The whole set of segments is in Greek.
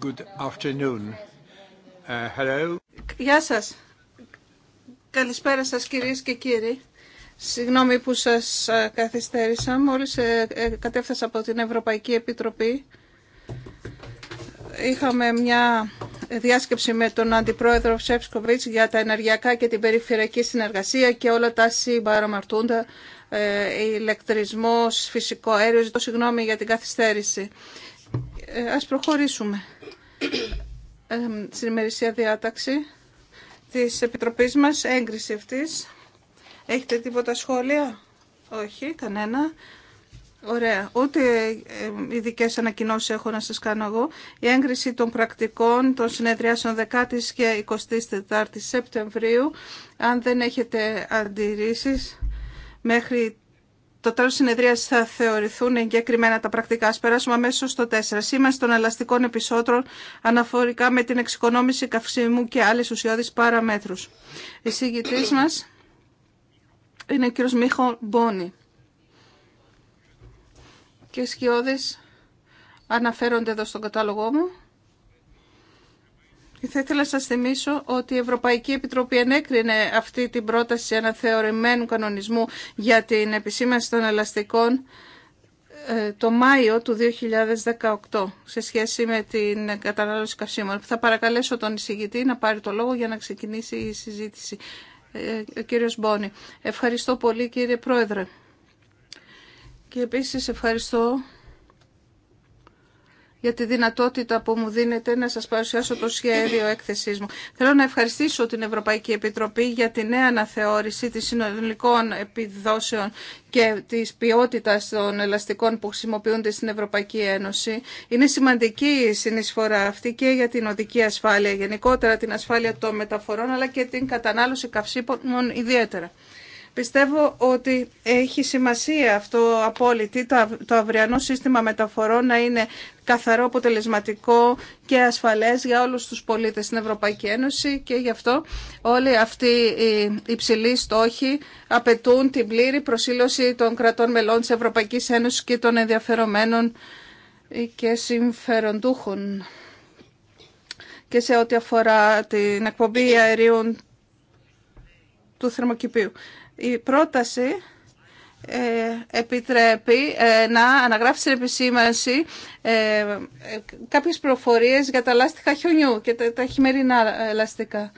Uh, Γεια σας. Καλησπέρα σας κυρίες και κύριοι. Συγγνώμη που σας ε, καθυστέρησα. Μόλις ε, ε, κατέφθασα από την Ευρωπαϊκή Επιτροπή. Είχαμε μια διάσκεψη με τον Αντιπρόεδρο Ψεύσκοβιτς για τα ενεργειακά και την περιφερειακή συνεργασία και όλα τα συμπαραμαρτούντα ηλεκτρισμός, φυσικό αέριο. Ζητώ συγγνώμη για την καθυστέρηση. Ας προχωρήσουμε στην ημερησία διάταξη της Επιτροπής μας, έγκριση αυτής. Έχετε τίποτα σχόλια? Όχι, κανένα. Ωραία. Ούτε ειδικέ ανακοινώσει έχω να σα κάνω εγώ. Η έγκριση των πρακτικών των συνεδριάσεων 10η και 24η Σεπτεμβρίου. Αν δεν έχετε αντιρρήσει μέχρι το τέλος συνεδρίας θα θεωρηθούν εγκεκριμένα τα πρακτικά. Α περάσουμε αμέσω στο 4. Σήμανση των ελαστικών επισώτρων αναφορικά με την εξοικονόμηση καυσίμου και άλλες ουσιώδει παραμέτρους. Η συγγητής μας είναι ο κ. Μίχο Μπόνι. Και σκιώδης αναφέρονται εδώ στον κατάλογό μου. Θα ήθελα να σας θυμίσω ότι η Ευρωπαϊκή Επιτροπή ενέκρινε αυτή την πρόταση αναθεωρημένου κανονισμού για την επισήμανση των ελαστικών ε, το Μάιο του 2018 σε σχέση με την κατανάλωση καυσίμων. Θα παρακαλέσω τον εισηγητή να πάρει το λόγο για να ξεκινήσει η συζήτηση. Ε, κύριος Μπόνη. Ευχαριστώ πολύ κύριε Πρόεδρε. Και επίσης ευχαριστώ για τη δυνατότητα που μου δίνετε να σας παρουσιάσω το σχέδιο έκθεσής μου. Θέλω να ευχαριστήσω την Ευρωπαϊκή Επιτροπή για τη νέα αναθεώρηση της συνολικών επιδόσεων και της ποιότητας των ελαστικών που χρησιμοποιούνται στην Ευρωπαϊκή Ένωση. Είναι σημαντική η συνεισφορά αυτή και για την οδική ασφάλεια, γενικότερα την ασφάλεια των μεταφορών, αλλά και την κατανάλωση καυσίμων ιδιαίτερα. Πιστεύω ότι έχει σημασία αυτό απόλυτη, το αυριανό σύστημα μεταφορών να είναι καθαρό, αποτελεσματικό και ασφαλές για όλους τους πολίτες στην Ευρωπαϊκή Ένωση και γι' αυτό όλοι αυτοί οι υψηλοί στόχοι απαιτούν την πλήρη προσήλωση των κρατών μελών της Ευρωπαϊκής Ένωσης και των ενδιαφερομένων και συμφεροντούχων και σε ό,τι αφορά την εκπομπή αερίων του θερμοκηπίου. Η πρόταση ε, επιτρέπει ε, να αναγράφει στην επισήμανση ε, κάποιες προφορίες για τα λάστιχα χιονιού και τα χειμερινά λάστιχα.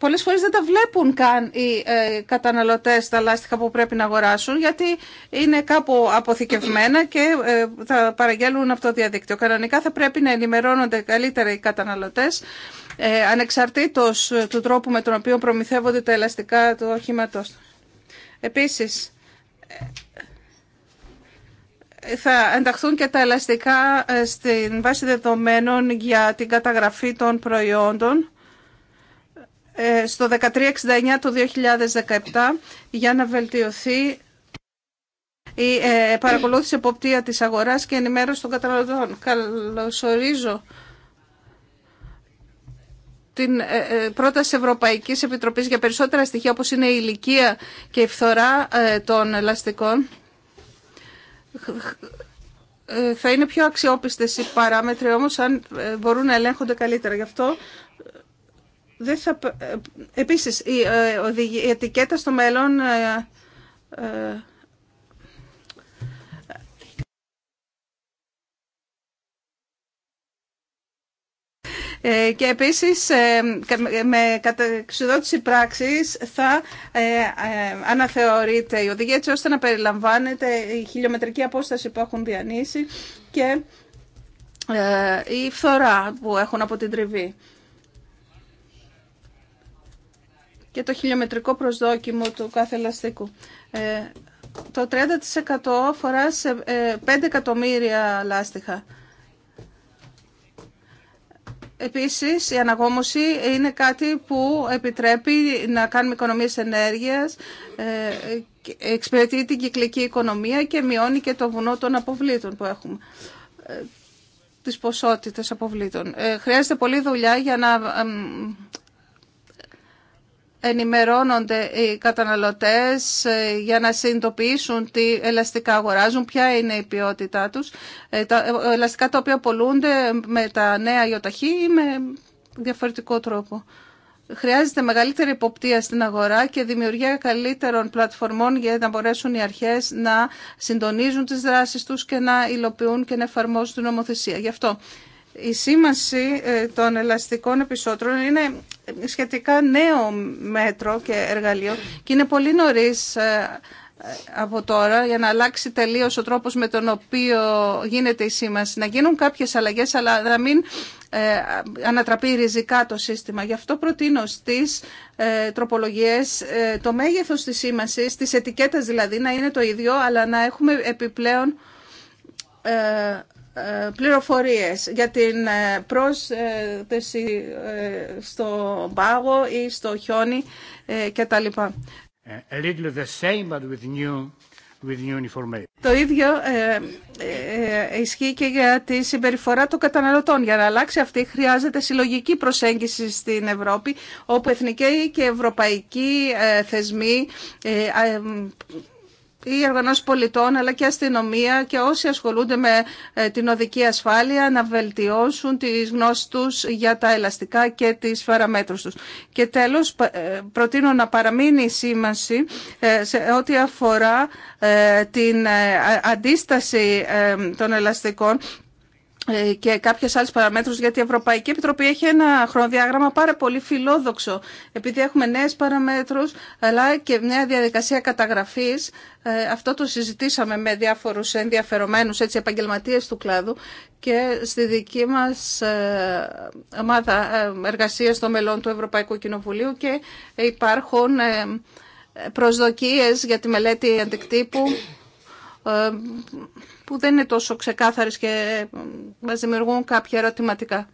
Πολλέ φορέ δεν τα βλέπουν καν οι ε, καταναλωτές τα λάστιχα που πρέπει να αγοράσουν γιατί είναι κάπου αποθηκευμένα και ε, θα παραγγέλνουν από το διαδίκτυο. Κανονικά θα πρέπει να ενημερώνονται καλύτερα οι καταναλωτές ε, ανεξαρτήτως του τρόπου με τον οποίο προμηθεύονται τα ελαστικά του οχήματος. Επίσης, θα ενταχθούν και τα ελαστικά στην βάση δεδομένων για την καταγραφή των προϊόντων ε, στο 1369 το 2017 για να βελτιωθεί η ε, παρακολούθηση εποπτεία της αγοράς και ενημέρωση των καταναλωτών. Καλωσορίζω την ε, πρόταση Ευρωπαϊκής Επιτροπής για περισσότερα στοιχεία όπως είναι η ηλικία και η φθορά των ελαστικών. Θα είναι πιο αξιόπιστες οι παράμετροι όμως αν μπορούν να ελέγχονται καλύτερα. Γι' αυτό δεν θα... Ε, επίσης, η, ε, η ετικέτα στο μέλλον ε, και επίσης με καταξιδότηση πράξης θα αναθεωρείται η οδηγία έτσι ώστε να περιλαμβάνεται η χιλιομετρική απόσταση που έχουν διανύσει και η φθορά που έχουν από την τριβή. και το χιλιομετρικό προσδόκιμο του κάθε ελαστικού. Ε, το 30% αφορά σε 5 ε, εκατομμύρια λάστιχα. Επίσης, η αναγόμωση είναι κάτι που επιτρέπει να κάνουμε οικονομίες ενέργειας, ε, εξυπηρετεί την κυκλική οικονομία και μειώνει και το βουνό των αποβλήτων που έχουμε τις ποσότητες αποβλήτων. χρειάζεται πολλή δουλειά για να ενημερώνονται οι καταναλωτές ε, για να συνειδητοποιήσουν τι ελαστικά αγοράζουν, ποια είναι η ποιότητά τους. Ε, τα ελαστικά τα οποία πολλούνται με τα νέα ιοταχή ή με διαφορετικό τρόπο. Χρειάζεται μεγαλύτερη υποπτία στην αγορά και δημιουργία καλύτερων πλατφορμών για να μπορέσουν οι αρχές να συντονίζουν τις δράσεις τους και να υλοποιούν και να εφαρμόζουν την νομοθεσία. Γι' αυτό η σήμανση ε, των ελαστικών επισώτρων είναι σχετικά νέο μέτρο και εργαλείο και είναι πολύ νωρίς ε, από τώρα για να αλλάξει τελείως ο τρόπος με τον οποίο γίνεται η σήμανση. Να γίνουν κάποιες αλλαγές αλλά να μην ε, ανατραπεί ριζικά το σύστημα. Γι' αυτό προτείνω στις τροπολογίες το μέγεθος της σήμανσης, της ετικέτας δηλαδή, να είναι το ίδιο αλλά να έχουμε επιπλέον πληροφορίες για την ε, πρόσθεση ε, στο πάγο ή στο χιόνι ε, κτλ. The same, but with new, with Το ίδιο ισχύει και για τη συμπεριφορά των καταναλωτών. Για να αλλάξει αυτή χρειάζεται συλλογική προσέγγιση στην Ευρώπη, όπου εθνικοί και ευρωπαϊκοί θεσμοί ή οργανώσει πολιτών, αλλά και αστυνομία και όσοι ασχολούνται με ε, την οδική ασφάλεια να βελτιώσουν τις γνώσεις τους για τα ελαστικά και τις παραμέτρους τους. Και τέλος, ε, προτείνω να παραμείνει η σήμανση ε, σε ό,τι αφορά την αντίσταση των ελαστικών ε, και κάποιες άλλες παραμέτρους, γιατί η Ευρωπαϊκή Επιτροπή έχει ένα χρονοδιάγραμμα πάρα πολύ φιλόδοξο, επειδή έχουμε νέε παραμέτρους, αλλά και μια διαδικασία καταγραφής. Ε, αυτό το συζητήσαμε με διάφορους ενδιαφερομένους επαγγελματίε επαγγελματίες του κλάδου και στη δική μας ε, ομάδα εργασία των μελών του Ευρωπαϊκού Κοινοβουλίου και υπάρχουν προσδοκίες για τη μελέτη αντικτύπου που δεν είναι τόσο ξεκάθαρες και μας δημιουργούν κάποια ερωτηματικά.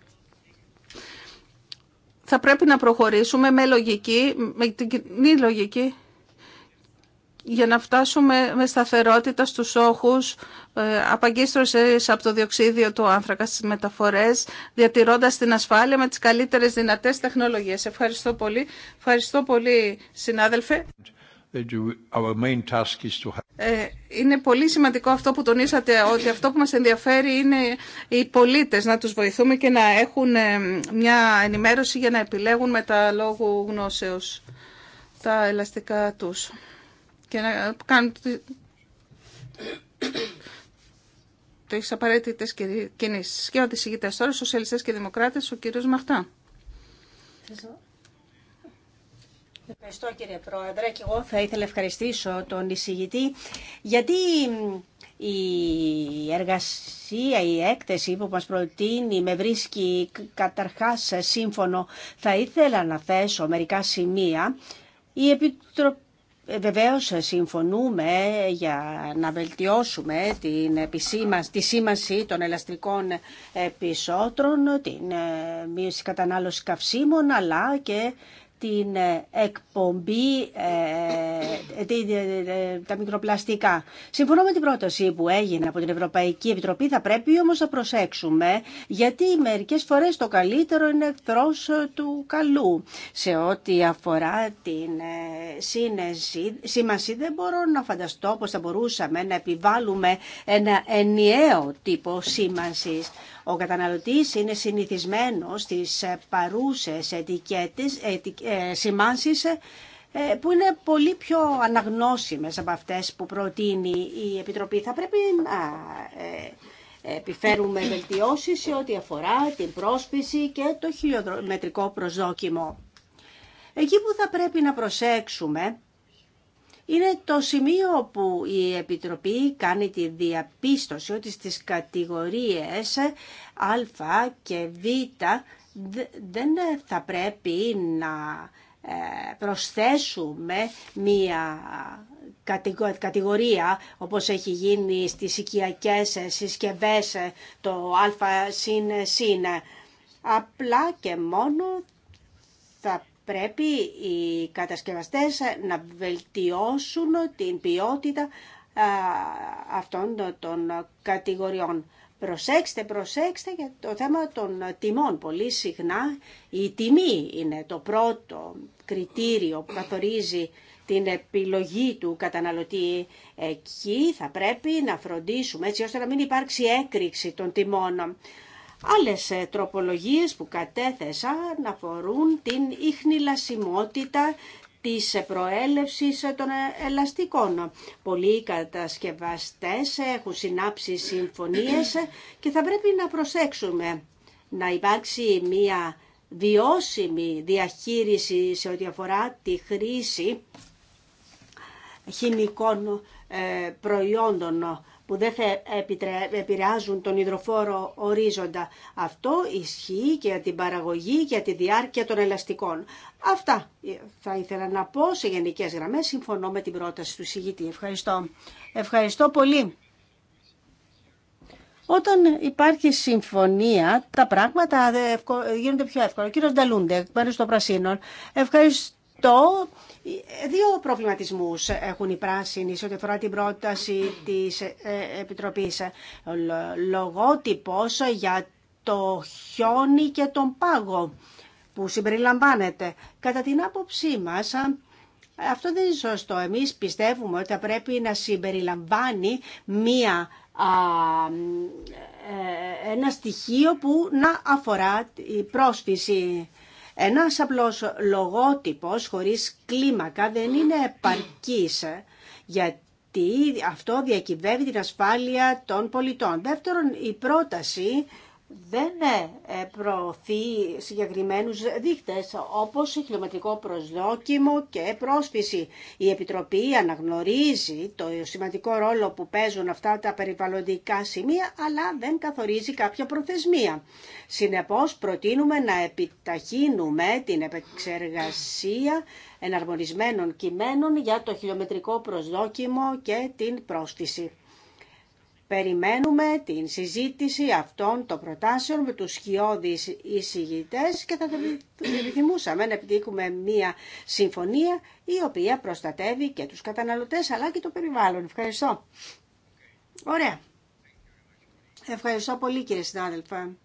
Θα πρέπει να προχωρήσουμε με λογική, με την κοινή λογική, για να φτάσουμε με σταθερότητα στους όχους ε, απαγκίστρωσης από το διοξίδιο του άνθρακα στις μεταφορές, διατηρώντας την ασφάλεια με τις καλύτερες δυνατές τεχνολογίες. Ευχαριστώ πολύ. Ευχαριστώ πολύ, συνάδελφε. Ε, είναι πολύ σημαντικό αυτό που τονίσατε, ότι αυτό που μας ενδιαφέρει είναι οι πολίτες, να τους βοηθούμε και να έχουν ε, μια ενημέρωση για να επιλέγουν με τα λόγου γνώσεως τα ελαστικά τους και να κάνουν τις απαραίτητες κινήσεις. Και ο αντισηγητές τώρα, σοσιαλιστές και δημοκράτες, ο κύριος Μαχτά. Ευχαριστώ κύριε Πρόεδρε και εγώ θα ήθελα ευχαριστήσω τον εισηγητή γιατί η εργασία, η έκθεση που μας προτείνει με βρίσκει καταρχάς σύμφωνο. Θα ήθελα να θέσω μερικά σημεία. Η Επιτροπή ε, Βεβαίως συμφωνούμε για να βελτιώσουμε την επισήμανση, τη σήμανση των ελαστικών επισώτρων, την ε, μείωση κατανάλωση καυσίμων, αλλά και την ε, εκπομπή, ε, ε, τα μικροπλαστικά. Συμφωνώ με την πρόταση που έγινε από την Ευρωπαϊκή Επιτροπή, θα πρέπει όμως να προσέξουμε, γιατί μερικές φορές το καλύτερο είναι εχθρός του καλού. Σε ό,τι αφορά την σήμανση, δεν μπορώ να φανταστώ πώς θα μπορούσαμε να επιβάλλουμε ένα ενιαίο τύπο σήμανσης. Ο καταναλωτής είναι συνηθισμένος στις ε, παρούσες ετικέτες, ε, σημάνσεις ε, που είναι πολύ πιο αναγνώσιμες από αυτές που προτείνει η Επιτροπή. Θα πρέπει να επιφέρουμε βελτιώσεις σε ό,τι αφορά την πρόσπιση και το χιλιομετρικό προσδόκιμο. Εκεί που θα πρέπει να προσέξουμε είναι το σημείο που η Επιτροπή κάνει τη διαπίστωση ότι στις κατηγορίες Α και Β δεν θα πρέπει να ε, προσθέσουμε μία κατηγορία όπως έχει γίνει στις οικιακές συσκευές το α συν συν. Απλά και μόνο θα Πρέπει οι κατασκευαστές να βελτιώσουν την ποιότητα αυτών των κατηγοριών. Προσέξτε, προσέξτε για το θέμα των τιμών. Πολύ συχνά η τιμή είναι το πρώτο κριτήριο που καθορίζει την επιλογή του καταναλωτή. Εκεί θα πρέπει να φροντίσουμε έτσι ώστε να μην υπάρξει έκρηξη των τιμών. Άλλες ε, τροπολογίες που κατέθεσα φορούν την ίχνηλασιμότητα της ε, προέλευσης ε, των ελαστικών. Πολλοί κατασκευαστές έχουν συνάψει συμφωνίες και θα πρέπει να προσέξουμε να υπάρξει μία βιώσιμη διαχείριση σε ό,τι αφορά τη χρήση χημικών προϊόντων που δεν θα επηρεάζουν τον υδροφόρο ορίζοντα. Αυτό ισχύει και για την παραγωγή και για τη διάρκεια των ελαστικών. Αυτά θα ήθελα να πω σε γενικές γραμμές. Συμφωνώ με την πρόταση του συγητή. Ευχαριστώ. Ευχαριστώ πολύ. Όταν υπάρχει συμφωνία, τα πράγματα γίνονται πιο εύκολα. Ο κύριος Νταλούντε, μέρος των Πρασίνων. Ευχαριστώ. Ε, δύο προβληματισμούς έχουν οι πράσινοι σε ό,τι αφορά την πρόταση της ε, Επιτροπής. Λογότυπος για το χιόνι και τον πάγο που συμπεριλαμβάνεται. Κατά την άποψή μας, αυτό δεν είναι σωστό. Εμείς πιστεύουμε ότι θα πρέπει να συμπεριλαμβάνει μία ε, ένα στοιχείο που να αφορά η πρόσφυση. Ένας απλός λογότυπος χωρίς κλίμακα δεν είναι επαρκής γιατί αυτό διακυβεύει την ασφάλεια των πολιτών. Δεύτερον, η πρόταση δεν ε, ε, προωθεί συγκεκριμένους δείκτες όπως χιλιομετρικό προσδόκιμο και πρόσφυση. Η Επιτροπή αναγνωρίζει το σημαντικό ρόλο που παίζουν αυτά τα περιβαλλοντικά σημεία αλλά δεν καθορίζει κάποια προθεσμία. Συνεπώς προτείνουμε να επιταχύνουμε την επεξεργασία εναρμονισμένων κειμένων για το χιλιομετρικό προσδόκιμο και την πρόσφυση. Περιμένουμε την συζήτηση αυτών των προτάσεων με τους χιώδεις εισηγητές και θα το επιθυμούσαμε να επιτύχουμε μία συμφωνία η οποία προστατεύει και τους καταναλωτές αλλά και το περιβάλλον. Ευχαριστώ. Ωραία. Ευχαριστώ πολύ κύριε συνάδελφα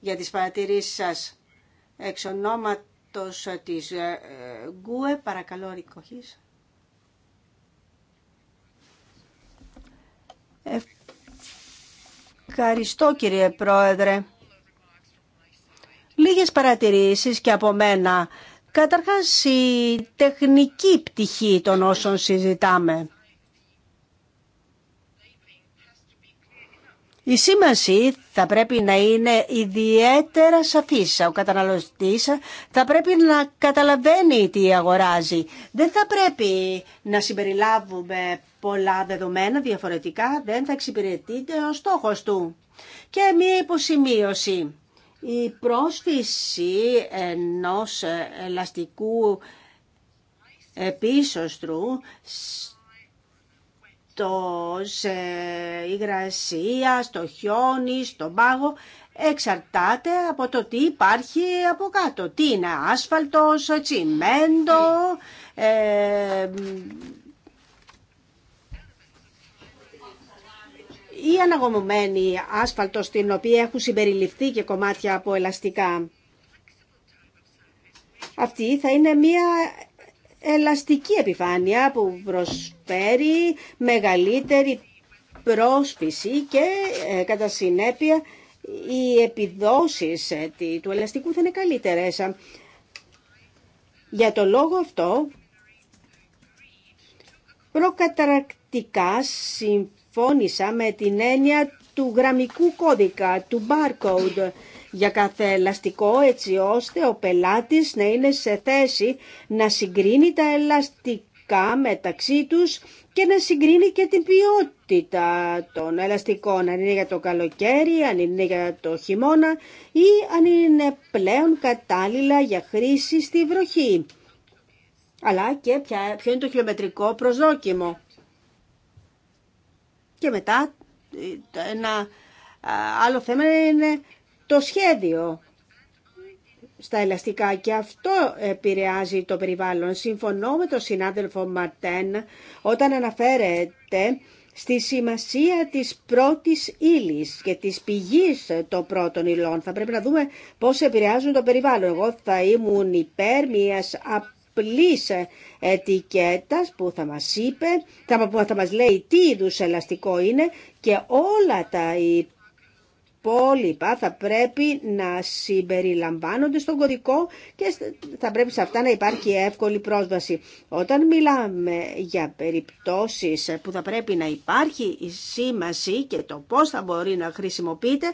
για τις παρατηρήσεις σας. Εξ ονόματος της ε, Γκουε, παρακαλώ ρικοχής. Ε, Ευχαριστώ κύριε Πρόεδρε. Λίγες παρατηρήσεις και από μένα. Καταρχάς η τεχνική πτυχή των όσων συζητάμε. Η σήμανση θα πρέπει να είναι ιδιαίτερα σαφής. Ο καταναλωτής θα πρέπει να καταλαβαίνει τι αγοράζει. Δεν θα πρέπει να συμπεριλάβουμε πολλά δεδομένα διαφορετικά, δεν θα εξυπηρετείται ο στόχος του. Και μία υποσημείωση. Η πρόσφυση ενός ελαστικού επίσωστρου στο, σε υγρασία, στο χιόνι, στον πάγο, εξαρτάται από το τι υπάρχει από κάτω. Τι είναι άσφαλτος, τσιμέντο, ε, ή αναγωμωμένη άσφαλτο στην οποία έχουν συμπεριληφθεί και κομμάτια από ελαστικά. Αυτή θα είναι μια ελαστική επιφάνεια που προσφέρει μεγαλύτερη πρόσφυση και ε, κατά συνέπεια οι επιδόσεις ε, του ελαστικού θα είναι καλύτερες. Για το λόγο αυτό, προκαταρακτικά συμφώνησα με την έννοια του γραμμικού κώδικα, του barcode, για κάθε ελαστικό έτσι ώστε ο πελάτης να είναι σε θέση να συγκρίνει τα ελαστικά μεταξύ τους και να συγκρίνει και την ποιότητα των ελαστικών, αν είναι για το καλοκαίρι, αν είναι για το χειμώνα ή αν είναι πλέον κατάλληλα για χρήση στη βροχή. Αλλά και ποιο είναι το χιλιομετρικό προσδόκιμο. Και μετά ε, ένα άλλο θέμα είναι το σχέδιο στα ελαστικά και αυτό επηρεάζει το περιβάλλον. Συμφωνώ με τον συνάδελφο Μαρτέν όταν αναφέρεται στη σημασία της πρώτης ύλη και της πηγής των πρώτων υλών. Θα πρέπει να δούμε πώς επηρεάζουν το περιβάλλον. Εγώ θα ήμουν υπέρ μιας απλής ετικέτας που θα μας είπε, θα, που θα μας λέει τι είδους ελαστικό είναι και όλα τα υπόλοιπα υπόλοιπα θα πρέπει να συμπεριλαμβάνονται στον κωδικό και θα πρέπει σε αυτά να υπάρχει εύκολη πρόσβαση. Όταν μιλάμε για περιπτώσεις που θα πρέπει να υπάρχει η σήμαση και το πώς θα μπορεί να χρησιμοποιείται,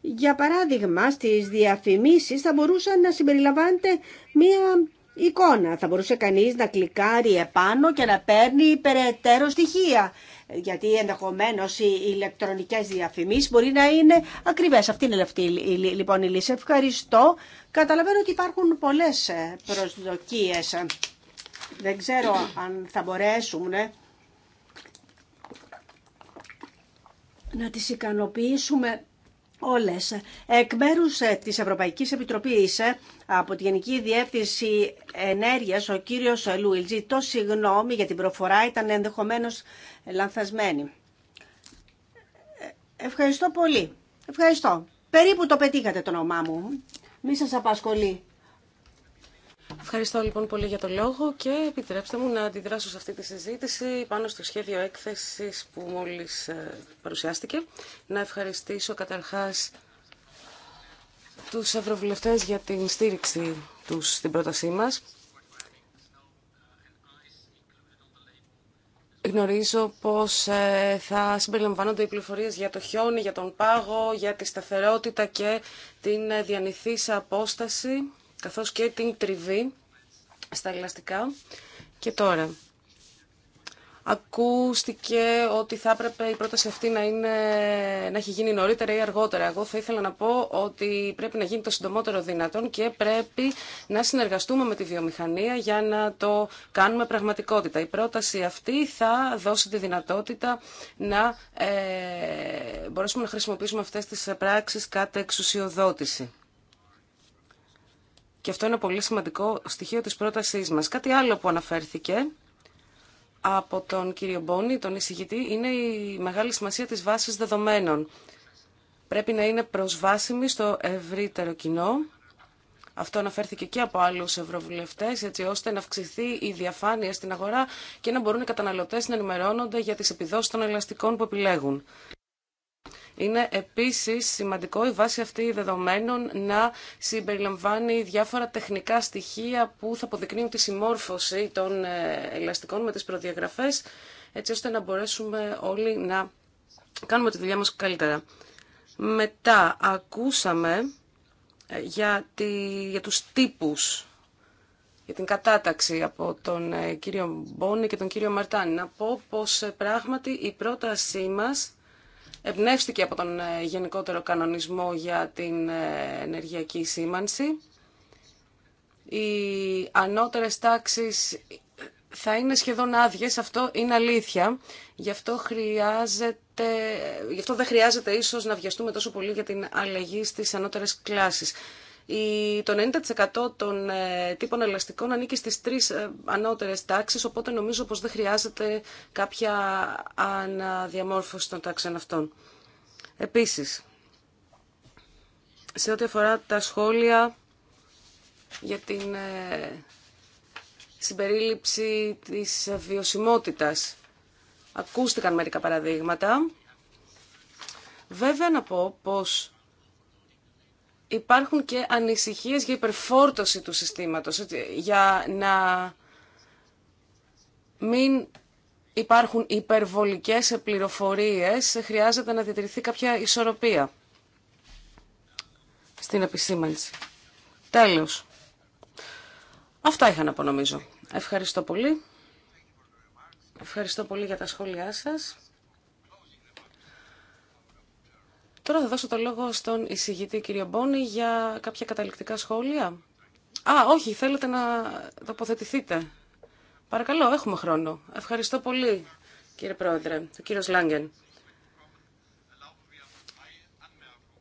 για παράδειγμα στις διαφημίσεις θα μπορούσε να συμπεριλαμβάνεται μία εικόνα. Θα μπορούσε κανείς να κλικάρει επάνω και να παίρνει περαιτέρω στοιχεία γιατί ενδεχομένω οι ηλεκτρονικές διαφημίσει μπορεί να είναι ακριβές. Αυτή είναι αυτή λοιπόν η λύση. Ευχαριστώ. Καταλαβαίνω ότι υπάρχουν πολλές ε, προσδοκίες. Δεν ξέρω αν θα μπορέσουμε να τις ικανοποιήσουμε όλες. Εκ μέρου ε, της Ευρωπαϊκής Επιτροπής ε, από τη Γενική Διεύθυνση Ενέργειας, ο κύριος ε, Λουιλτζή, το συγγνώμη για την προφορά ήταν ενδεχομένως λανθασμένη. Ευχαριστώ πολύ. Ευχαριστώ. Περίπου το πετύχατε το όνομά μου. Μη σα απασχολεί. Ευχαριστώ λοιπόν πολύ για το λόγο και επιτρέψτε μου να αντιδράσω σε αυτή τη συζήτηση πάνω στο σχέδιο έκθεσης που μόλις ε, παρουσιάστηκε. Να ευχαριστήσω καταρχάς τους ευρωβουλευτές για την στήριξη τους στην πρότασή μας. Γνωρίζω πως ε, θα συμπεριλαμβάνονται οι πληροφορίες για το χιόνι, για τον πάγο, για τη σταθερότητα και την ε, διανηθής απόσταση καθώς και την τριβή στα ελαστικά. Και τώρα, ακούστηκε ότι θα έπρεπε η πρόταση αυτή να, είναι, να έχει γίνει νωρίτερα ή αργότερα. Εγώ θα ήθελα να πω ότι πρέπει να γίνει το συντομότερο δυνατόν και πρέπει να συνεργαστούμε με τη βιομηχανία για να το κάνουμε πραγματικότητα. Η πρόταση αυτή θα δώσει τη δυνατότητα να ε, μπορέσουμε να χρησιμοποιήσουμε αυτές τις πράξεις κατά εξουσιοδότηση. Και αυτό είναι πολύ σημαντικό στοιχείο της πρότασής μας. Κάτι άλλο που αναφέρθηκε από τον κύριο Μπόνι, τον εισηγητή, είναι η μεγάλη σημασία της βάσης δεδομένων. Πρέπει να είναι προσβάσιμη στο ευρύτερο κοινό. Αυτό αναφέρθηκε και από άλλους ευρωβουλευτές, έτσι ώστε να αυξηθεί η διαφάνεια στην αγορά και να μπορούν οι καταναλωτές να ενημερώνονται για τις επιδόσεις των ελαστικών που επιλέγουν. Είναι επίσης σημαντικό η βάση αυτή δεδομένων να συμπεριλαμβάνει διάφορα τεχνικά στοιχεία που θα αποδεικνύουν τη συμμόρφωση των ε, ελαστικών με τις προδιαγραφές έτσι ώστε να μπορέσουμε όλοι να κάνουμε τη δουλειά μας καλύτερα. Μετά ακούσαμε ε, για, τη, για τους τύπους, για την κατάταξη από τον ε, κύριο Μπόνι και τον κύριο Μαρτάνη. Να πω πως πράγματι η πρότασή μας εμπνεύστηκε από τον ε, γενικότερο κανονισμό για την ε, ενεργειακή σήμανση. Οι ανώτερες τάξεις θα είναι σχεδόν άδειε, αυτό είναι αλήθεια. Γι' αυτό, χρειάζεται, γι αυτό δεν χρειάζεται ίσως να βιαστούμε τόσο πολύ για την αλλαγή στις ανώτερες κλάσεις η το 90% των ε, τύπων ελαστικών ανήκει στις τρεις ε, ανώτερες τάξεις, οπότε νομίζω πως δεν χρειάζεται κάποια αναδιαμόρφωση των τάξεων αυτών. Επίσης, σε ό,τι αφορά τα σχόλια για την ε, συμπερίληψη της βιωσιμότητας, ακούστηκαν μερικά παραδείγματα. Βέβαια να πω πως υπάρχουν και ανησυχίες για υπερφόρτωση του συστήματος, για να μην υπάρχουν υπερβολικές πληροφορίες, χρειάζεται να διατηρηθεί κάποια ισορροπία στην επισήμανση. Τέλος. Αυτά είχα να πω νομίζω. Ευχαριστώ πολύ. Ευχαριστώ πολύ για τα σχόλιά σας. Τώρα θα δώσω το λόγο στον εισηγητή κύριο Μπόνι για κάποια καταληκτικά σχόλια. Α, όχι, θέλετε να τοποθετηθείτε. Παρακαλώ, έχουμε χρόνο. Ευχαριστώ πολύ, κύριε Πρόεδρε, ο κύριος Λάγκεν.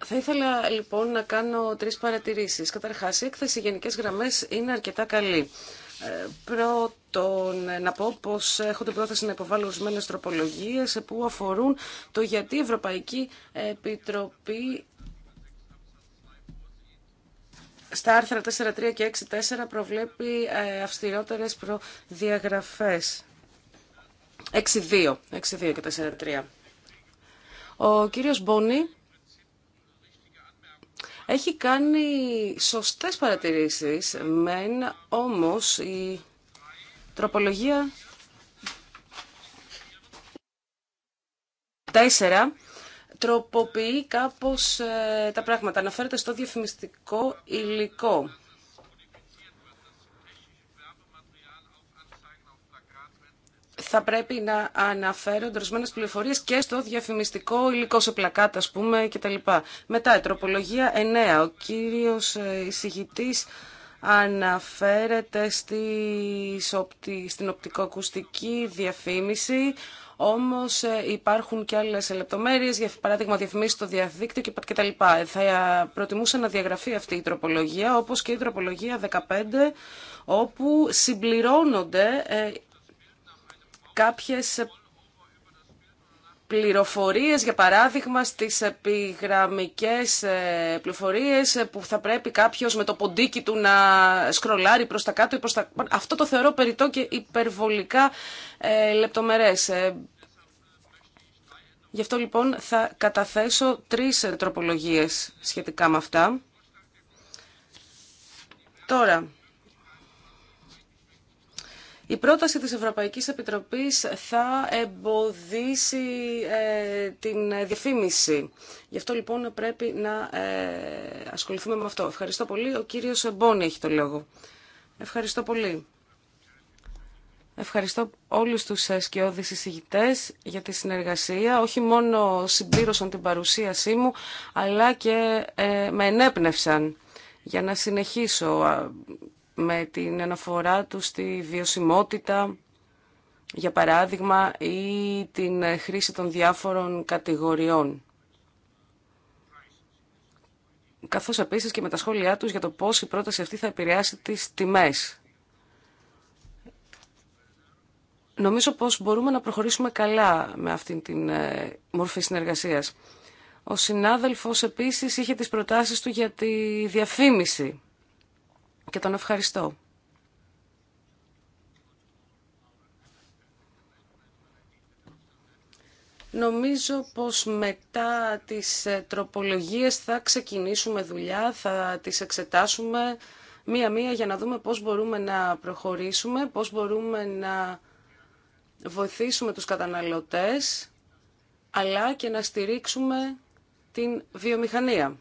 Θα ήθελα λοιπόν να κάνω τρεις παρατηρήσεις. Καταρχάς, η έκθεση γενικές γραμμές είναι αρκετά καλή. Πρώτον, να πω πω έχω την πρόθεση να υποβάλω ορισμένε τροπολογίες που αφορούν το γιατί η Ευρωπαϊκή Επιτροπή στα άρθρα 4.3 και 6.4 προβλέπει ε, αυστηρότερες προδιαγραφές. 6.2 και 4.3. Ο κύριος Μπόνι έχει κάνει σωστές παρατηρήσεις, μεν όμως η τροπολογία 4 τροποποιεί κάπως ε, τα πράγματα. Αναφέρεται στο διαφημιστικό υλικό. θα πρέπει να αναφέρω ορισμένε πληροφορίε και στο διαφημιστικό υλικό, σε πλακάτα, α πούμε, κτλ. Μετά, η τροπολογία 9. Ο κύριο ε, εισηγητή αναφέρεται στην οπτικοακουστική διαφήμιση, όμως ε, υπάρχουν και άλλες λεπτομέρειες, για παράδειγμα διαφημίσεις στο διαδίκτυο κτλ. Ε, θα προτιμούσα να διαγραφεί αυτή η τροπολογία, όπως και η τροπολογία 15, όπου συμπληρώνονται κάποιες πληροφορίες, για παράδειγμα, στις επιγραμμικές ε, πληροφορίες ε, που θα πρέπει κάποιος με το ποντίκι του να σκρολάρει προς τα κάτω ή προς τα... Αυτό το θεωρώ περιττό και υπερβολικά ε, λεπτομερές. Γι' αυτό λοιπόν θα καταθέσω τρεις τροπολογίες σχετικά με αυτά. Τώρα, η πρόταση της Ευρωπαϊκής Επιτροπής θα εμποδίσει ε, την διαφήμιση. Γι' αυτό λοιπόν πρέπει να ε, ασχοληθούμε με αυτό. Ευχαριστώ πολύ. Ο κύριος Μπόνι έχει το λόγο. Ευχαριστώ πολύ. Ευχαριστώ όλους τους ε, σκιώδεις εισηγητές για τη συνεργασία. Όχι μόνο συμπλήρωσαν την παρουσίασή μου, αλλά και με ενέπνευσαν για να συνεχίσω με την αναφορά του στη βιωσιμότητα, για παράδειγμα, ή την χρήση των διάφορων κατηγοριών. Καθώς επίσης και με τα σχόλιά τους για το πώς η πρόταση αυτή θα επηρεάσει τις τιμές. Νομίζω πως μπορούμε να προχωρήσουμε καλά με αυτήν την ε, μορφή συνεργασίας. Ο συνάδελφος επίσης είχε τις προτάσεις του για τη διαφήμιση και τον ευχαριστώ. Νομίζω πως μετά τις ε, τροπολογίες θα ξεκινήσουμε δουλειά, θα τις εξετάσουμε μία-μία για να δούμε πώς μπορούμε να προχωρήσουμε, πώς μπορούμε να βοηθήσουμε τους καταναλωτές, αλλά και να στηρίξουμε την βιομηχανία.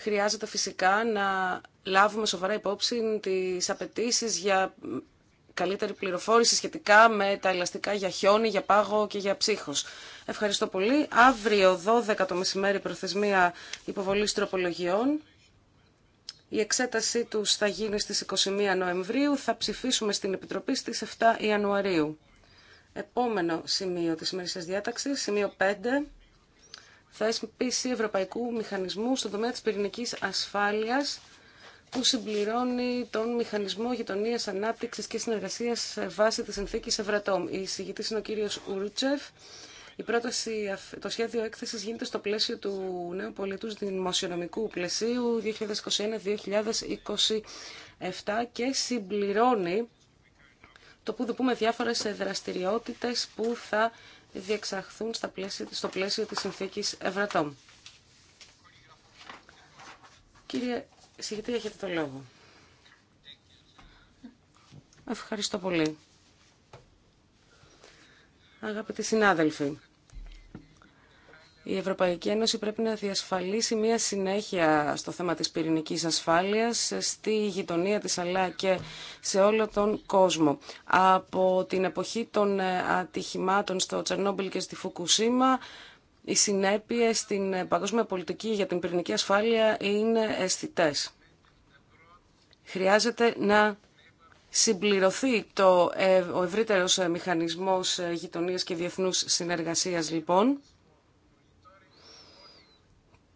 χρειάζεται φυσικά να λάβουμε σοβαρά υπόψη τις απαιτήσει για καλύτερη πληροφόρηση σχετικά με τα ελαστικά για χιόνι, για πάγο και για ψύχος. Ευχαριστώ πολύ. Αύριο 12 το μεσημέρι προθεσμία υποβολής τροπολογιών. Η εξέτασή τους θα γίνει στις 21 Νοεμβρίου. Θα ψηφίσουμε στην Επιτροπή στις 7 Ιανουαρίου. Επόμενο σημείο της σημερινής διάταξης, σημείο 5 θέσπιση ευρωπαϊκού μηχανισμού στον τομέα της πυρηνικής ασφάλειας που συμπληρώνει τον μηχανισμό γειτονία ανάπτυξη και συνεργασία σε βάση τη συνθήκη Ευρατόμ. Η εισηγητή είναι ο κύριο Ουρούτσεφ. Η πρόταση, το σχέδιο έκθεση γίνεται στο πλαίσιο του νέου πολιτού δημοσιονομικού πλαισίου 2021-2027 και συμπληρώνει το που δούμε διάφορε δραστηριότητες που θα διεξαχθούν στα πλαίσια, στο πλαίσιο της συνθήκης Ευρατών. Κύριε Συγητή, έχετε το λόγο. Ευχαριστώ πολύ. Αγαπητοί συνάδελφοι, η Ευρωπαϊκή Ένωση πρέπει να διασφαλίσει μια συνέχεια στο θέμα της πυρηνικής ασφάλειας στη γειτονία της αλλά και σε όλο τον κόσμο. Από την εποχή των ατυχημάτων στο Τσερνόμπιλ και στη Φουκουσίμα οι συνέπειες στην παγκόσμια πολιτική για την πυρηνική ασφάλεια είναι αισθητέ. Χρειάζεται να συμπληρωθεί το, ο ευρύτερος μηχανισμός γειτονίας και διεθνούς συνεργασίας λοιπόν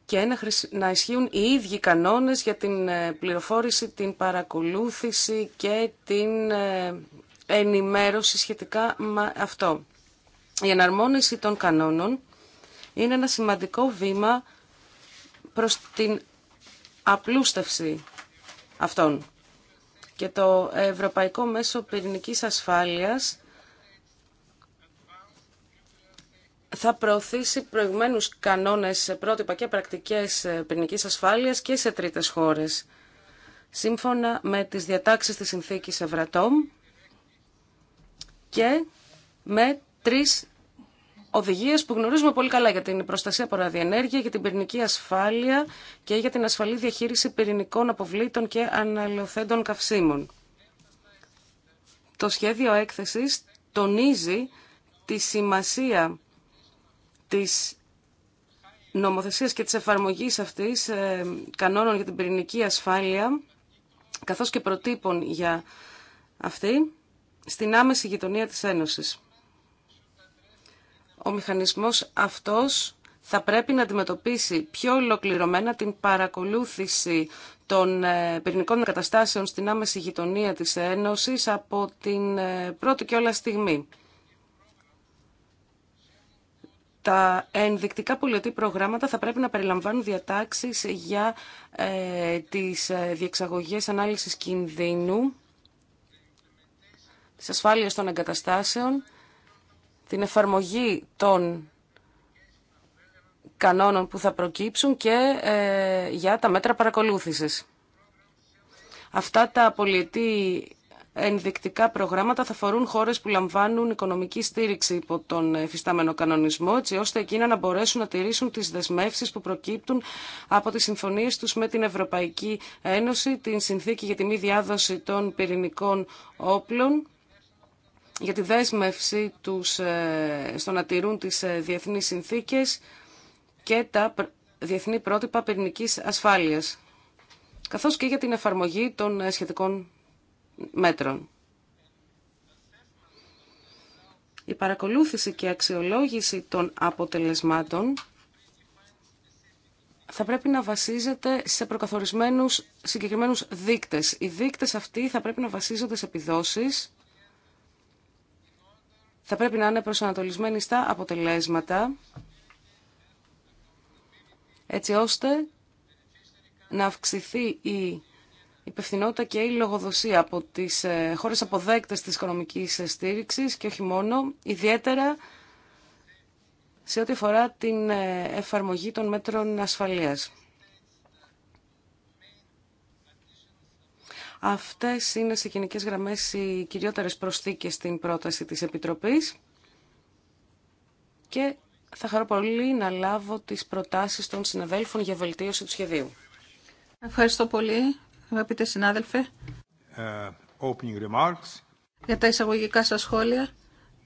και να ισχύουν οι ίδιοι κανόνες για την ε, πληροφόρηση, την παρακολούθηση και την ε, ενημέρωση σχετικά με αυτό. Η εναρμόνιση των κανόνων είναι ένα σημαντικό βήμα προς την απλούστευση αυτών. Και το Ευρωπαϊκό Μέσο Πυρηνικής Ασφάλειας θα προωθήσει κανόνε κανόνες, πρότυπα και πρακτικέ ε, πυρηνική ασφάλεια και σε τρίτες χώρες. Σύμφωνα με τις διατάξει της συνθήκης Ευρατόμ και με τρεις οδηγίες που γνωρίζουμε πολύ καλά για την προστασία από ραδιενέργεια, για την πυρηνική ασφάλεια και για την ασφαλή διαχείριση πυρηνικών αποβλήτων και αναλαιοθέντων καυσίμων. Το σχέδιο έκθεσης τονίζει τη σημασία της νομοθεσίας και της εφαρμογής αυτής ε, κανόνων για την πυρηνική ασφάλεια, καθώς και προτύπων για αυτή, στην άμεση γειτονία της Ένωσης. Ο μηχανισμός αυτός θα πρέπει να αντιμετωπίσει πιο ολοκληρωμένα την παρακολούθηση των ε, πυρηνικών καταστάσεων στην άμεση γειτονία της Ένωσης από την ε, πρώτη και όλα στιγμή τα ενδεικτικά πολιτή προγράμματα θα πρέπει να περιλαμβάνουν διατάξεις για ε, τις ε, διεξαγωγές ανάλυσης κινδύνου, τις ασφάλειες των εγκαταστάσεων, την εφαρμογή των κανόνων που θα προκύψουν και ε, για τα μέτρα παρακολούθησης. Αυτά τα πολιτή ενδεικτικά προγράμματα θα φορούν χώρες που λαμβάνουν οικονομική στήριξη υπό τον εφιστάμενο κανονισμό, έτσι ώστε εκείνα να μπορέσουν να τηρήσουν τις δεσμεύσεις που προκύπτουν από τι συμφωνίε τους με την Ευρωπαϊκή Ένωση, την Συνθήκη για τη Μη Διάδοση των Πυρηνικών Όπλων, για τη δέσμευση τους ε, στο να τηρούν τις ε, διεθνείς συνθήκες και τα διεθνή πρότυπα πυρηνικής ασφάλειας καθώς και για την εφαρμογή των ε, σχετικών μέτρων. Η παρακολούθηση και αξιολόγηση των αποτελεσμάτων θα πρέπει να βασίζεται σε προκαθορισμένους συγκεκριμένους δείκτες. Οι δείκτες αυτοί θα πρέπει να βασίζονται σε επιδόσεις, θα πρέπει να είναι προσανατολισμένοι στα αποτελέσματα, έτσι ώστε να αυξηθεί η υπευθυνότητα και η λογοδοσία από τις ε, χώρες αποδέκτες της οικονομικής στήριξης και όχι μόνο, ιδιαίτερα σε ό,τι αφορά την ε, εφαρμογή των μέτρων ασφαλείας. Αυτές είναι σε γενικέ γραμμές οι κυριότερες προσθήκες στην πρόταση της Επιτροπής και θα χαρώ πολύ να λάβω τις προτάσεις των συναδέλφων για βελτίωση του σχεδίου. Ευχαριστώ πολύ αγαπητέ συνάδελφε, opening remarks. για τα εισαγωγικά σα σχόλια.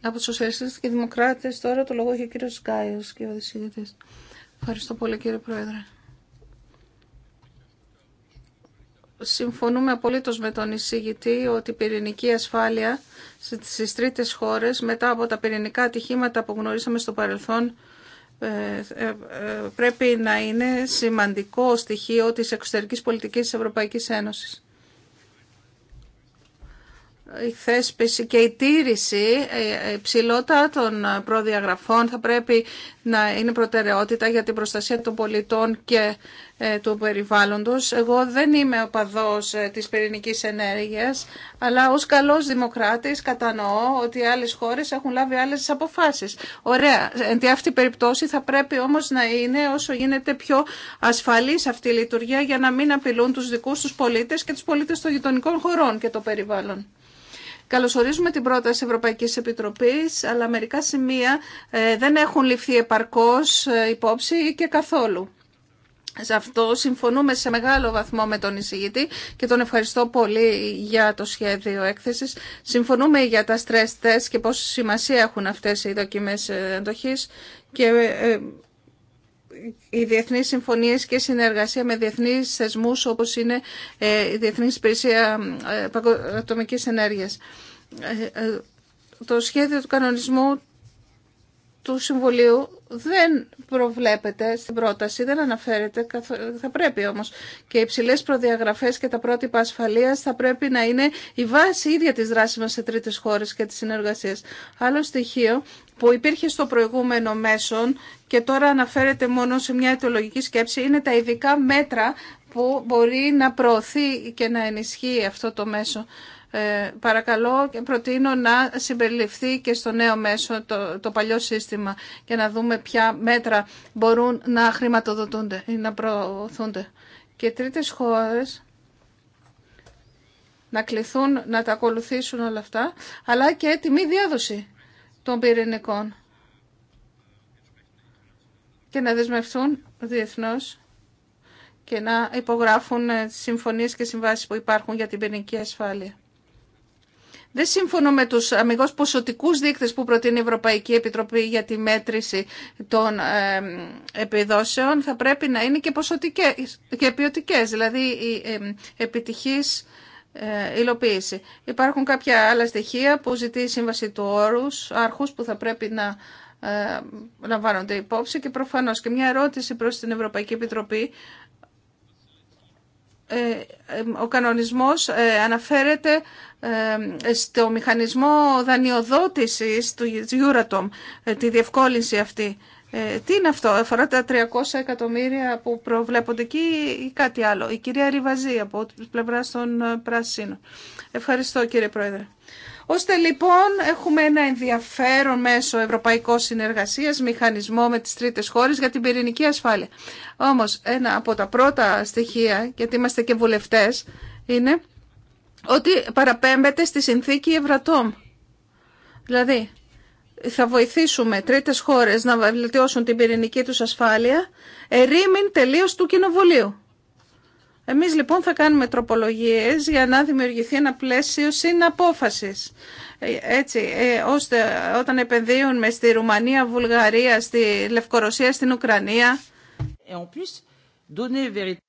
Από του Σοσιαλιστέ και δημοκράτε. τώρα το λόγο έχει ο κύριο Γκάιο και ο Ευχαριστώ πολύ κύριε Πρόεδρε. Συμφωνούμε απολύτω με τον εισηγητή ότι η πυρηνική ασφάλεια στι τρίτε χώρε μετά από τα πυρηνικά ατυχήματα που γνωρίσαμε στο παρελθόν ε, ε, ε, πρέπει να είναι σημαντικό στοιχείο της εξωτερικής πολιτικής της Ευρωπαϊκής Ένωσης η θέσπιση και η τήρηση ε, ε, ψηλότητα των προδιαγραφών θα πρέπει να είναι προτεραιότητα για την προστασία των πολιτών και ε, του περιβάλλοντος. Εγώ δεν είμαι οπαδός της πυρηνικής ενέργειας, αλλά ως καλός δημοκράτης κατανοώ ότι άλλες χώρες έχουν λάβει άλλες αποφάσεις. Ωραία, εν τη αυτή περιπτώση θα πρέπει όμως να είναι όσο γίνεται πιο ασφαλής αυτή η λειτουργία για να μην απειλούν τους δικούς τους πολίτες και τους πολίτες των γειτονικών χωρών και των περιβάλλων Καλωσορίζουμε την πρόταση Ευρωπαϊκή Επιτροπή, αλλά μερικά σημεία ε, δεν έχουν ληφθεί επαρκώς ε, υπόψη και καθόλου. Σε αυτό συμφωνούμε σε μεγάλο βαθμό με τον εισηγητή και τον ευχαριστώ πολύ για το σχέδιο έκθεσης. Συμφωνούμε για τα stress test και πόση σημασία έχουν αυτές οι δοκιμές ε, αντοχής και οι διεθνείς συμφωνίες και συνεργασία με διεθνείς θεσμούς όπως είναι ε, η Διεθνής Υπηρεσία ε, Ατομικής Ενέργειας. Ε, το σχέδιο του κανονισμού του Συμβουλίου δεν προβλέπεται στην πρόταση, δεν αναφέρεται, θα πρέπει όμως και οι υψηλέ προδιαγραφές και τα πρότυπα ασφαλείας θα πρέπει να είναι η βάση ίδια της δράσης μας σε τρίτες χώρες και της συνεργασίας. Άλλο στοιχείο που υπήρχε στο προηγούμενο μέσον και τώρα αναφέρεται μόνο σε μια αιτιολογική σκέψη είναι τα ειδικά μέτρα που μπορεί να προωθεί και να ενισχύει αυτό το μέσο. Ε, παρακαλώ και προτείνω να συμπεριληφθεί και στο νέο μέσο το, το παλιό σύστημα και να δούμε ποια μέτρα μπορούν να χρηματοδοτούνται ή να προωθούνται. Και τρίτες χώρες να κληθούν να τα ακολουθήσουν όλα αυτά, αλλά και τιμή διάδοση των πυρηνικών και να δεσμευτούν διεθνώς και να υπογράφουν ε, συμφωνίες και συμβάσεις που υπάρχουν για την πυρηνική ασφάλεια. Δεν σύμφωνο με τους αμυγός ποσοτικούς δείκτες που προτείνει η Ευρωπαϊκή Επιτροπή για τη μέτρηση των ε, επιδόσεων. Θα πρέπει να είναι και ποσοτικές και ποιοτικές. Δηλαδή οι ε, ε, υλοποίηση. Υπάρχουν κάποια άλλα στοιχεία που ζητεί η Σύμβαση του Όρους, αρχούς που θα πρέπει να ε, λαμβάνονται υπόψη και προφανώς και μια ερώτηση προς την Ευρωπαϊκή Επιτροπή. Ε, ε, ο κανονισμός αναφέρεται στο μηχανισμό δανειοδότησης του Euratom, τη διευκόλυνση αυτή. Ε, τι είναι αυτό, αφορά τα 300 εκατομμύρια που προβλέπονται εκεί ή κάτι άλλο. Η κυρία Ριβαζή από την πλευρά των ε, Πρασίνων. Ευχαριστώ κύριε Πρόεδρε. Ώστε λοιπόν έχουμε ένα ενδιαφέρον μέσο ευρωπαϊκό συνεργασία, μηχανισμό με τι τρίτε χώρε για την πυρηνική ασφάλεια. Όμω, ένα από τα πρώτα στοιχεία, γιατί είμαστε και βουλευτέ, είναι ότι παραπέμπεται στη συνθήκη Ευρατόμ. Δηλαδή, θα βοηθήσουμε τρίτες χώρες να βελτιώσουν την πυρηνική τους ασφάλεια, ερήμην τελείω του Κοινοβουλίου. Εμείς λοιπόν θα κάνουμε τροπολογίες για να δημιουργηθεί ένα πλαίσιο συναπόφασης. Έτσι, ε, ώστε όταν επενδύουν στη Ρουμανία, Βουλγαρία, στη Λευκορωσία, στην Ουκρανία,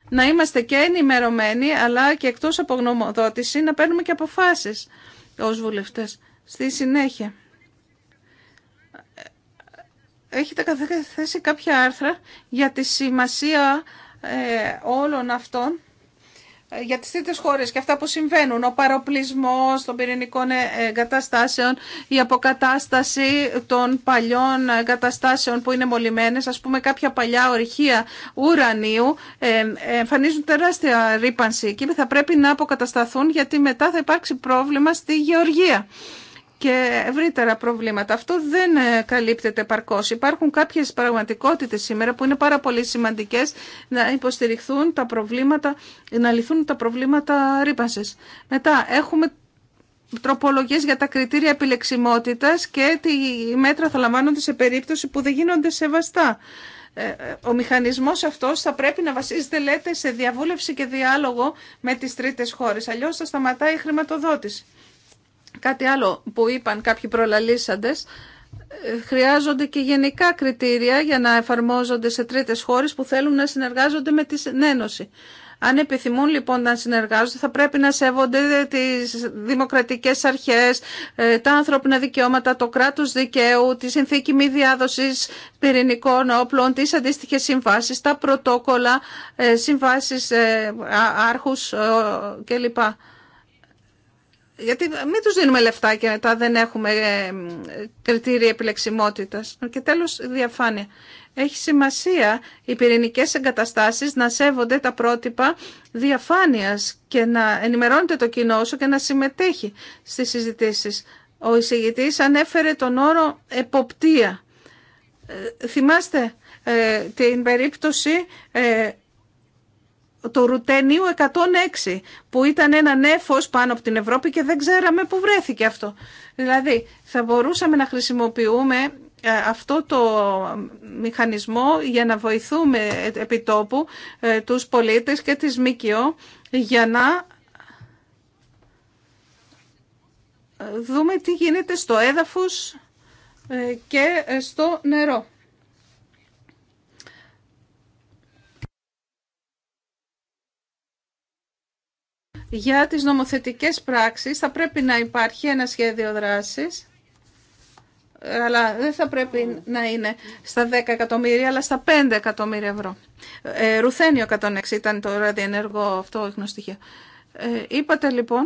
να είμαστε και ενημερωμένοι, αλλά και εκτός από γνωμοδότηση, να παίρνουμε και αποφάσεις ως βουλευτές. Στη συνέχεια έχετε καθέσει κάποια άρθρα για τη σημασία ε, όλων αυτών ε, για τις τρίτες χώρες και αυτά που συμβαίνουν, ο παροπλισμός των πυρηνικών ε, εγκαταστάσεων, η αποκατάσταση των παλιών εγκαταστάσεων που είναι μολυμένες, ας πούμε κάποια παλιά ορυχεία ουρανίου, εμφανίζουν τεράστια ρήπανση και θα πρέπει να αποκατασταθούν γιατί μετά θα υπάρξει πρόβλημα στη γεωργία και ευρύτερα προβλήματα. Αυτό δεν ε, καλύπτεται παρκώς. Υπάρχουν κάποιε πραγματικότητε σήμερα που είναι πάρα πολύ σημαντικέ να υποστηριχθούν τα προβλήματα, να λυθούν τα προβλήματα ρήπανση. Μετά έχουμε τροπολογίες για τα κριτήρια επιλεξιμότητας και τι μέτρα θα λαμβάνονται σε περίπτωση που δεν γίνονται σεβαστά. Ε, ο μηχανισμός αυτός θα πρέπει να βασίζεται, λέτε, σε διαβούλευση και διάλογο με τις τρίτες χώρες. Αλλιώς θα σταματάει η χρηματοδότηση. Κάτι άλλο που είπαν κάποιοι προλαλήσαντες, ε, χρειάζονται και γενικά κριτήρια για να εφαρμόζονται σε τρίτες χώρες που θέλουν να συνεργάζονται με την Ένωση. Αν επιθυμούν λοιπόν να συνεργάζονται θα πρέπει να σέβονται τις δημοκρατικές αρχές, ε, τα ανθρώπινα δικαιώματα, το κράτος δικαίου, τη συνθήκη μη διάδοσης πυρηνικών όπλων, τις αντίστοιχε συμβάσει, τα πρωτόκολλα, ε, συμβάσει άρχους κλπ. Γιατί μην τους δίνουμε λεφτά και μετά δεν έχουμε ε, κριτήρια επιλεξιμότητας. Και τέλος διαφάνεια. Έχει σημασία οι πυρηνικές εγκαταστάσεις να σέβονται τα πρότυπα διαφάνειας και να ενημερώνεται το κοινό όσο και να συμμετέχει στις συζητήσεις. Ο εισηγητής ανέφερε τον όρο «εποπτεία». Ε, θυμάστε ε, την περίπτωση το Ρουτένιου 106 που ήταν ένα νέφος πάνω από την Ευρώπη και δεν ξέραμε που βρέθηκε αυτό. Δηλαδή θα μπορούσαμε να χρησιμοποιούμε ε, αυτό το μηχανισμό για να βοηθούμε επιτόπου ε, τους πολίτες και τις ΜΚΟ για να ε, δούμε τι γίνεται στο έδαφος και στο νερό. για τις νομοθετικές πράξεις θα πρέπει να υπάρχει ένα σχέδιο δράσης αλλά δεν θα πρέπει να είναι στα 10 εκατομμύρια, αλλά στα 5 εκατομμύρια ευρώ. Ε, Ρουθένιο 106 ήταν το ραδιενεργό αυτό γνωστοιχείο. Ε, είπατε λοιπόν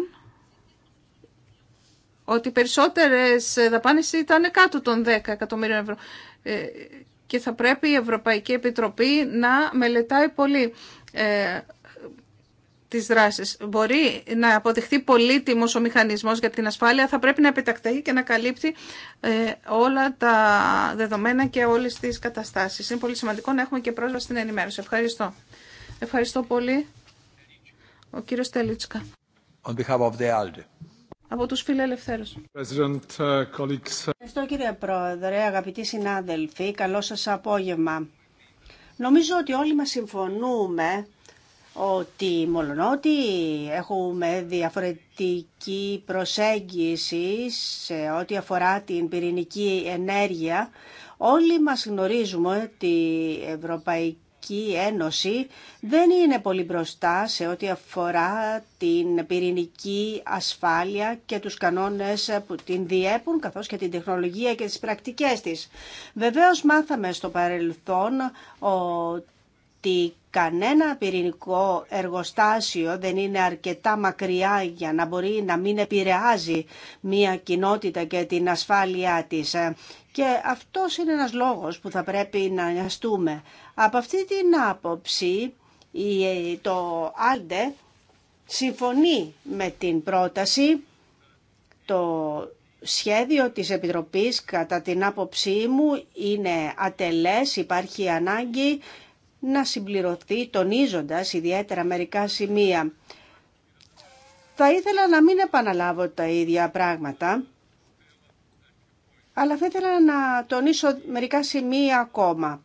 ότι οι περισσότερες δαπάνες ήταν κάτω των 10 εκατομμύρια ευρώ ε, και θα πρέπει η Ευρωπαϊκή Επιτροπή να μελετάει πολύ ε, Μπορεί να αποδειχθεί πολύτιμο ο μηχανισμός για την ασφάλεια, θα πρέπει να επιτακταεί και να καλύπτει ε, όλα τα δεδομένα και όλες τις καταστάσεις. Είναι πολύ σημαντικό να έχουμε και πρόσβαση στην ενημέρωση. Ευχαριστώ. Ευχαριστώ πολύ. Ο κύριο Τελίτσκα. On behalf of the ALDE. Από τους φιλελευθέρους. Uh, uh, Ευχαριστώ κύριε Πρόεδρε, αγαπητοί συνάδελφοι, καλό σας απόγευμα. Νομίζω ότι όλοι μας συμφωνούμε ότι μολονότι έχουμε διαφορετική προσέγγιση σε ό,τι αφορά την πυρηνική ενέργεια, όλοι μας γνωρίζουμε ότι η Ευρωπαϊκή Ένωση δεν είναι πολύ μπροστά σε ό,τι αφορά την πυρηνική ασφάλεια και τους κανόνες που την διέπουν, καθώς και την τεχνολογία και τις πρακτικές της. Βεβαίως μάθαμε στο παρελθόν ότι κανένα πυρηνικό εργοστάσιο δεν είναι αρκετά μακριά για να μπορεί να μην επηρεάζει μια κοινότητα και την ασφάλειά της. Ε, και αυτός είναι ένας λόγος που θα πρέπει να νοιαστούμε. Από αυτή την άποψη ε, το Άντε συμφωνεί με την πρόταση το σχέδιο της Επιτροπής κατά την άποψή μου είναι ατελές, υπάρχει ανάγκη να συμπληρωθεί τονίζοντας ιδιαίτερα μερικά σημεία. Θα ήθελα να μην επαναλάβω τα ίδια πράγματα, αλλά θα ήθελα να τονίσω μερικά σημεία ακόμα.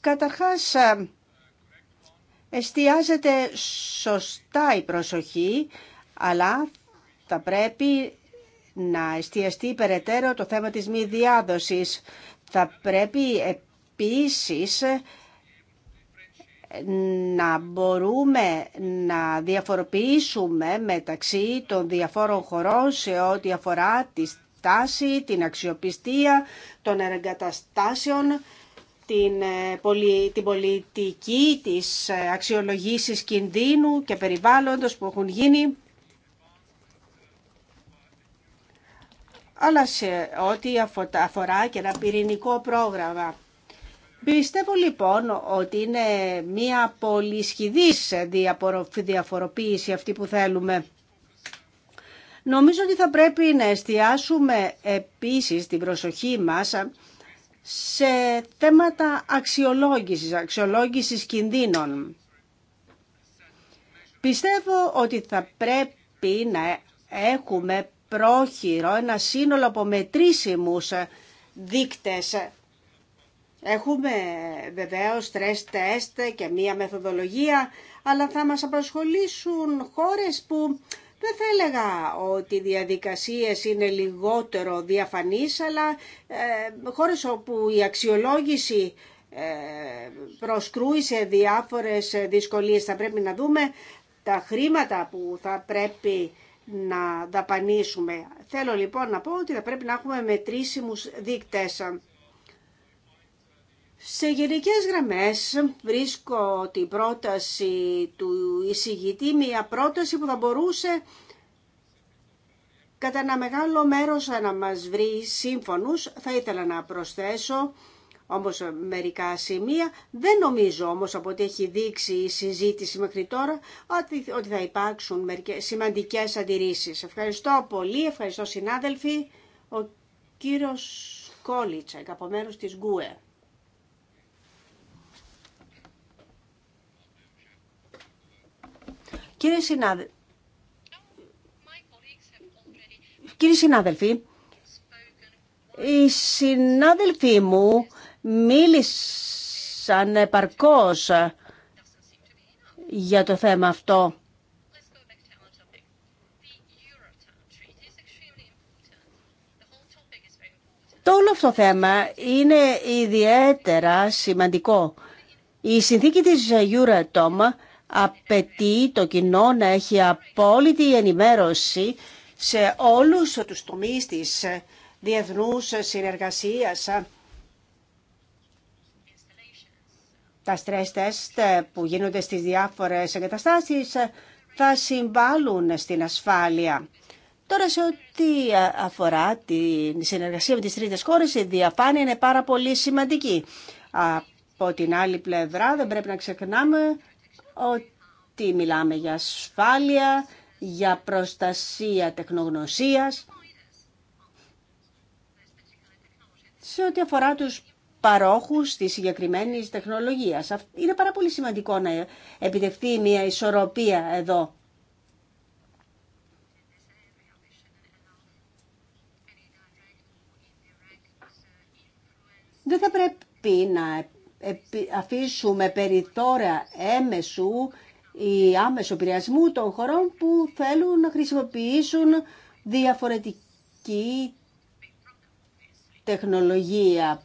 Καταρχάς, εστιάζεται σωστά η προσοχή, αλλά θα πρέπει να εστιαστεί περαιτέρω το θέμα της μη διάδοσης. Θα πρέπει επίσης να μπορούμε να διαφοροποιήσουμε μεταξύ των διαφόρων χωρών σε ό,τι αφορά τη στάση, την αξιοπιστία των εργαταστάσεων, ε, την, πολιτική, της ε, αξιολογήσεις κινδύνου και περιβάλλοντος που έχουν γίνει. Αλλά σε ό,τι αφορά και ένα πυρηνικό πρόγραμμα Πιστεύω λοιπόν ότι είναι μια πολυσχηδής διαφοροποίηση αυτή που θέλουμε. Νομίζω ότι θα πρέπει να εστιάσουμε επίσης την προσοχή μας σε θέματα αξιολόγησης, αξιολόγησης κινδύνων. Πιστεύω ότι θα πρέπει να έχουμε πρόχειρο ένα σύνολο από μετρήσιμους δείκτες Έχουμε βεβαίως stress test και μία μεθοδολογία, αλλά θα μας απασχολήσουν χώρες που δεν θα έλεγα ότι οι διαδικασίες είναι λιγότερο διαφανείς, αλλά ε, χώρες όπου η αξιολόγηση ε, προσκρούει σε διάφορες δυσκολίες. Θα πρέπει να δούμε τα χρήματα που θα πρέπει να δαπανίσουμε. Θέλω λοιπόν να πω ότι θα πρέπει να έχουμε μετρήσιμους δείκτες. Σε γενικές γραμμές βρίσκω την πρόταση του εισηγητή, μια πρόταση που θα μπορούσε κατά ένα μεγάλο μέρος να μας βρει σύμφωνους. Θα ήθελα να προσθέσω όμως μερικά σημεία. Δεν νομίζω όμως από ό,τι έχει δείξει η συζήτηση μέχρι τώρα ότι θα υπάρξουν σημαντικές αντιρρήσεις. Ευχαριστώ πολύ, ευχαριστώ συνάδελφοι. Ο κύριος Κόλιτσακ από μέρους της ΓΚΟΕ. Κύριε συνάδελφοι, Κύριοι συνάδελφοι, οι συνάδελφοί μου μίλησαν επαρκώς για το θέμα αυτό. Το όλο αυτό θέμα είναι ιδιαίτερα σημαντικό. Η συνθήκη της Euratom απαιτεί το κοινό να έχει απόλυτη ενημέρωση σε όλους τους τομείς της διεθνούς συνεργασίας. Τα stress που γίνονται στις διάφορες εγκαταστάσεις θα συμβάλλουν στην ασφάλεια. Τώρα σε ό,τι αφορά τη συνεργασία με τις τρίτες χώρες, η διαφάνεια είναι πάρα πολύ σημαντική. Από την άλλη πλευρά δεν πρέπει να ξεχνάμε ότι μιλάμε για ασφάλεια, για προστασία τεχνογνωσίας. Σε ό,τι αφορά τους παρόχους της συγκεκριμένη τεχνολογίας. Είναι πάρα πολύ σημαντικό να επιτευχθεί μια ισορροπία εδώ. Δεν θα πρέπει να αφήσουμε περιθώρια έμεσου ή άμεσο επηρεασμού των χωρών που θέλουν να χρησιμοποιήσουν διαφορετική τεχνολογία.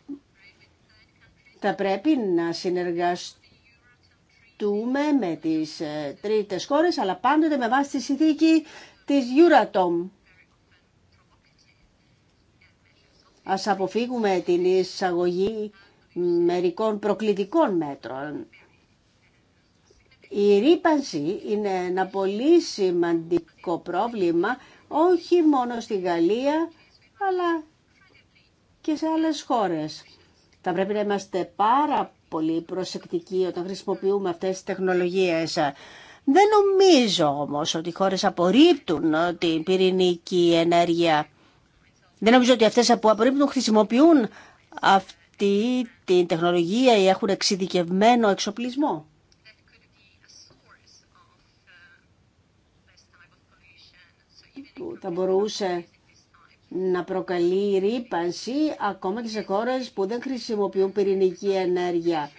Θα πρέπει να συνεργαστούμε με τις ε, τρίτες χώρες, αλλά πάντοτε με βάση τη συνθήκη της Euratom. Ας αποφύγουμε την εισαγωγή μερικών προκλητικών μέτρων. Η ρήπανση είναι ένα πολύ σημαντικό πρόβλημα όχι μόνο στη Γαλλία αλλά και σε άλλες χώρες. Θα πρέπει να είμαστε πάρα πολύ προσεκτικοί όταν χρησιμοποιούμε αυτές τις τεχνολογίες. Δεν νομίζω όμως ότι οι χώρες απορρίπτουν την πυρηνική ενέργεια. Δεν νομίζω ότι αυτές που απορρίπτουν χρησιμοποιούν αυτή την τεχνολογία ή έχουν εξειδικευμένο εξοπλισμό. Που θα μπορούσε να προκαλεί ρήπανση ακόμα και σε χώρες που δεν χρησιμοποιούν πυρηνική ενέργεια.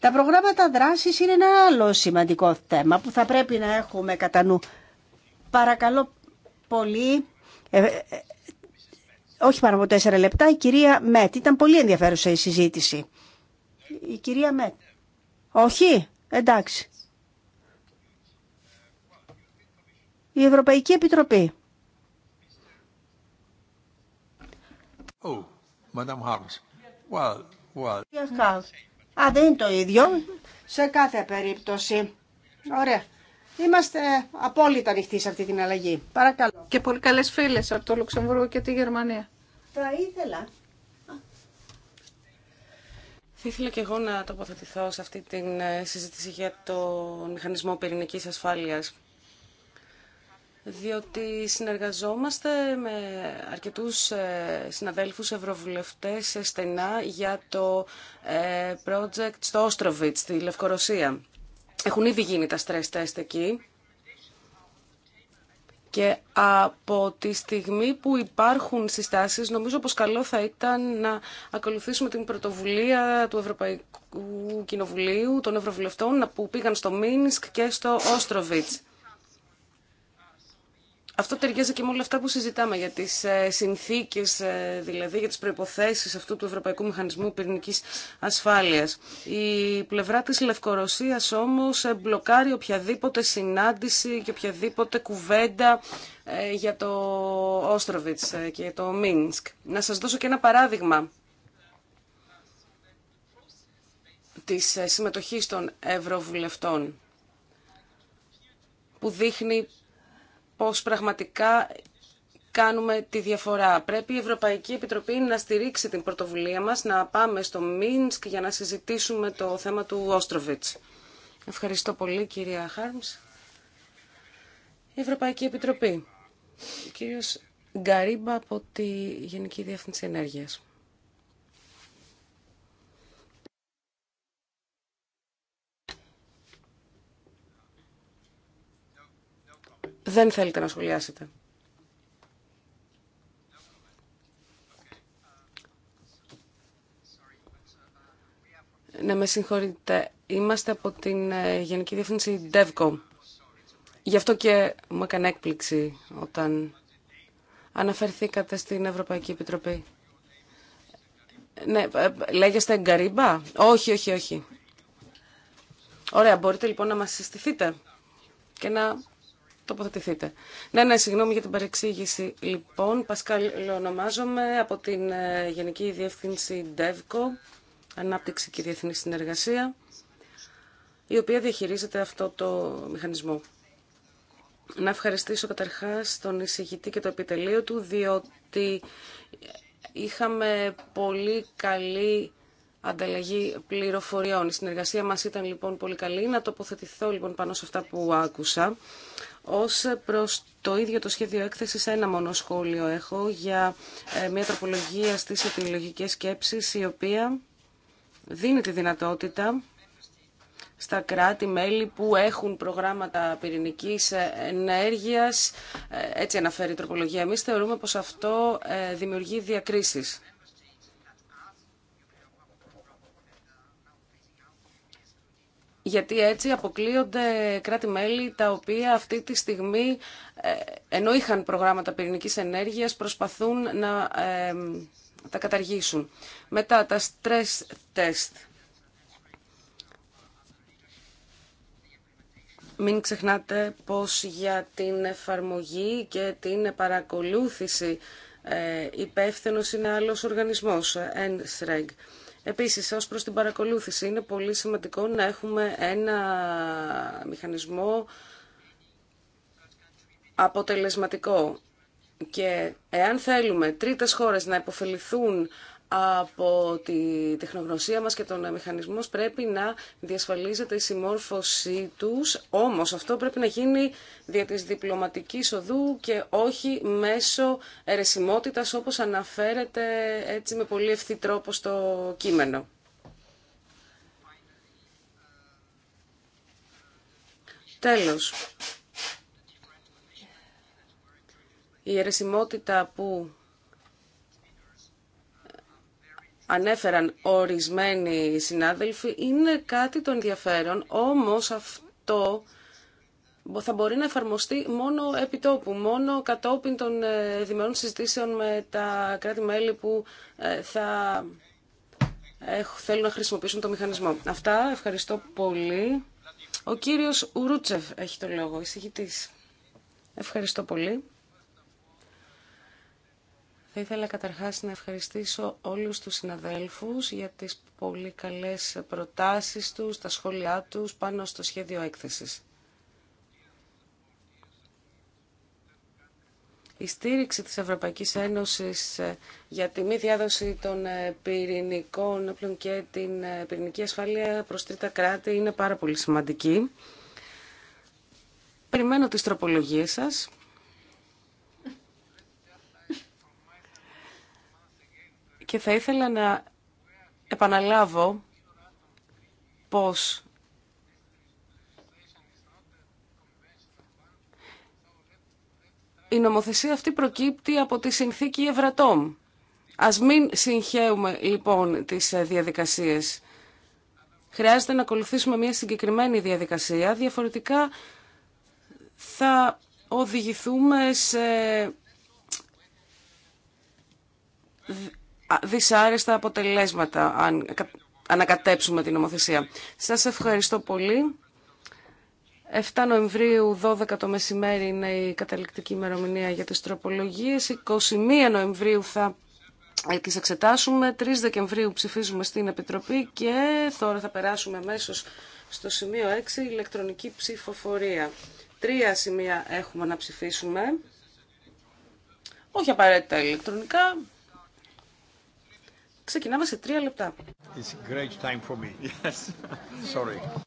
Τα προγράμματα δράσης είναι ένα άλλο σημαντικό θέμα που θα πρέπει να έχουμε κατά νου. Παρακαλώ πολύ, ε, ε, όχι πάνω από τέσσερα λεπτά, η κυρία Μέτ. Ήταν πολύ ενδιαφέρουσα η συζήτηση. Η κυρία Μέτ. Όχι, εντάξει. Η Ευρωπαϊκή Επιτροπή. Oh, Well, Α, δεν είναι το ίδιο. Σε κάθε περίπτωση. Ωραία. Είμαστε απόλυτα ανοιχτοί σε αυτή την αλλαγή. Παρακαλώ. Και πολύ καλές φίλες από το Λουξεμβούργο και τη Γερμανία. Θα ήθελα. Θα ήθελα και εγώ να τοποθετηθώ σε αυτή τη ε, συζήτηση για το μηχανισμό πυρηνικής ασφάλειας. Διότι συνεργαζόμαστε με αρκετούς ε, συναδέλφους ευρωβουλευτές στενά για το ε, project στο Όστροβιτ, στη Λευκορωσία. Έχουν ήδη γίνει τα stress test εκεί. Και από τη στιγμή που υπάρχουν συστάσεις, νομίζω πως καλό θα ήταν να ακολουθήσουμε την πρωτοβουλία του Ευρωπαϊκού Κοινοβουλίου, των Ευρωβουλευτών, που πήγαν στο Μίνσκ και στο Όστροβιτς αυτό ταιριάζει και με όλα αυτά που συζητάμε για τις ε, συνθήκες, ε, δηλαδή για τις προποθέσει αυτού του Ευρωπαϊκού Μηχανισμού Πυρηνική Ασφάλειας. Η πλευρά της Λευκορωσίας όμως ε, μπλοκάρει οποιαδήποτε συνάντηση και οποιαδήποτε κουβέντα για το Όστροβιτς και το Μίνσκ. Να σας δώσω και ένα παράδειγμα τη συμμετοχή των Ευρωβουλευτών που δείχνει πώς πραγματικά κάνουμε τη διαφορά. Πρέπει η Ευρωπαϊκή Επιτροπή να στηρίξει την πρωτοβουλία μας, να πάμε στο Μίνσκ για να συζητήσουμε το θέμα του Όστροβιτς. Ευχαριστώ πολύ κυρία Χάρμς. Η Ευρωπαϊκή Επιτροπή. Ο κύριος Γκαρίμπα από τη Γενική Διεύθυνση Ενέργειας. δεν θέλετε να σχολιάσετε. Να με συγχωρείτε, είμαστε από την ε, Γενική Διεύθυνση DevCo. Γι' αυτό και μου έκανε έκπληξη όταν αναφερθήκατε στην Ευρωπαϊκή Επιτροπή. Ναι, ε, ε, λέγεστε Γκαρίμπα. Όχι, όχι, όχι. Ωραία, μπορείτε λοιπόν να μας συστηθείτε και να τοποθετηθείτε. Ναι, ναι, συγγνώμη για την παρεξήγηση. Λοιπόν, Πασκάλ ονομάζομαι από την ε, Γενική Διεύθυνση ΔΕΒΚΟ, Ανάπτυξη και Διεθνή Συνεργασία, η οποία διαχειρίζεται αυτό το μηχανισμό. Να ευχαριστήσω καταρχάς τον εισηγητή και το επιτελείο του, διότι είχαμε πολύ καλή ανταλλαγή πληροφοριών. Η συνεργασία μας ήταν λοιπόν πολύ καλή. Να τοποθετηθώ λοιπόν πάνω σε αυτά που άκουσα. Ως προς το ίδιο το σχέδιο έκθεσης, ένα μόνο σχόλιο έχω για ε, μια τροπολογία στις αιτιολογικές σκέψεις, η οποία δίνει τη δυνατότητα στα κράτη-μέλη που έχουν προγράμματα πυρηνικής ε, ενέργειας. Ε, έτσι αναφέρει η τροπολογία. Εμείς θεωρούμε πως αυτό δημιουργεί διακρίσεις. γιατί έτσι αποκλείονται κράτη-μέλη τα οποία αυτή τη στιγμή, ε, ενώ είχαν προγράμματα πυρηνικής ενέργειας, προσπαθούν να ε, τα καταργήσουν. Μετά τα stress test. Μην ξεχνάτε πως για την εφαρμογή και την παρακολούθηση ε, υπεύθυνος είναι άλλος οργανισμός, NSREG. Επίσης, ως προς την παρακολούθηση, είναι πολύ σημαντικό να έχουμε ένα μηχανισμό αποτελεσματικό. Και εάν θέλουμε τρίτες χώρες να υποφεληθούν από τη τεχνογνωσία μας και τον μηχανισμό πρέπει να διασφαλίζεται η συμμόρφωσή τους. Όμως αυτό πρέπει να γίνει δια της διπλωματικής οδού και όχι μέσω ερεσιμότητας όπως αναφέρεται έτσι με πολύ ευθύ τρόπο στο κείμενο. Τέλος, η αιρεσιμότητα που ανέφεραν ορισμένοι συνάδελφοι είναι κάτι των ενδιαφέρον, όμως αυτό θα μπορεί να εφαρμοστεί μόνο επί τόπου, μόνο κατόπιν των ε, διμερών συζητήσεων με τα κράτη-μέλη που ε, θα ε, θέλουν να χρησιμοποιήσουν το μηχανισμό. Αυτά, ευχαριστώ πολύ. Ο κύριος Ουρούτσεφ έχει το λόγο, εισηγητής. Ευχαριστώ πολύ. Θα ήθελα καταρχάς να ευχαριστήσω όλους τους συναδέλφους για τις πολύ καλές προτάσεις τους, τα σχόλιά τους πάνω στο σχέδιο έκθεσης. Η στήριξη της Ευρωπαϊκής Ένωσης ε, για τη μη διάδοση των ε, πυρηνικών όπλων και την ε, πυρηνική ασφάλεια προς τρίτα κράτη είναι πάρα πολύ σημαντική. Περιμένω τις τροπολογίες σας. Και θα ήθελα να επαναλάβω πως η νομοθεσία αυτή προκύπτει από τη συνθήκη Ευρατόμ. Ας μην συγχαίουμε λοιπόν τις ε, διαδικασίες. Χρειάζεται να ακολουθήσουμε μια συγκεκριμένη διαδικασία, διαφορετικά θα οδηγηθούμε σε δυσάρεστα αποτελέσματα αν ανακατέψουμε την νομοθεσία. Σας ευχαριστώ πολύ. 7 Νοεμβρίου, 12 το μεσημέρι είναι η καταληκτική ημερομηνία για τις τροπολογίες. 21 Νοεμβρίου θα ε, τις εξετάσουμε. 3 Δεκεμβρίου ψηφίζουμε στην Επιτροπή και τώρα θα περάσουμε αμέσως στο σημείο 6, ηλεκτρονική ψηφοφορία. Τρία σημεία έχουμε να ψηφίσουμε. Όχι απαραίτητα ηλεκτρονικά, Ξεκινάμε σε τρία λεπτά. It's a great time for me. Yes. Sorry.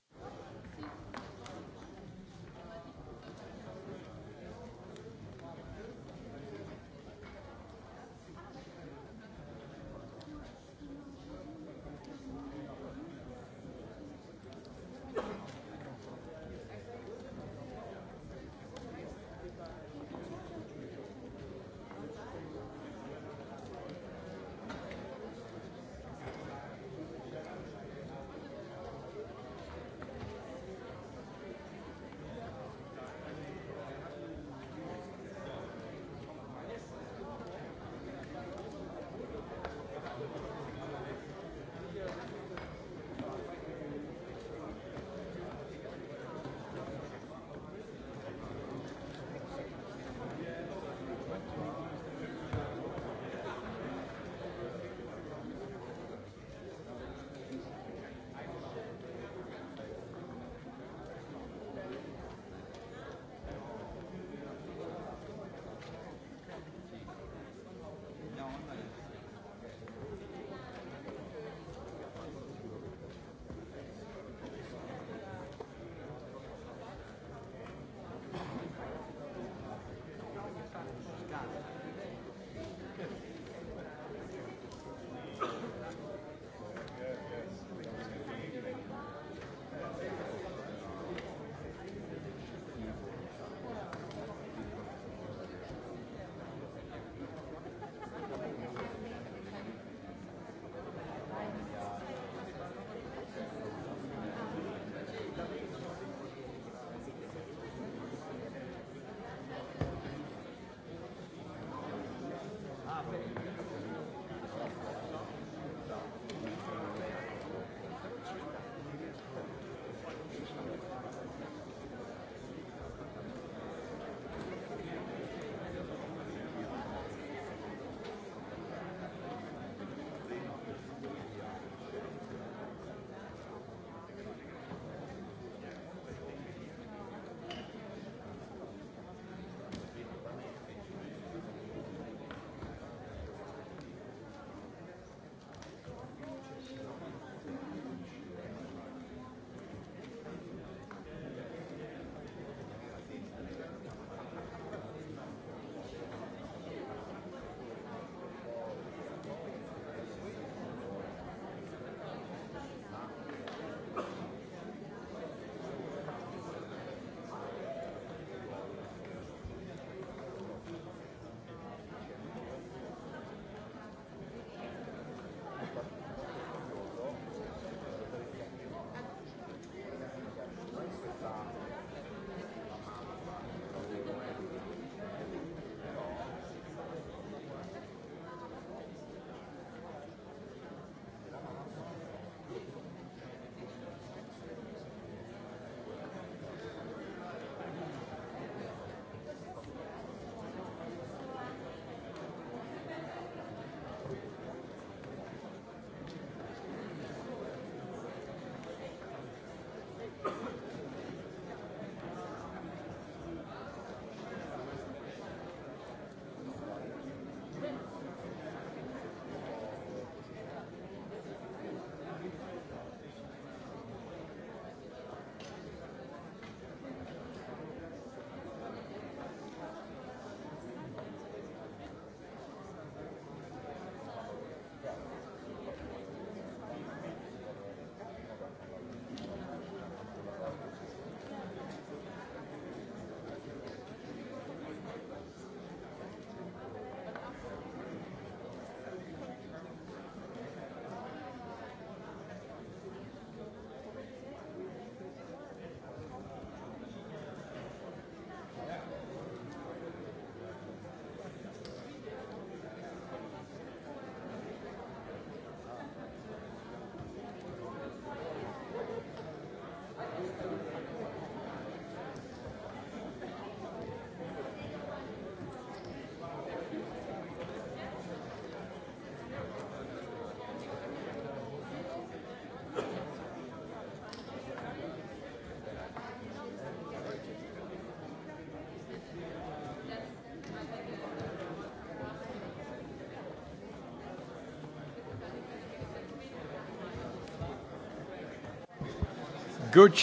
Good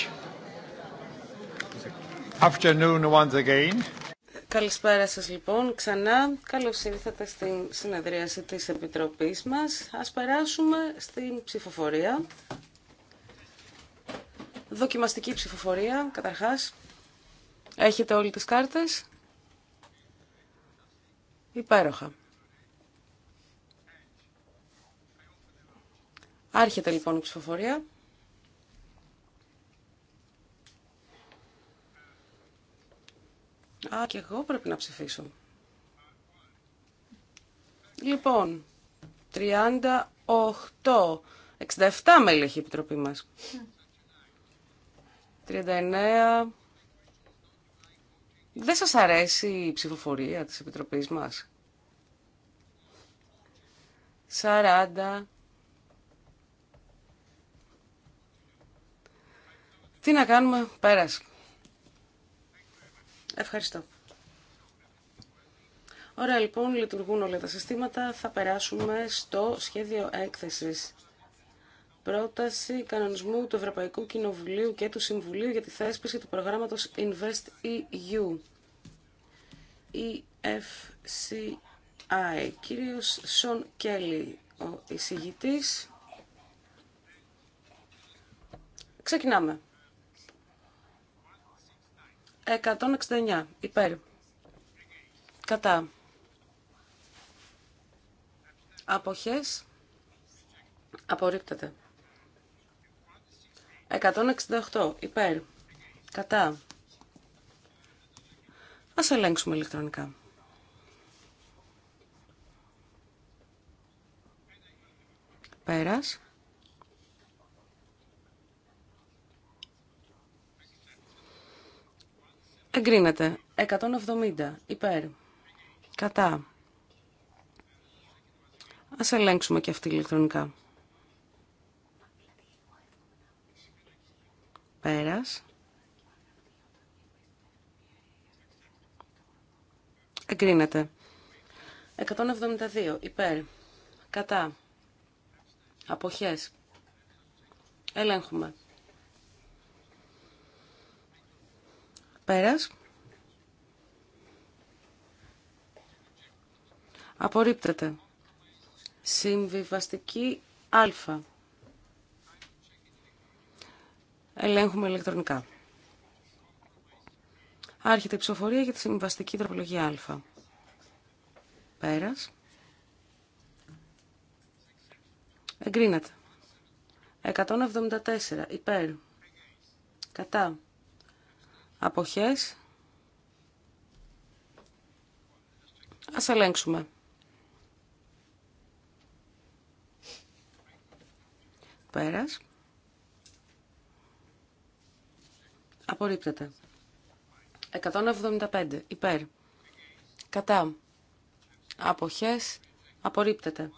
afternoon once again. Καλησπέρα σας λοιπόν ξανά. Καλώς ήρθατε στην συνεδρίαση της Επιτροπής μας. Ας περάσουμε στην ψηφοφορία. Δοκιμαστική ψηφοφορία καταρχάς. Έχετε όλοι τις κάρτες. Υπέροχα. Άρχεται λοιπόν η ψηφοφορία. Α, και εγώ πρέπει να ψηφίσω. Λοιπόν, 38. 67 μέλη έχει η Επιτροπή μας. 39. Δεν σας αρέσει η ψηφοφορία της Επιτροπής μας. 40. Τι να κάνουμε, πέρασε. Ευχαριστώ. Ωραία, λοιπόν, λειτουργούν όλα τα συστήματα. Θα περάσουμε στο σχέδιο έκθεσης. Πρόταση κανονισμού του Ευρωπαϊκού Κοινοβουλίου και του Συμβουλίου για τη θέσπιση του προγράμματος Invest EU. EFCI. Κύριος Σον Κέλλη, ο εισηγητής. Ξεκινάμε. 169. Υπέρ. Κατά. Αποχές. Απορρίπτεται. 168. Υπέρ. Κατά. Ας ελέγξουμε ηλεκτρονικά. Πέρας. Εγκρίνεται. 170. Υπέρ. Κατά. Ας ελέγξουμε και αυτή ηλεκτρονικά. Πέρας. Εγκρίνεται. 172. Υπέρ. Κατά. Αποχές. Ελέγχουμε. Πέρας. Απορρίπτεται. Συμβιβαστική α. Ελέγχουμε ηλεκτρονικά. Άρχεται η ψηφοφορία για τη συμβιβαστική τροπολογία α. Πέρας. Εγκρίνεται. 174. Υπέρ. Κατά. Αποχές. Ας ελέγξουμε. Πέρας. Απορρίπτεται. 175. Υπέρ. Κατά. Αποχές. Απορρίπτεται.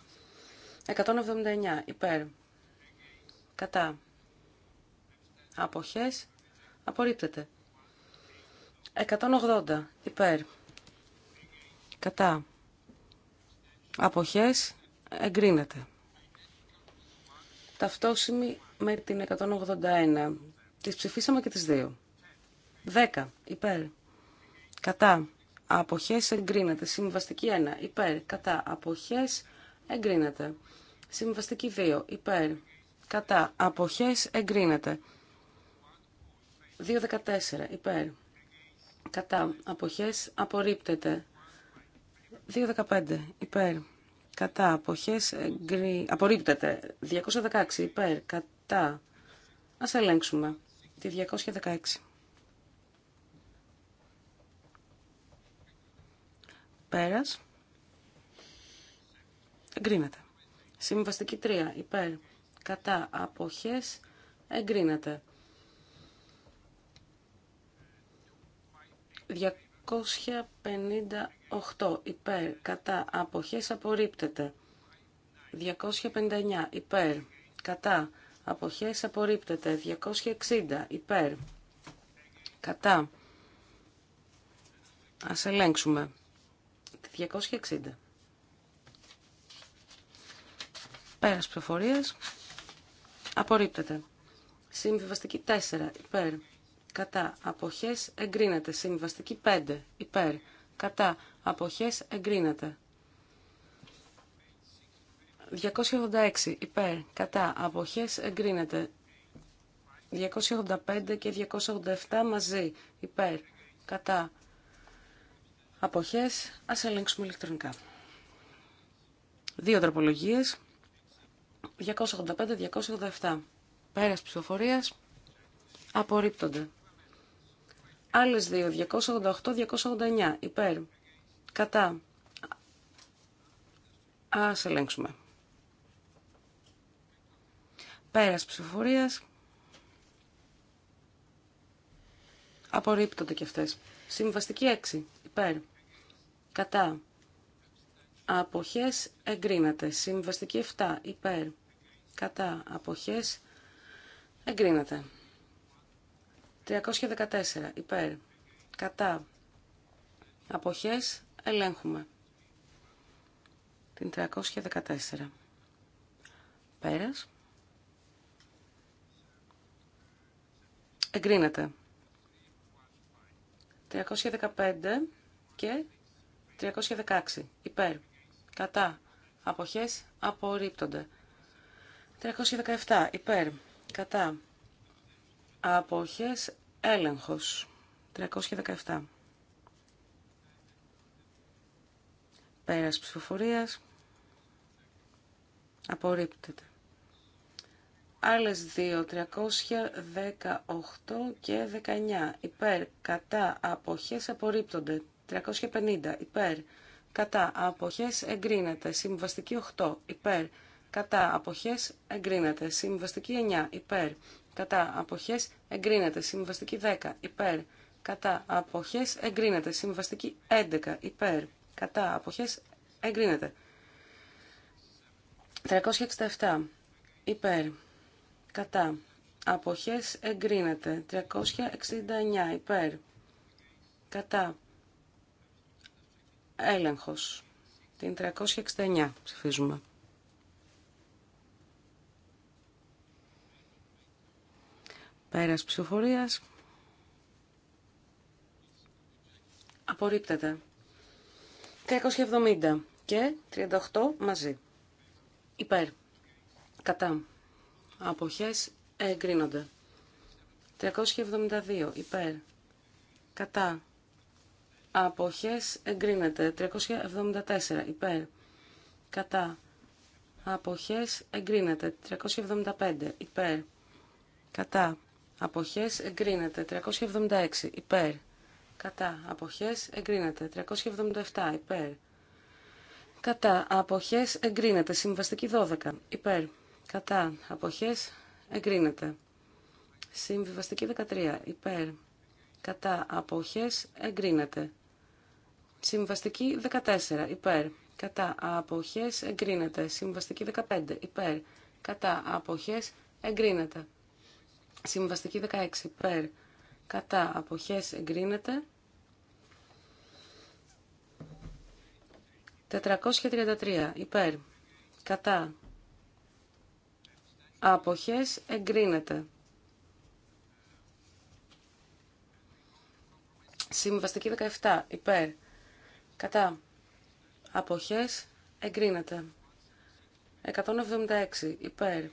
179. Υπέρ. Κατά. Αποχές. Απορρίπτεται. 180 υπέρ. Κατά. Αποχές εγκρίνεται. Ταυτόσημη με την 181. Τις ψηφίσαμε και τις δύο. 10 υπέρ. Κατά. Αποχές εγκρίνεται. Συμβαστική 1 υπέρ. Κατά. Αποχές εγκρίνεται. Συμβαστική 2 υπέρ. Κατά. Αποχές εγκρίνεται. 2.14 υπέρ κατά αποχές απορρίπτεται. 2.15 υπέρ κατά αποχές γκρι... απορρίπτεται. 216 υπέρ κατά. Ας ελέγξουμε τη 216. Πέρας. Εγκρίνεται. Συμβαστική 3 υπέρ κατά αποχές εγκρίνεται. 258 υπέρ κατά αποχές απορρίπτεται. 259 υπέρ κατά αποχές απορρίπτεται. 260 υπέρ κατά. Ας ελέγξουμε. 260. Πέρας ψηφοφορίας. Απορρίπτεται. Συμβιβαστική 4 υπέρ κατά αποχές εγκρίνεται. Συμβαστική 5 υπέρ κατά αποχές εγκρίνεται. 286 υπέρ κατά αποχές εγκρίνεται. 285 και 287 μαζί υπέρ κατά αποχές. Ας ελέγξουμε ηλεκτρονικά. Δύο τροπολογίες. 285-287. Πέρας ψηφοφορίας απορρίπτονται. Άλλες δύο, 288-289, υπέρ, κατά. Ας ελέγξουμε. Πέρας ψηφοφορίας. Απορρίπτονται και αυτές. Συμβαστική 6, υπέρ, κατά. Αποχές εγκρίνατε. Συμβαστική 7, υπέρ, κατά. Αποχές εγκρίνατε. 314. Υπέρ. Κατά. Αποχές. Ελέγχουμε. Την 314. Πέρας. Εγκρίνεται. 315 και 316. Υπέρ. Κατά. Αποχές. Απορρίπτονται. 317. Υπέρ. Κατά. Αποχές έλεγχος. 317. Πέρας ψηφοφορίας. Απορρίπτεται. Άλλες 2, 318 και 19. Υπέρ, κατά, αποχές απορρίπτονται. 350. Υπέρ, κατά, αποχές εγκρίνεται. Συμβαστική 8. Υπέρ, κατά, αποχές εγκρίνεται. Συμβαστική 9. Υπέρ, κατά αποχέ εγκρίνεται. Συμβαστική 10 υπέρ κατά απόχέ εγκρίνεται. Συμβαστική 11 υπέρ κατά απόχέ εγκρίνεται. 367 υπέρ κατά Αποχέ εγκρίνεται. 369 υπέρ κατά Έλεγχο. Την 369 ψηφίζουμε. Πέρας ψηφοφορίας. Απορρίπτεται. 370 και 38 μαζί. Υπέρ. Κατά. Αποχές εγκρίνονται. 372 υπέρ. Κατά. Αποχές εγκρίνεται. 374 υπέρ. Κατά. Αποχές εγκρίνεται. 375 υπέρ. Κατά αποχές εγκρίνεται 376 υπέρ. Κατά αποχές εγκρίνεται 377 υπέρ. Κατά αποχές εγκρίνεται συμβαστική 12 υπέρ. Κατά αποχές εγκρίνεται. Συμβιβαστική 13 υπέρ. Κατά αποχές εγκρίνεται. Συμβαστική 14 υπέρ. Κατά αποχές εγκρίνεται. Συμβαστική 15 υπέρ. Κατά αποχές εγκρίνεται. Συμβαστική 16 υπέρ κατά αποχές εγκρίνεται. 433 υπέρ κατά αποχές εγκρίνεται. Συμβαστική 17 υπέρ κατά αποχές εγκρίνεται. 176 υπέρ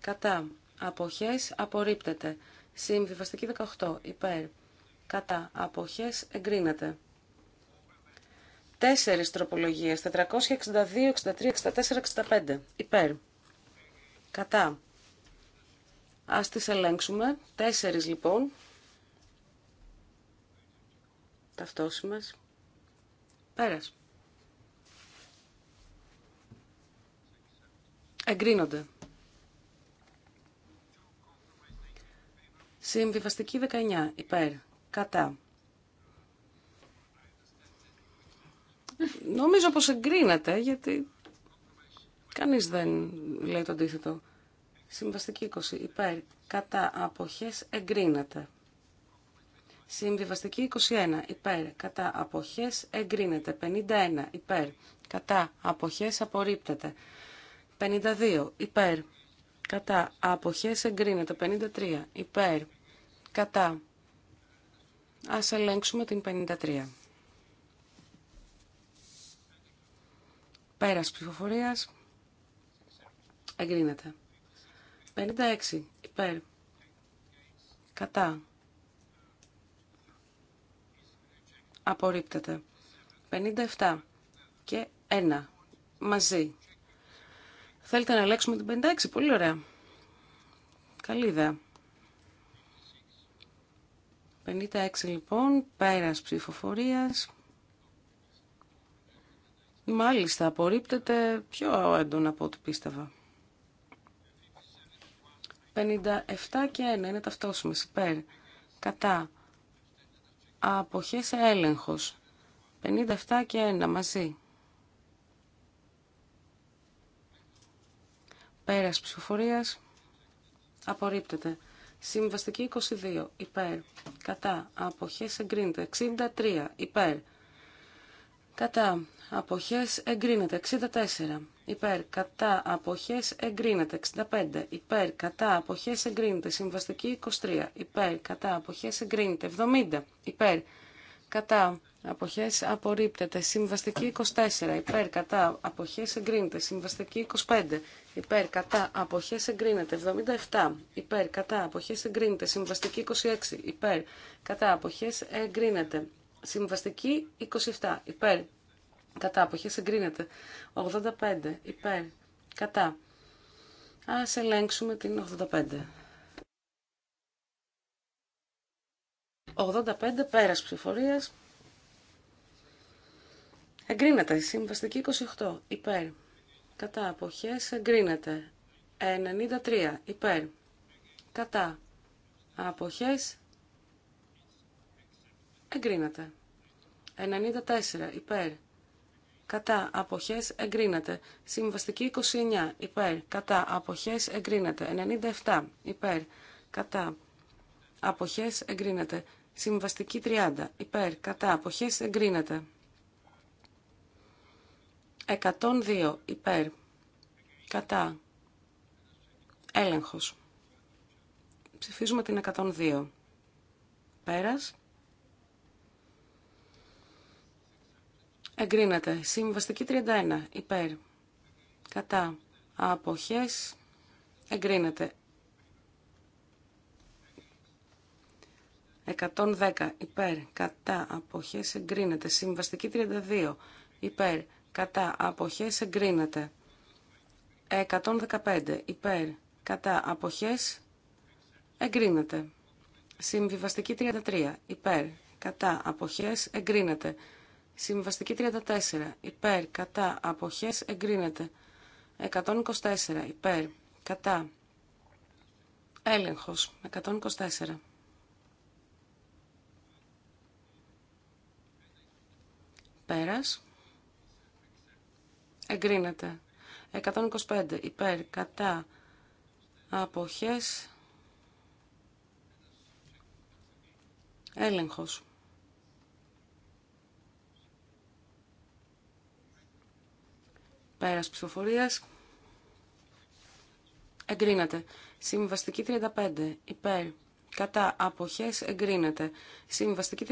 κατά αποχές απορρίπτεται. Συμβιβαστική 18 υπέρ κατά αποχές εγκρίνεται. Τέσσερις τροπολογίες 462, 63, 64, 65 υπέρ κατά. Ας τις ελέγξουμε. Τέσσερις λοιπόν. Ταυτόσιμες. Πέρας. Εγκρίνονται. Συμβιβαστική 19. Υπέρ. Κατά. Νομίζω πως εγκρίνεται, γιατί κανείς δεν λέει το αντίθετο. Συμβαστική 20. Υπέρ. Κατά. Αποχές. Εγκρίνεται. Συμβιβαστική 21. Υπέρ. Κατά. Αποχές. Εγκρίνεται. 51. Υπέρ. Κατά. Αποχές. Απορρίπτεται. 52. Υπέρ κατά αποχές εγκρίνεται 53 υπέρ κατά ας ελέγξουμε την 53 πέρας ψηφοφορίας εγκρίνεται 56 υπέρ κατά απορρίπτεται 57 και 1 μαζί Θέλετε να αλλάξουμε την 56. Πολύ ωραία. Καλή ιδέα. 56 λοιπόν, πέρας ψηφοφορίας. Μάλιστα, απορρίπτεται πιο έντονα από ό,τι πίστευα. 57 και 1 είναι ταυτόσιμες υπέρ. Κατά. Αποχές έλεγχος. 57 και 1 μαζί. Πέρας ψηφοφορίας. Απορρίπτεται. Συμβαστική 22. Υπέρ. Κατά. Αποχές εγκρίνεται. 63. Υπέρ. Κατά. Αποχές εγκρίνεται. 64. Υπέρ. Κατά. Αποχές εγκρίνεται. 65. Υπέρ. Κατά. Αποχές εγκρίνεται. Συμβαστική 23. Υπέρ. Κατά. Αποχές εγκρίνεται. 70. Υπέρ. Κατά. Αποχές απορρίπτεται. Συμβαστική 24. Υπέρ κατά. Αποχές εγκρίνεται. Συμβαστική 25. Υπέρ κατά. Αποχές εγκρίνεται. 77. Υπέρ κατά. Αποχές εγκρίνεται. Συμβαστική 26. Υπέρ κατά. Αποχές εγκρίνεται. Συμβαστική 27. Υπέρ κατά. Αποχές εγκρίνεται. 85. Υπέρ κατά. Ας ελέγξουμε την 85. 85 πέρας ψηφορίας Εγκρίνεται. Συμβαστική 28. Υπέρ. Κατά αποχές εγκρίνεται. 93. Υπέρ. Κατά αποχές εγκρίνεται. 94. Υπέρ. Κατά αποχές εγκρίνεται. Συμβαστική 29. Υπέρ. Κατά αποχές εγκρίνεται. 97. Υπέρ. Κατά αποχές εγκρίνεται. Συμβαστική 30. Υπέρ. Κατά αποχές εγκρίνεται. 102 υπέρ. Κατά. Έλεγχος. Ψηφίζουμε την 102. Πέρας. Εγκρίνεται. Συμβαστική 31. Υπέρ. Κατά. Αποχές. Εγκρίνεται. 110. Υπέρ. Κατά. Αποχές. Εγκρίνεται. Συμβαστική 32. Υπέρ κατά αποχές εγκρίνεται. 115 υπέρ κατά αποχές εγκρίνεται. Συμβιβαστική 33 υπέρ κατά αποχές εγκρίνεται. Συμβαστική 34 υπέρ κατά αποχές εγκρίνεται. 124 υπέρ κατά έλεγχος 124. Πέρας εγκρίνεται. 125 υπέρ κατά αποχές έλεγχος. Πέρας ψηφοφορίας εγκρίνεται. Συμβαστική 35 υπέρ κατά αποχές εγκρίνεται. Συμβαστική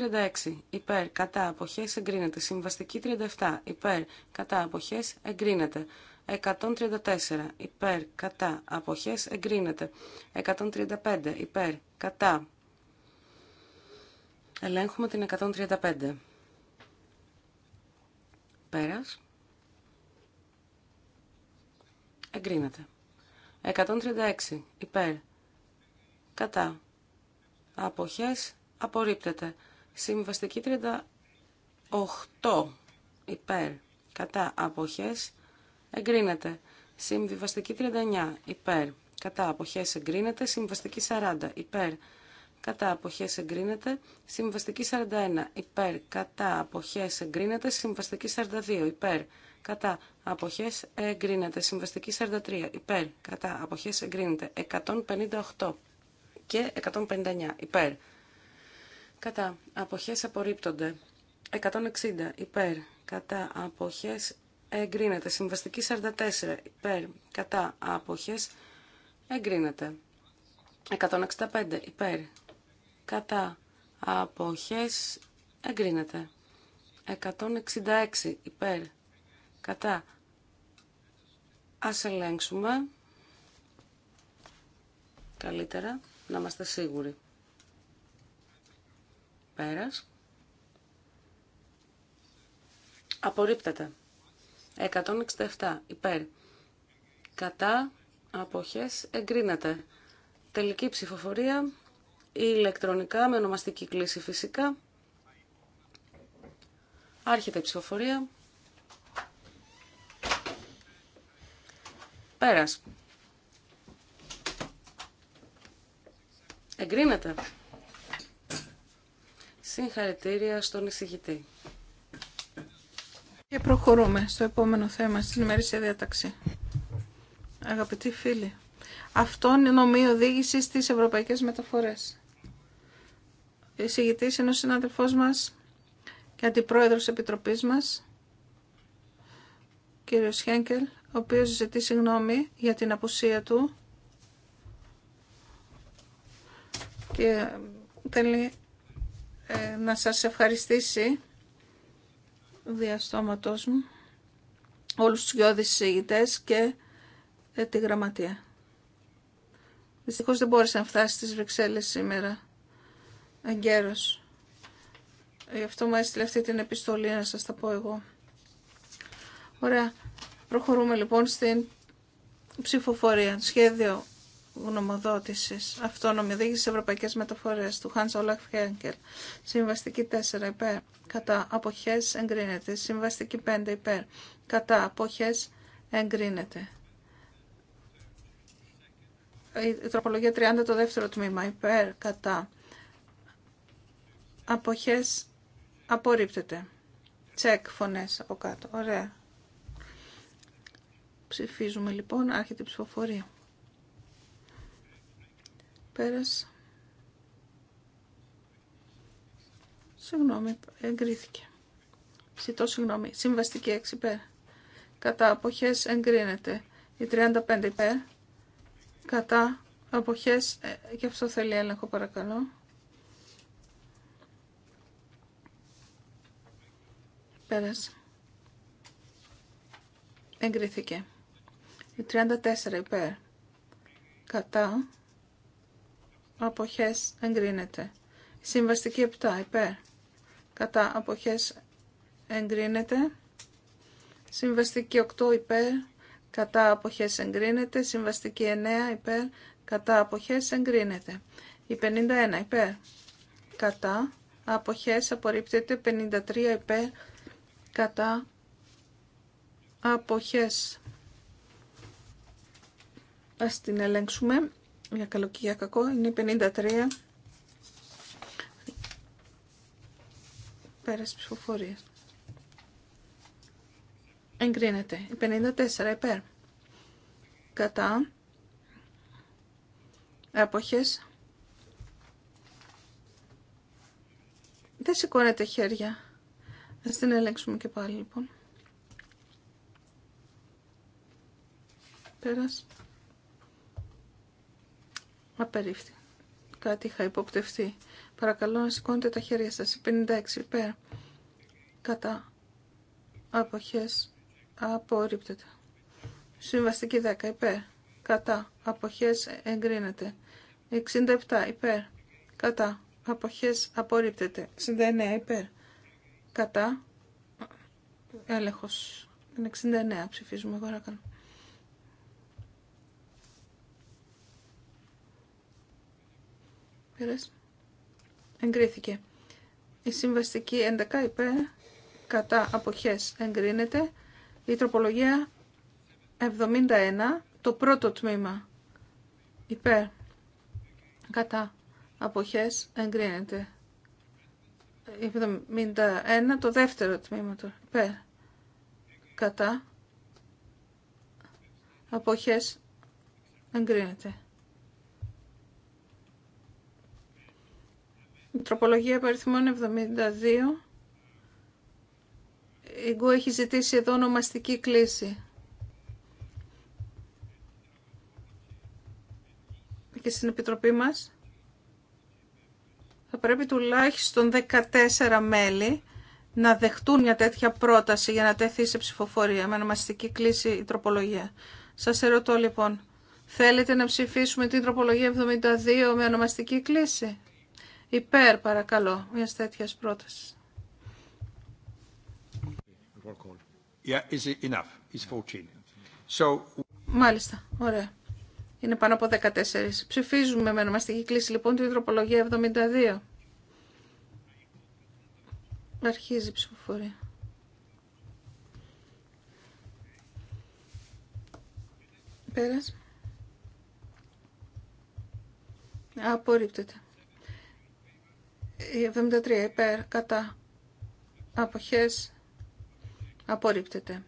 36 υπέρ κατά αποχές εγκρίνεται. Συμβαστική 37 υπέρ κατά αποχές εγκρίνεται. 134 υπέρ κατά αποχές εγκρίνεται. 135 υπέρ κατά. Ελέγχουμε την 135. Πέρας. Εγκρίνεται. 136 υπέρ κατά αποχές απορρίπτεται. Συμβαστική 38 υπέρ κατά αποχές εγκρίνεται. Συμβιβαστική 39 υπέρ κατά αποχές εγκρίνεται. Συμβαστική 40 υπέρ κατά αποχές εγκρίνεται. Συμβαστική 41 υπέρ κατά αποχές εγκρίνεται. Συμβαστική 42 υπέρ κατά αποχές εγκρίνεται. Συμβαστική 43 υπέρ κατά αποχές εγκρίνεται. 158 και 159 υπέρ. Κατά αποχές απορρίπτονται. 160 υπέρ. Κατά αποχές εγκρίνεται. Συμβαστική 44 υπέρ. Κατά αποχές εγκρίνεται. 165 υπέρ. Κατά αποχές εγκρίνεται. 166 υπέρ. Κατά. Ας ελέγξουμε. Καλύτερα να είμαστε σίγουροι. Πέρας. Απορρίπτεται. 167 υπέρ. Κατά αποχές εγκρίνεται. Τελική ψηφοφορία ηλεκτρονικά με ονομαστική κλίση φυσικά. Άρχεται η ψηφοφορία. Πέρας. Εγκρίνεται. Συγχαρητήρια στον εισηγητή. Και προχωρούμε στο επόμενο θέμα, στην ημερήσια διάταξη. Αγαπητοί φίλοι, αυτό είναι νομή οδήγηση ευρωπαϊκές μεταφορές. μεταφορέ. εισηγητής είναι ο συναδελφός μας και αντιπρόεδρο επιτροπής μας, κύριος Χένκελ, ο οποίος ζητεί συγγνώμη για την απουσία του και θέλει ε, να σας ευχαριστήσει διαστόματος μου όλους τους γιώδεις και ε, τη γραμματεία. Δυστυχώς δεν μπόρεσε να φτάσει στις Βρυξέλλες σήμερα εγκαίρος. Γι' αυτό μου έστειλε αυτή την επιστολή να σας τα πω εγώ. Ωραία. Προχωρούμε λοιπόν στην ψηφοφορία. Σχέδιο γνωμοδότησης αυτόνομη οδήγηση ευρωπαϊκές μεταφορές του Hans Olaf Henkel. Συμβαστική 4 υπέρ. Κατά αποχές εγκρίνεται. Συμβαστική 5 υπέρ. Κατά αποχές εγκρίνεται. Η τροπολογία 30 το δεύτερο τμήμα υπέρ. Κατά αποχές απορρίπτεται. Τσεκ φωνές από κάτω. Ωραία. Ψηφίζουμε λοιπόν. Άρχεται η ψηφοφορία. Πέρας. Συγγνώμη, εγκρίθηκε. Ζητώ συγγνώμη. Συμβαστική 6 υπέρ. Κατά αποχές εγκρίνεται. Η 35 υπέρ. Κατά αποχές, και ε, αυτό θέλει έλεγχο παρακαλώ. Πέρασε. Εγκρίθηκε. Η 34 υπέρ. Κατά αποχές εγκρίνεται. Συμβαστική 7 υπέρ κατά αποχές εγκρίνεται. Συμβαστική 8 υπέρ κατά αποχές εγκρίνεται. Συμβαστική 9 υπέρ κατά αποχές εγκρίνεται. Η 51 υπέρ κατά αποχές απορρίπτεται. 53 υπέρ κατά αποχές. Ας την ελέγξουμε για καλοκιά κακό, είναι 53 πέρας ψηφοφορία. Εγκρίνεται. 54 υπέρ. Κατά. Άποχες. Δεν σηκώνεται χέρια. Ας την ελέγξουμε και πάλι λοιπόν. Πέρας. Απερίφθη. Κάτι είχα υποπτευτεί. Παρακαλώ να σηκώνετε τα χέρια σας. 56 υπέρ. Κατά. Αποχές. Απορρίπτεται. Συμβαστική 10 υπέρ. Κατά. Αποχές εγκρίνεται. 67 υπέρ. Κατά. Αποχές απορρίπτεται. 69 υπέρ. Κατά. Έλεγχος. 69 ψηφίζουμε. παρακαλώ. Εγκρίθηκε. Η συμβαστική 11 υπέρ κατά αποχές εγκρίνεται. Η τροπολογία 71, το πρώτο τμήμα υπέρ κατά αποχές εγκρίνεται. 71, το δεύτερο τμήμα του υπέρ κατά αποχές εγκρίνεται. Τροπολογία παριθμών 72. Η Γκου έχει ζητήσει εδώ ονομαστική κλίση. Και στην Επιτροπή μας θα πρέπει τουλάχιστον 14 μέλη να δεχτούν μια τέτοια πρόταση για να τέθει σε ψηφοφορία με ονομαστική κλίση η τροπολογία. Σας ερωτώ λοιπόν, θέλετε να ψηφίσουμε την τροπολογία 72 με ονομαστική κλίση υπέρ παρακαλώ μια τέτοια πρόταση. Μάλιστα, ωραία. Είναι πάνω από 14. Ψηφίζουμε με ονομαστική κλίση λοιπόν την τροπολογία 72. Αρχίζει η ψηφοφορία. Πέρας. Απορρίπτεται. Η 73 υπέρ κατά αποχές απορρίπτεται.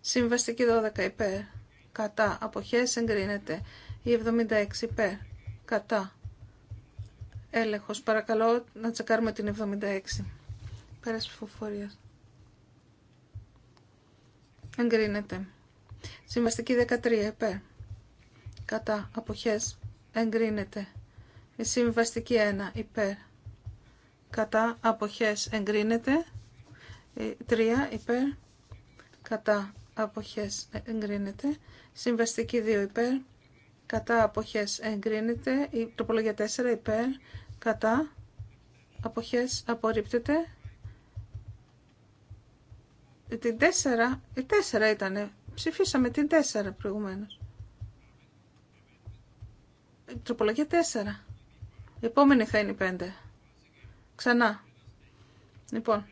Συμβαστική 12 υπέρ κατά αποχές εγκρίνεται. Η 76 υπέρ κατά έλεγχος. Παρακαλώ να τσεκάρουμε την 76. Πέρας ψηφοφορίας. Εγκρίνεται. Συμβαστική 13 υπέρ. Κατά αποχές εγκρίνεται. Η συμβαστική 1 υπέρ κατά αποχές εγκρίνεται 3 ε, υπέρ κατά αποχές ε, εγκρίνεται συμβαστική δύο υπέρ κατά αποχές εγκρίνεται η τροπολογία 4 υπέρ κατά αποχές απορρίπτεται ε, την τέσσερα η τέσσερα ήτανε ψηφίσαμε την τέσσερα προηγουμένως η τροπολογία 4 η επόμενη θα είναι η 5 Ξανά. Λοιπόν,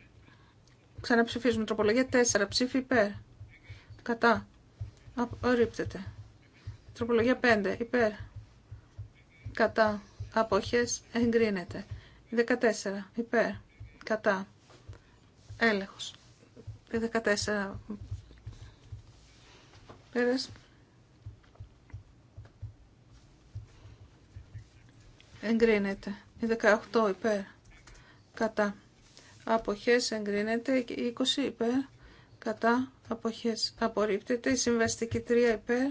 ξαναψηφίζουμε. Τροπολογία 4. Ψήφι υπέρ. Κατά. Ορίπτεται. Τροπολογία 5. Υπέρ. Κατά. Αποχές. Εγκρίνεται. 14. Υπέρ. Κατά. Έλεγχος. 14. Πέρας. Εγκρίνεται. 18. Υπέρ κατά αποχές εγκρίνεται 20 υπέρ κατά αποχές απορρίπτεται η συμβαστική 3 υπέρ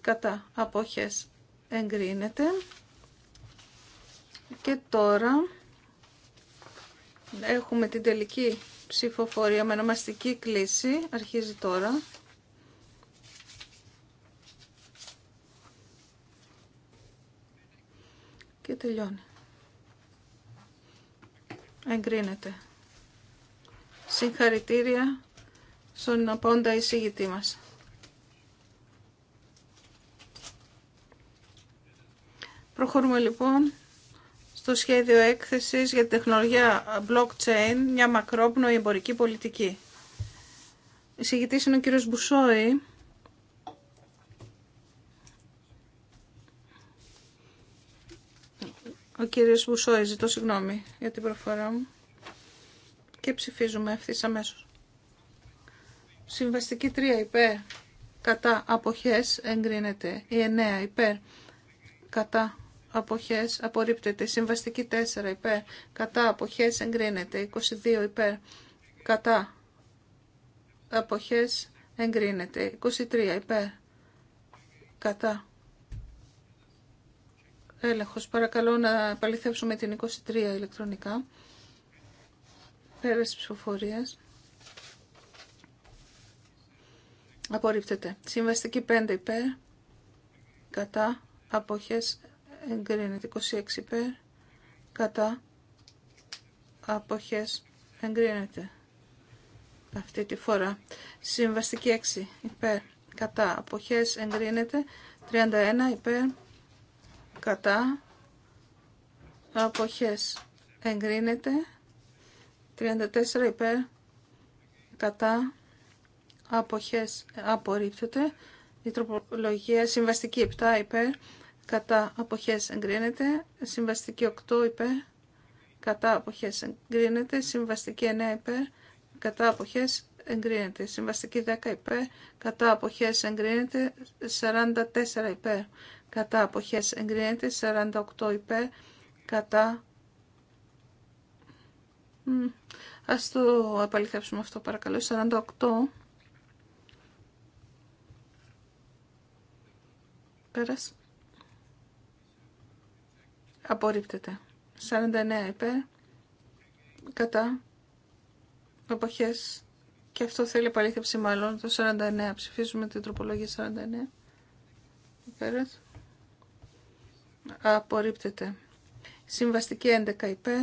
κατά αποχές εγκρίνεται και τώρα έχουμε την τελική ψηφοφορία με ονομαστική κλίση αρχίζει τώρα και τελειώνει εγκρίνεται. Συγχαρητήρια στον απόντα εισηγητή μας. Προχωρούμε λοιπόν στο σχέδιο έκθεσης για τη τεχνολογία blockchain, μια μακρόπνοη εμπορική πολιτική. Εισηγητής είναι ο κύριος Μπουσόη. κύριε Μπουσόη, ζητώ συγγνώμη για την προφορά μου. Και ψηφίζουμε ευθύ αμέσω. Συμβαστική 3 υπέρ κατά αποχές εγκρίνεται. Η 9 υπέρ κατά αποχές απορρίπτεται. συμβαστική 4 υπέρ κατά αποχές εγκρίνεται. 22 υπέρ κατά αποχές εγκρίνεται. 23 υπέρ κατά έλεγχος. Παρακαλώ να παληθεύσουμε την 23 ηλεκτρονικά. Πέρας ψηφοφορίας. Απορρίπτεται. Συμβαστική 5 υπέρ. Κατά. Αποχές εγκρίνεται. 26 υπέρ. Κατά. Αποχές εγκρίνεται. Αυτή τη φορά. Συμβαστική 6 υπέρ. Κατά. Αποχές εγκρίνεται. 31 υπέρ κατά αποχές εγκρίνεται 34 υπέρ κατά αποχές απορρίπτεται η τροπολογία συμβαστική 7 υπέρ κατά αποχές εγκρίνεται συμβαστική 8 υπέρ κατά αποχές εγκρίνεται συμβαστική 9 υπέρ κατά αποχές εγκρίνεται συμβαστική 10 υπέρ κατά αποχές εγκρίνεται 44 υπέρ κατά αποχές εγκρίνεται 48 υπέρ κατά ας το επαληθεύσουμε αυτό παρακαλώ 48 πέρας απορρίπτεται 49 υπέρ κατά αποχές και αυτό θέλει επαλήθευση μάλλον το 49 ψηφίζουμε την τροπολογία 49 πέρας απορρίπτεται. Συμβαστική 11 υπέρ,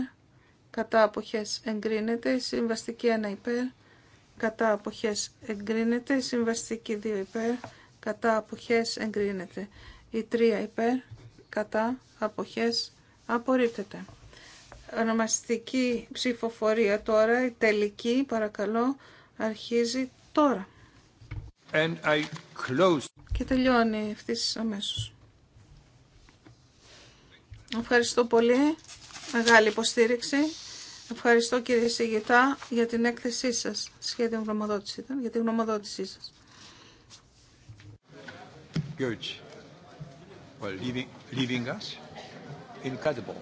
κατά αποχές εγκρίνεται. Συμβαστική 1 υπέρ, κατά αποχές εγκρίνεται. Συμβαστική 2 υπέρ, κατά αποχές εγκρίνεται. Η 3 υπέρ, κατά αποχές απορρίπτεται. Ονομαστική ψηφοφορία τώρα, η τελική παρακαλώ, αρχίζει τώρα. And I close. Και τελειώνει ευθύς αμέσως. Ευχαριστώ πολύ. Μεγάλη υποστήριξη. Ευχαριστώ κύριε Σιγητά για την έκθεσή σας. Σχέδιο γνωμοδότηση ήταν, για την γνωμοδότησή σας. Well, leaving, incredible.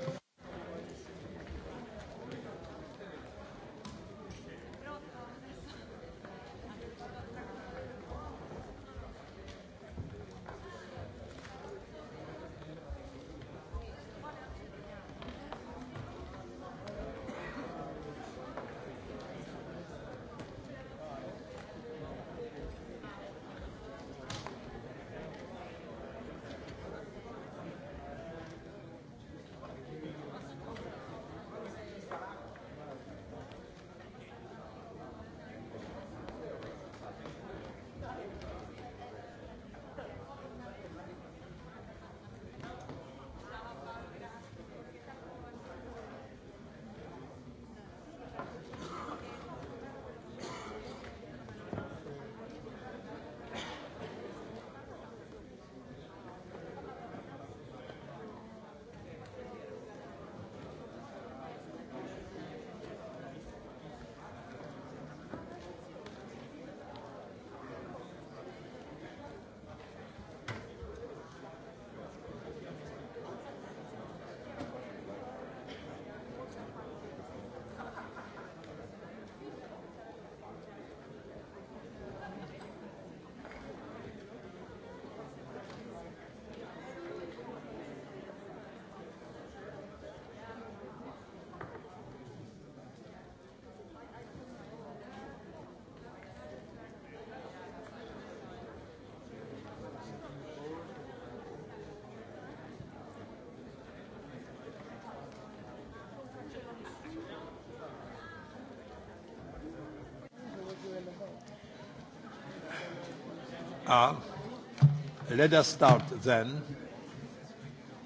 let us start then.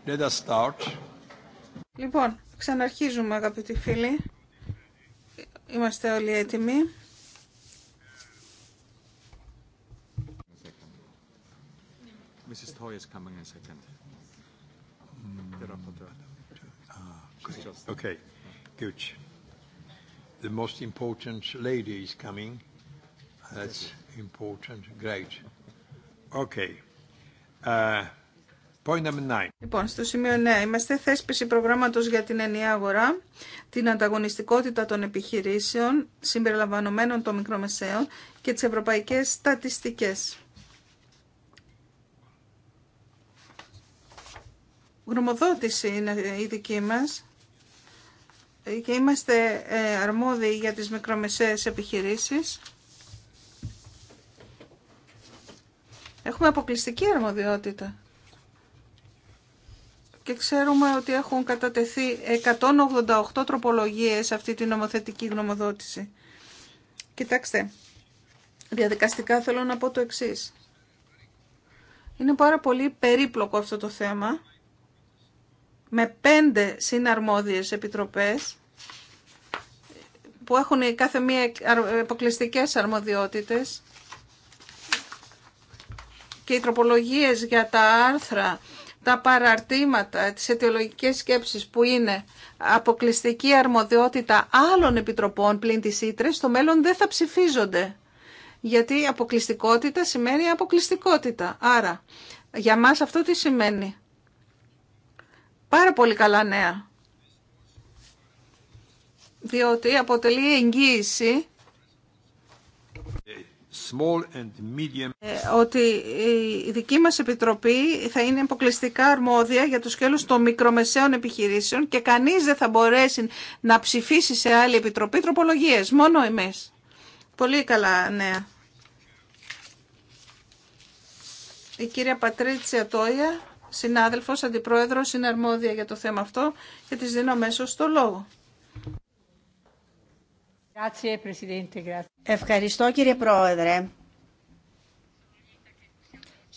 Let us start. Λοιπόν, ξαναρχίζουμε αγαπητοί φίλοι. Είμαστε όλοι έτοιμοι. Mrs. Toy is coming in a second. The rapporteur. Ah, okay. Good. The most important lady is coming. That's important. Great. Okay. Uh, point number Λοιπόν, στο σημείο 9 είμαστε θέσπιση προγράμματος για την ενιαία αγορά, την ανταγωνιστικότητα των επιχειρήσεων συμπεριλαμβανομένων των μικρομεσαίων και τις ευρωπαϊκές στατιστικές. Γνωμοδότηση είναι η δική μας και είμαστε ε, αρμόδιοι για τις μικρομεσαίες επιχειρήσεις. Έχουμε αποκλειστική αρμοδιότητα. Και ξέρουμε ότι έχουν κατατεθεί 188 τροπολογίες σε αυτή τη νομοθετική γνωμοδότηση. Κοιτάξτε, διαδικαστικά θέλω να πω το εξής. Είναι πάρα πολύ περίπλοκο αυτό το θέμα, με πέντε συναρμόδιες επιτροπές που έχουν κάθε μία αποκλειστικές αρμοδιότητες και οι τροπολογίες για τα άρθρα, τα παραρτήματα, τις αιτιολογικές σκέψεις που είναι αποκλειστική αρμοδιότητα άλλων επιτροπών πλην της Ήτρες, στο μέλλον δεν θα ψηφίζονται. Γιατί αποκλειστικότητα σημαίνει αποκλειστικότητα. Άρα, για μας αυτό τι σημαίνει. Πάρα πολύ καλά νέα. Διότι αποτελεί εγγύηση ε, ότι η δική μας επιτροπή θα είναι αποκλειστικά αρμόδια για το σκέλος των μικρομεσαίων επιχειρήσεων και κανείς δεν θα μπορέσει να ψηφίσει σε άλλη επιτροπή τροπολογίες, μόνο εμείς. Πολύ καλά νέα. Η κυρία Πατρίτσια Τόια, συνάδελφος, αντιπρόεδρος, είναι αρμόδια για το θέμα αυτό και της δίνω μέσω στο λόγο. Ευχαριστώ κύριε Πρόεδρε.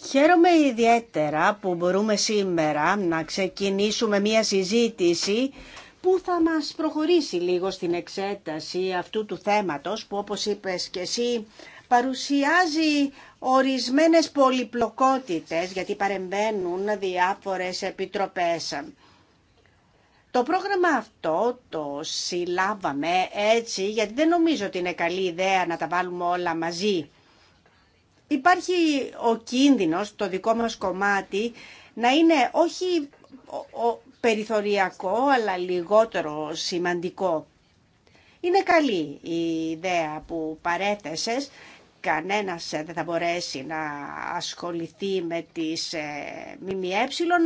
Χαίρομαι ιδιαίτερα που μπορούμε σήμερα να ξεκινήσουμε μία συζήτηση που θα μας προχωρήσει λίγο στην εξέταση αυτού του θέματος που όπως είπες και εσύ παρουσιάζει ορισμένες πολυπλοκότητες γιατί παρεμβαίνουν διάφορες επιτροπές. Το πρόγραμμα αυτό το συλλάβαμε έτσι γιατί δεν νομίζω ότι είναι καλή ιδέα να τα βάλουμε όλα μαζί. Υπάρχει ο κίνδυνος, το δικό μας κομμάτι, να είναι όχι περιθωριακό αλλά λιγότερο σημαντικό. Είναι καλή η ιδέα που παρέθεσες κανένας ε, δεν θα μπορέσει να ασχοληθεί με τις ε, ΜΜΕ,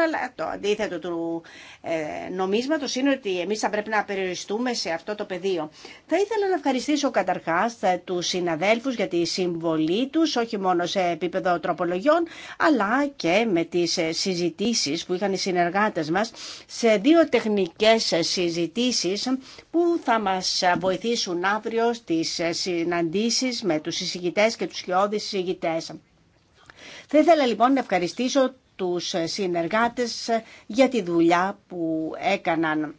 αλλά το αντίθετο του ε, νομίσματος είναι ότι εμείς θα πρέπει να περιοριστούμε σε αυτό το πεδίο. Θα ήθελα να ευχαριστήσω καταρχάς τους συναδέλφους για τη συμβολή τους, όχι μόνο σε επίπεδο τροπολογιών, αλλά και με τις συζητήσεις που είχαν οι συνεργάτες μας σε δύο τεχνικές συζητήσεις που θα μας βοηθήσουν αύριο στις συναντήσεις με τους συζητητές και τους χειώδεις ηγητές. Θα ήθελα λοιπόν να ευχαριστήσω τους συνεργάτες για τη δουλειά που έκαναν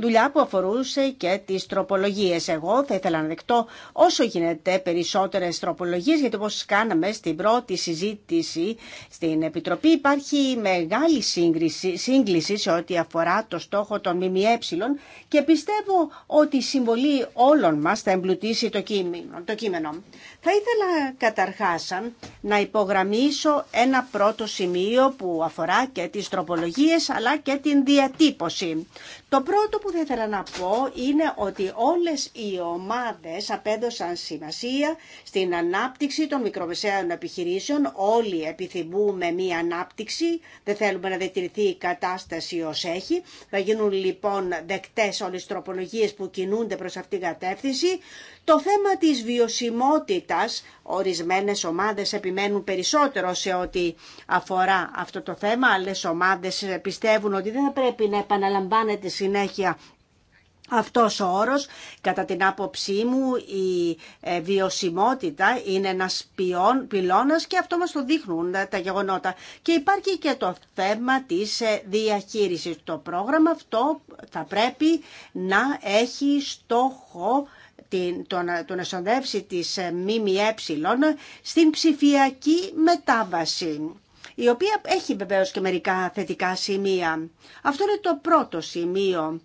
δουλειά που αφορούσε και τι τροπολογίες. Εγώ θα ήθελα να δεκτώ όσο γίνεται περισσότερες τροπολογίες, γιατί όπως κάναμε στην πρώτη συζήτηση στην Επιτροπή υπάρχει μεγάλη σύγκριση, σύγκληση σε ό,τι αφορά το στόχο των ΜΜΕ και πιστεύω ότι η συμβολή όλων μας θα εμπλουτίσει το κείμενο. Το κείμενο. Θα ήθελα καταρχά να υπογραμμίσω ένα πρώτο σημείο που αφορά και τις τροπολογίες αλλά και την διατύπωση. Το πρώτο που θα ήθελα να πω είναι ότι όλες οι ομάδες απέδωσαν σημασία στην ανάπτυξη των μικρομεσαίων επιχειρήσεων. Όλοι επιθυμούμε μία ανάπτυξη, δεν θέλουμε να διατηρηθεί η κατάσταση ως έχει. Θα γίνουν λοιπόν δεκτές όλες τις τροπολογίες που κινούνται προς αυτήν την κατεύθυνση. Το θέμα της βιωσιμότητας, ορισμένες ομάδες επιμένουν περισσότερο σε ό,τι αφορά αυτό το θέμα, άλλες ομάδες πιστεύουν ότι δεν πρέπει να επαναλαμβάνεται συνέχεια αυτός ο όρος, κατά την άποψή μου, η ε, βιωσιμότητα είναι ένας πυλώνα και αυτό μας το δείχνουν τα γεγονότα. Και υπάρχει και το θέμα της ε, διαχείρισης. Το πρόγραμμα αυτό θα πρέπει να έχει στόχο την τον τον εσοδεύσει της ε, ΜΜΕ στην ψηφιακή μετάβαση η οποία έχει βεβαίως και μερικά θετικά σημεία. Αυτό είναι το πρώτο σημείο.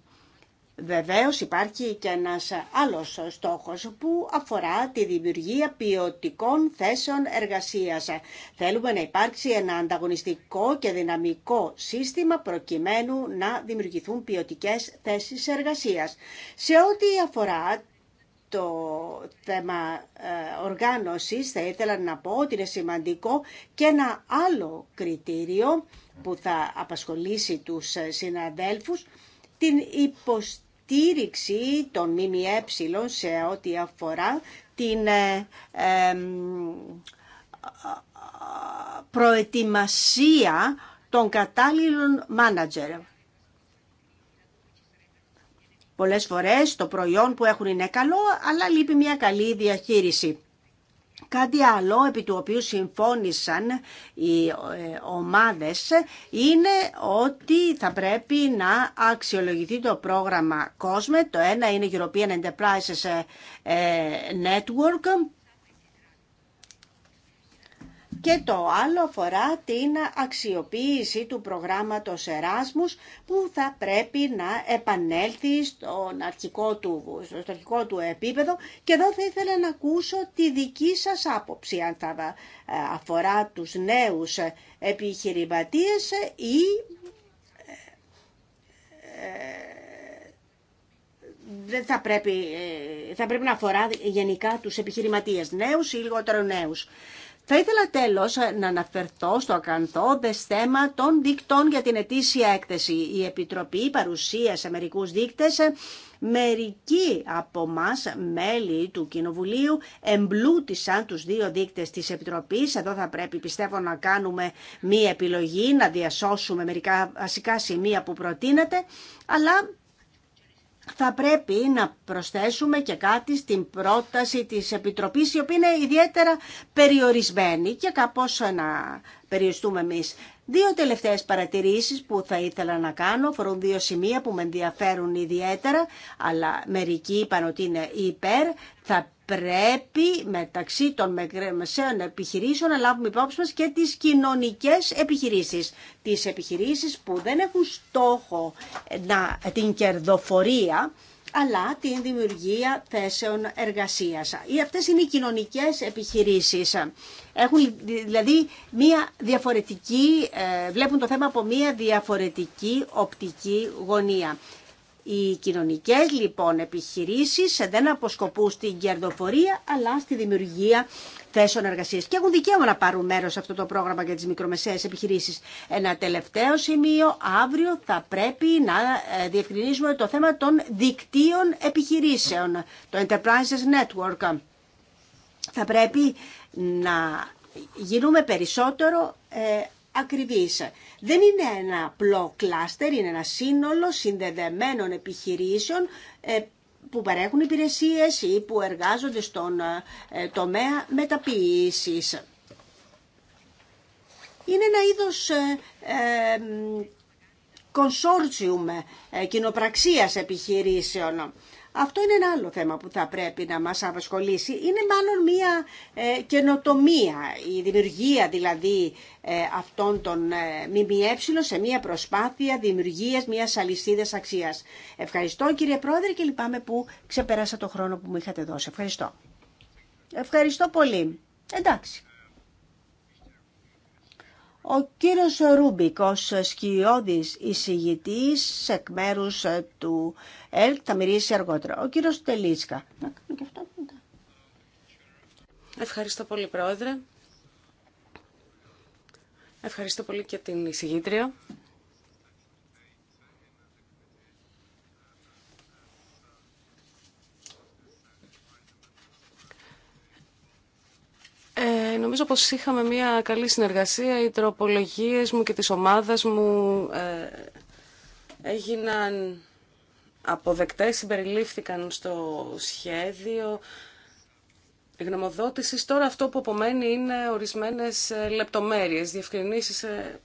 Βεβαίως υπάρχει και ένας άλλος στόχος που αφορά τη δημιουργία ποιοτικών θέσεων εργασίας. Θέλουμε να υπάρξει ένα ανταγωνιστικό και δυναμικό σύστημα προκειμένου να δημιουργηθούν ποιοτικές θέσεις εργασίας. Σε ό,τι αφορά το θέμα ε, οργάνωσης θα ήθελα να πω ότι είναι σημαντικό και ένα άλλο κριτήριο που θα απασχολήσει τους ε, συναδέλφους την υποστήριξη των ΜΜΕ σε ό,τι αφορά την ε, προετοιμασία των κατάλληλων μάνατζερ. Πολλές φορές το προϊόν που έχουν είναι καλό, αλλά λείπει μια καλή διαχείριση. Κάτι άλλο επί του οποίου συμφώνησαν οι ε, ομάδες είναι ότι θα πρέπει να αξιολογηθεί το πρόγραμμα COSME. Το ένα είναι European Enterprises ε, ε, Network και το άλλο αφορά την αξιοποίηση του προγράμματος Εράσμους που θα πρέπει να επανέλθει στον αρχικό του, στο αρχικό του επίπεδο και εδώ θα ήθελα να ακούσω τη δική σας άποψη αν θα ε, αφορά τους νέους επιχειρηματίες ή ε, ε, θα πρέπει, θα πρέπει να αφορά γενικά τους επιχειρηματίες νέους ή λιγότερο νέους. Θα ήθελα τέλος να αναφερθώ στο ακαθόδε θέμα των δικτών για την ετήσια έκθεση. Η Επιτροπή παρουσίασε μερικούς δείκτες Μερικοί από εμά μέλη του Κοινοβουλίου, εμπλούτησαν τους δύο δείκτες της Επιτροπής. Εδώ θα πρέπει, πιστεύω, να κάνουμε μία επιλογή, να διασώσουμε μερικά βασικά σημεία που προτείνεται, αλλά θα πρέπει να προσθέσουμε και κάτι στην πρόταση της Επιτροπής, η οποία είναι ιδιαίτερα περιορισμένη και κάπως να περιοριστούμε εμείς. Δύο τελευταίες παρατηρήσεις που θα ήθελα να κάνω αφορούν δύο σημεία που με ενδιαφέρουν ιδιαίτερα, αλλά μερικοί είπαν ότι είναι υπέρ. Θα πρέπει μεταξύ των μεσαίων επιχειρήσεων να λάβουμε υπόψη μας και τις κοινωνικές επιχειρήσεις. Τις επιχειρήσεις που δεν έχουν στόχο να, την κερδοφορία, αλλά την δημιουργία θέσεων εργασίας. Ή αυτές είναι οι κοινωνικές επιχειρήσεις. Έχουν δηλαδή μια διαφορετική, ε, βλέπουν το θέμα από μια διαφορετική οπτική γωνία. Οι κοινωνικές λοιπόν επιχειρήσεις δεν αποσκοπούν στην κερδοφορία αλλά στη δημιουργία θέσεων εργασία και έχουν δικαίωμα να πάρουν μέρο σε αυτό το πρόγραμμα για τι μικρομεσαίε επιχειρήσει. Ένα τελευταίο σημείο, αύριο θα πρέπει να ε, διευκρινίσουμε το θέμα των δικτύων επιχειρήσεων, το Enterprises Network. Θα πρέπει να γίνουμε περισσότερο ε, ακριβείς. Δεν είναι ένα απλό κλάστερ, είναι ένα σύνολο συνδεδεμένων επιχειρήσεων ε, που παρέχουν υπηρεσίες ή που εργάζονται στον ε, τομέα μεταποίησης. Είναι ένα είδος κονσόρτσιουμ ε, ε, κοινοπραξίας επιχειρήσεων αυτό είναι ένα άλλο θέμα που θα πρέπει να μας απασχολήσει. Είναι μάλλον μια ε, καινοτομία, η δημιουργία δηλαδή ε, αυτών των ε, σε μια προσπάθεια δημιουργίας μιας αλυσίδας αξίας. Ευχαριστώ κύριε Πρόεδρε και λυπάμαι που ξεπεράσα το χρόνο που μου είχατε δώσει. Ευχαριστώ. Ευχαριστώ πολύ. Εντάξει. Ο κύριος Ρούμπικ ως σκιώδης εισηγητής εκ μέρου ε, του ΕΛΚ θα μυρίσει αργότερα. Ο κύριος Τελίσκα. Ευχαριστώ πολύ πρόεδρε. Ευχαριστώ πολύ και την εισηγήτρια. Ε, νομίζω πως είχαμε μια καλή συνεργασία. Οι τροπολογίες μου και της ομάδας μου ε, έγιναν αποδεκτές, συμπεριλήφθηκαν στο σχέδιο γνωμοδότησης. Τώρα αυτό που απομένει είναι ορισμένες ε, λεπτομέρειες, διευκρινήσεις ε,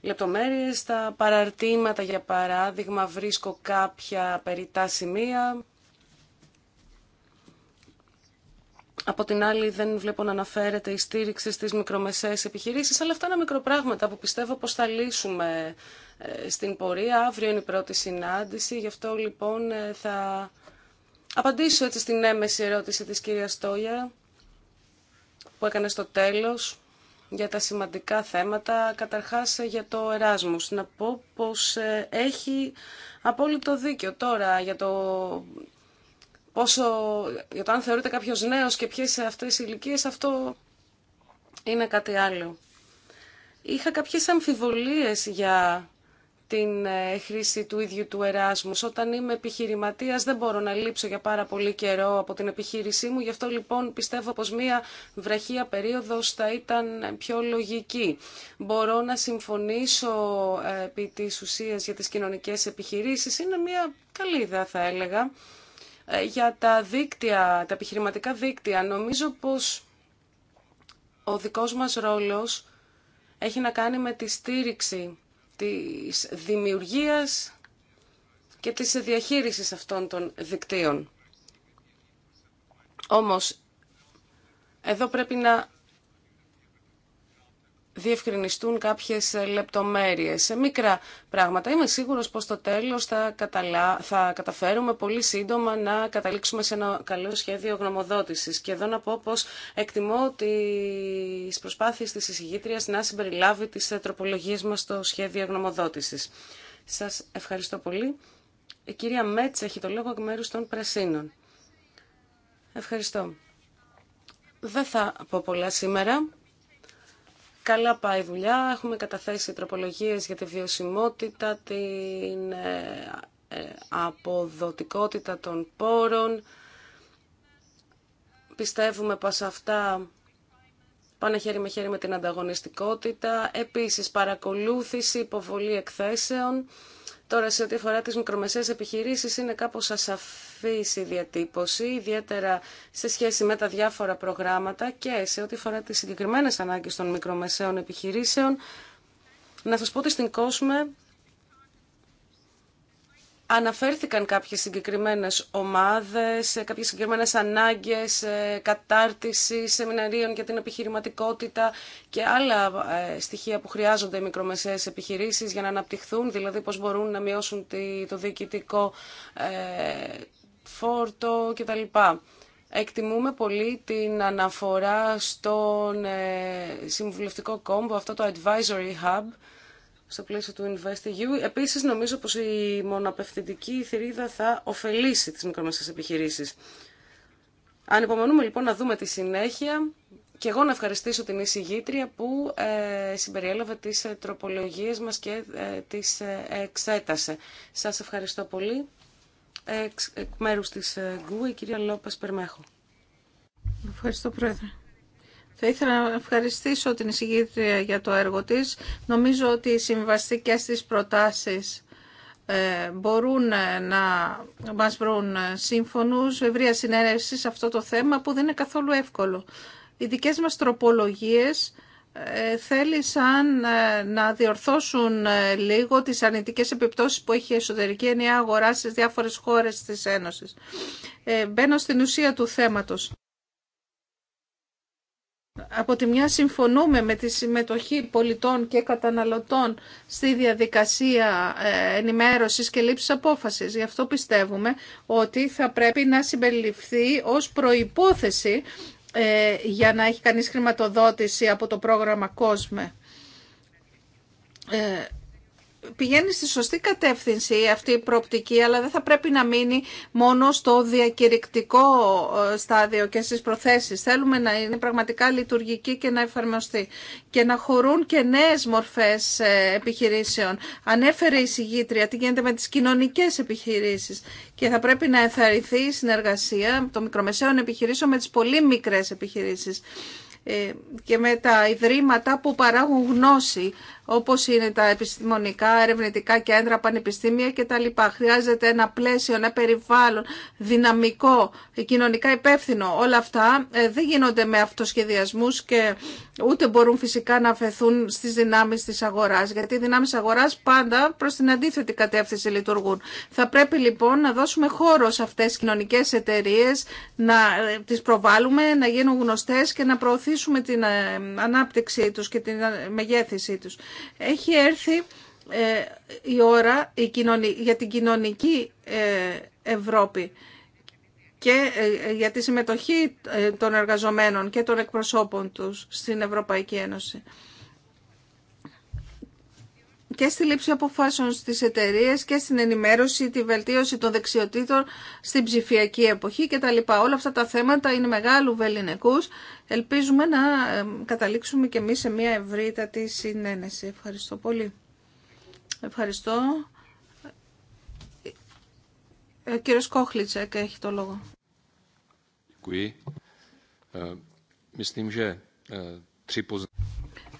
λεπτομέρειες, τα παραρτήματα για παράδειγμα βρίσκω κάποια περιτά σημεία Από την άλλη δεν βλέπω να αναφέρεται η στήριξη στις μικρομεσαίες επιχειρήσεις, αλλά αυτά είναι μικροπράγματα που πιστεύω πως θα λύσουμε ε, στην πορεία. Αύριο είναι η πρώτη συνάντηση, γι' αυτό λοιπόν ε, θα απαντήσω έτσι στην έμεση ερώτηση της κυρία Τόγια που έκανε στο τέλος για τα σημαντικά θέματα, καταρχάς ε, για το Εράσμους. Να πω πως έχει απόλυτο δίκιο τώρα για το πόσο, για θεωρείται κάποιος νέος και ποιες είναι αυτές οι ηλικίε, αυτό είναι κάτι άλλο. Είχα κάποιες αμφιβολίες για την ε, χρήση του ίδιου του Εράσμους. Όταν είμαι επιχειρηματίας δεν μπορώ να λείψω για πάρα πολύ καιρό από την επιχείρησή μου, γι' αυτό λοιπόν πιστεύω πως μία βραχία περίοδος θα ήταν πιο λογική. Μπορώ να συμφωνήσω ε, επί της ουσίας για τις κοινωνικές επιχειρήσεις, είναι μία καλή ιδέα θα έλεγα. Ε, για τα δίκτυα, τα επιχειρηματικά δίκτυα. Νομίζω πως ο δικός μας ρόλος έχει να κάνει με τη στήριξη της δημιουργίας και της διαχείρισης αυτών των δικτύων. Όμως, εδώ πρέπει να διευκρινιστούν κάποιες λεπτομέρειες, σε μικρά πράγματα. Είμαι σίγουρος πως στο τέλος θα, θα καταφέρουμε πολύ σύντομα να καταλήξουμε σε ένα καλό σχέδιο γνωμοδότησης. Και εδώ να πω πως εκτιμώ τις προσπάθειες της εισηγήτριας να συμπεριλάβει τις τροπολογίες μας στο σχέδιο γνωμοδότησης. Σας ευχαριστώ πολύ. Η κυρία Μέτς έχει το λόγο εκ μέρους των Πρασίνων. Ευχαριστώ. Δεν θα πω πολλά σήμερα. Καλά πάει η δουλειά, έχουμε καταθέσει τροπολογίες για τη βιωσιμότητα, την ε, ε, αποδοτικότητα των πόρων. Πιστεύουμε πως αυτά πάνε χέρι με χέρι με την ανταγωνιστικότητα. Επίσης παρακολούθηση, υποβολή εκθέσεων. Τώρα, σε ό,τι αφορά τις μικρομεσαίες επιχειρήσεις, είναι κάπως ασαφής η διατύπωση, ιδιαίτερα σε σχέση με τα διάφορα προγράμματα και σε ό,τι αφορά τις συγκεκριμένες ανάγκες των μικρομεσαίων επιχειρήσεων. Να σας πω ότι στην COSME Αναφέρθηκαν κάποιες συγκεκριμένες ομάδες, ε, κάποιες συγκεκριμένες ανάγκες ε, κατάρτιση σεμιναρίων για την επιχειρηματικότητα και άλλα ε, στοιχεία που χρειάζονται οι μικρομεσαίες επιχειρήσεις για να αναπτυχθούν, δηλαδή πώς μπορούν να μειώσουν το διοικητικό φόρτο κτλ. Εκτιμούμε πολύ την αναφορά στον συμβουλευτικό κόμπο, αυτό το Advisory Hub, στο πλαίσιο του InvestEU. Επίσης, νομίζω πως η μοναπευθυντική θηρίδα θα ωφελήσει τις μικρομεσαίες επιχειρήσεις. Ανυπομονούμε λοιπόν να δούμε τη συνέχεια και εγώ να ευχαριστήσω την εισηγήτρια που ε, συμπεριέλαβε τις ε, τροπολογίες μας και ε, τις εξέτασε. Σας ευχαριστώ πολύ. εκ μέρους της ΓΚΟΥ, η κυρία Λόπες Περμέχο. Ευχαριστώ, Πρόεδρε. Θα ήθελα να ευχαριστήσω την εισηγήτρια για το έργο της. Νομίζω ότι οι συμβαστικές της προτάσεις ε, μπορούν ε, να μας βρουν ε, σύμφωνους ευρεία συνέρευση σε αυτό το θέμα που δεν είναι καθόλου εύκολο. Οι δικές μας τροπολογίες θέλησαν να διορθώσουν λίγο τις αρνητικές επιπτώσεις που έχει η εσωτερική ενιαία αγορά στις διάφορες χώρες της Ένωσης. Μπαίνω στην ουσία του θέματος από τη μια συμφωνούμε με τη συμμετοχή πολιτών και καταναλωτών στη διαδικασία ε, ενημέρωσης και λήψης απόφασης. Γι' αυτό πιστεύουμε ότι θα πρέπει να συμπεριληφθεί ως προϋπόθεση ε, για να έχει κανείς χρηματοδότηση από το πρόγραμμα COSME ε, πηγαίνει στη σωστή κατεύθυνση αυτή η προοπτική, αλλά δεν θα πρέπει να μείνει μόνο στο διακηρυκτικό ε, στάδιο και στις προθέσεις. Θέλουμε να είναι πραγματικά λειτουργική και να εφαρμοστεί και να χωρούν και νέες μορφές ε, επιχειρήσεων. Ανέφερε η συγγήτρια τι γίνεται με τις κοινωνικές επιχειρήσεις και θα πρέπει να εθαρρυθεί η συνεργασία των μικρομεσαίων επιχειρήσεων με τις πολύ μικρές επιχειρήσεις ε, και με τα ιδρύματα που παράγουν γνώση όπως είναι τα επιστημονικά, ερευνητικά κέντρα, πανεπιστήμια κτλ. Χρειάζεται ένα πλαίσιο, ένα περιβάλλον δυναμικό, κοινωνικά υπεύθυνο. Όλα αυτά ε, δεν γίνονται με αυτοσχεδιασμούς και ούτε μπορούν φυσικά να αφαιθούν στις δυνάμεις της αγοράς, γιατί οι δυνάμεις αγοράς πάντα προς την αντίθετη κατεύθυνση λειτουργούν. Θα πρέπει λοιπόν να δώσουμε χώρο σε αυτές τις κοινωνικές εταιρείες, να ε, τις προβάλλουμε, να γίνουν γνωστές και να προωθήσουμε την ε, ανάπτυξή τους και την μεγέθησή τους. Έχει έρθει ε, η ώρα για την κοινωνική ε, Ευρώπη και ε, για τη συμμετοχή των εργαζομένων και των εκπροσώπων τους στην Ευρωπαϊκή Ένωση και στη λήψη αποφάσεων στις εταιρείε και στην ενημέρωση, τη βελτίωση των δεξιοτήτων στην ψηφιακή εποχή κτλ. Όλα αυτά τα θέματα είναι μεγάλου βεληνικούς. Ελπίζουμε να καταλήξουμε και εμείς σε μια ευρύτατη συνένεση. Ευχαριστώ πολύ. Ευχαριστώ. Ο ε, κύριος Κόχλιτσεκ έχει το λόγο.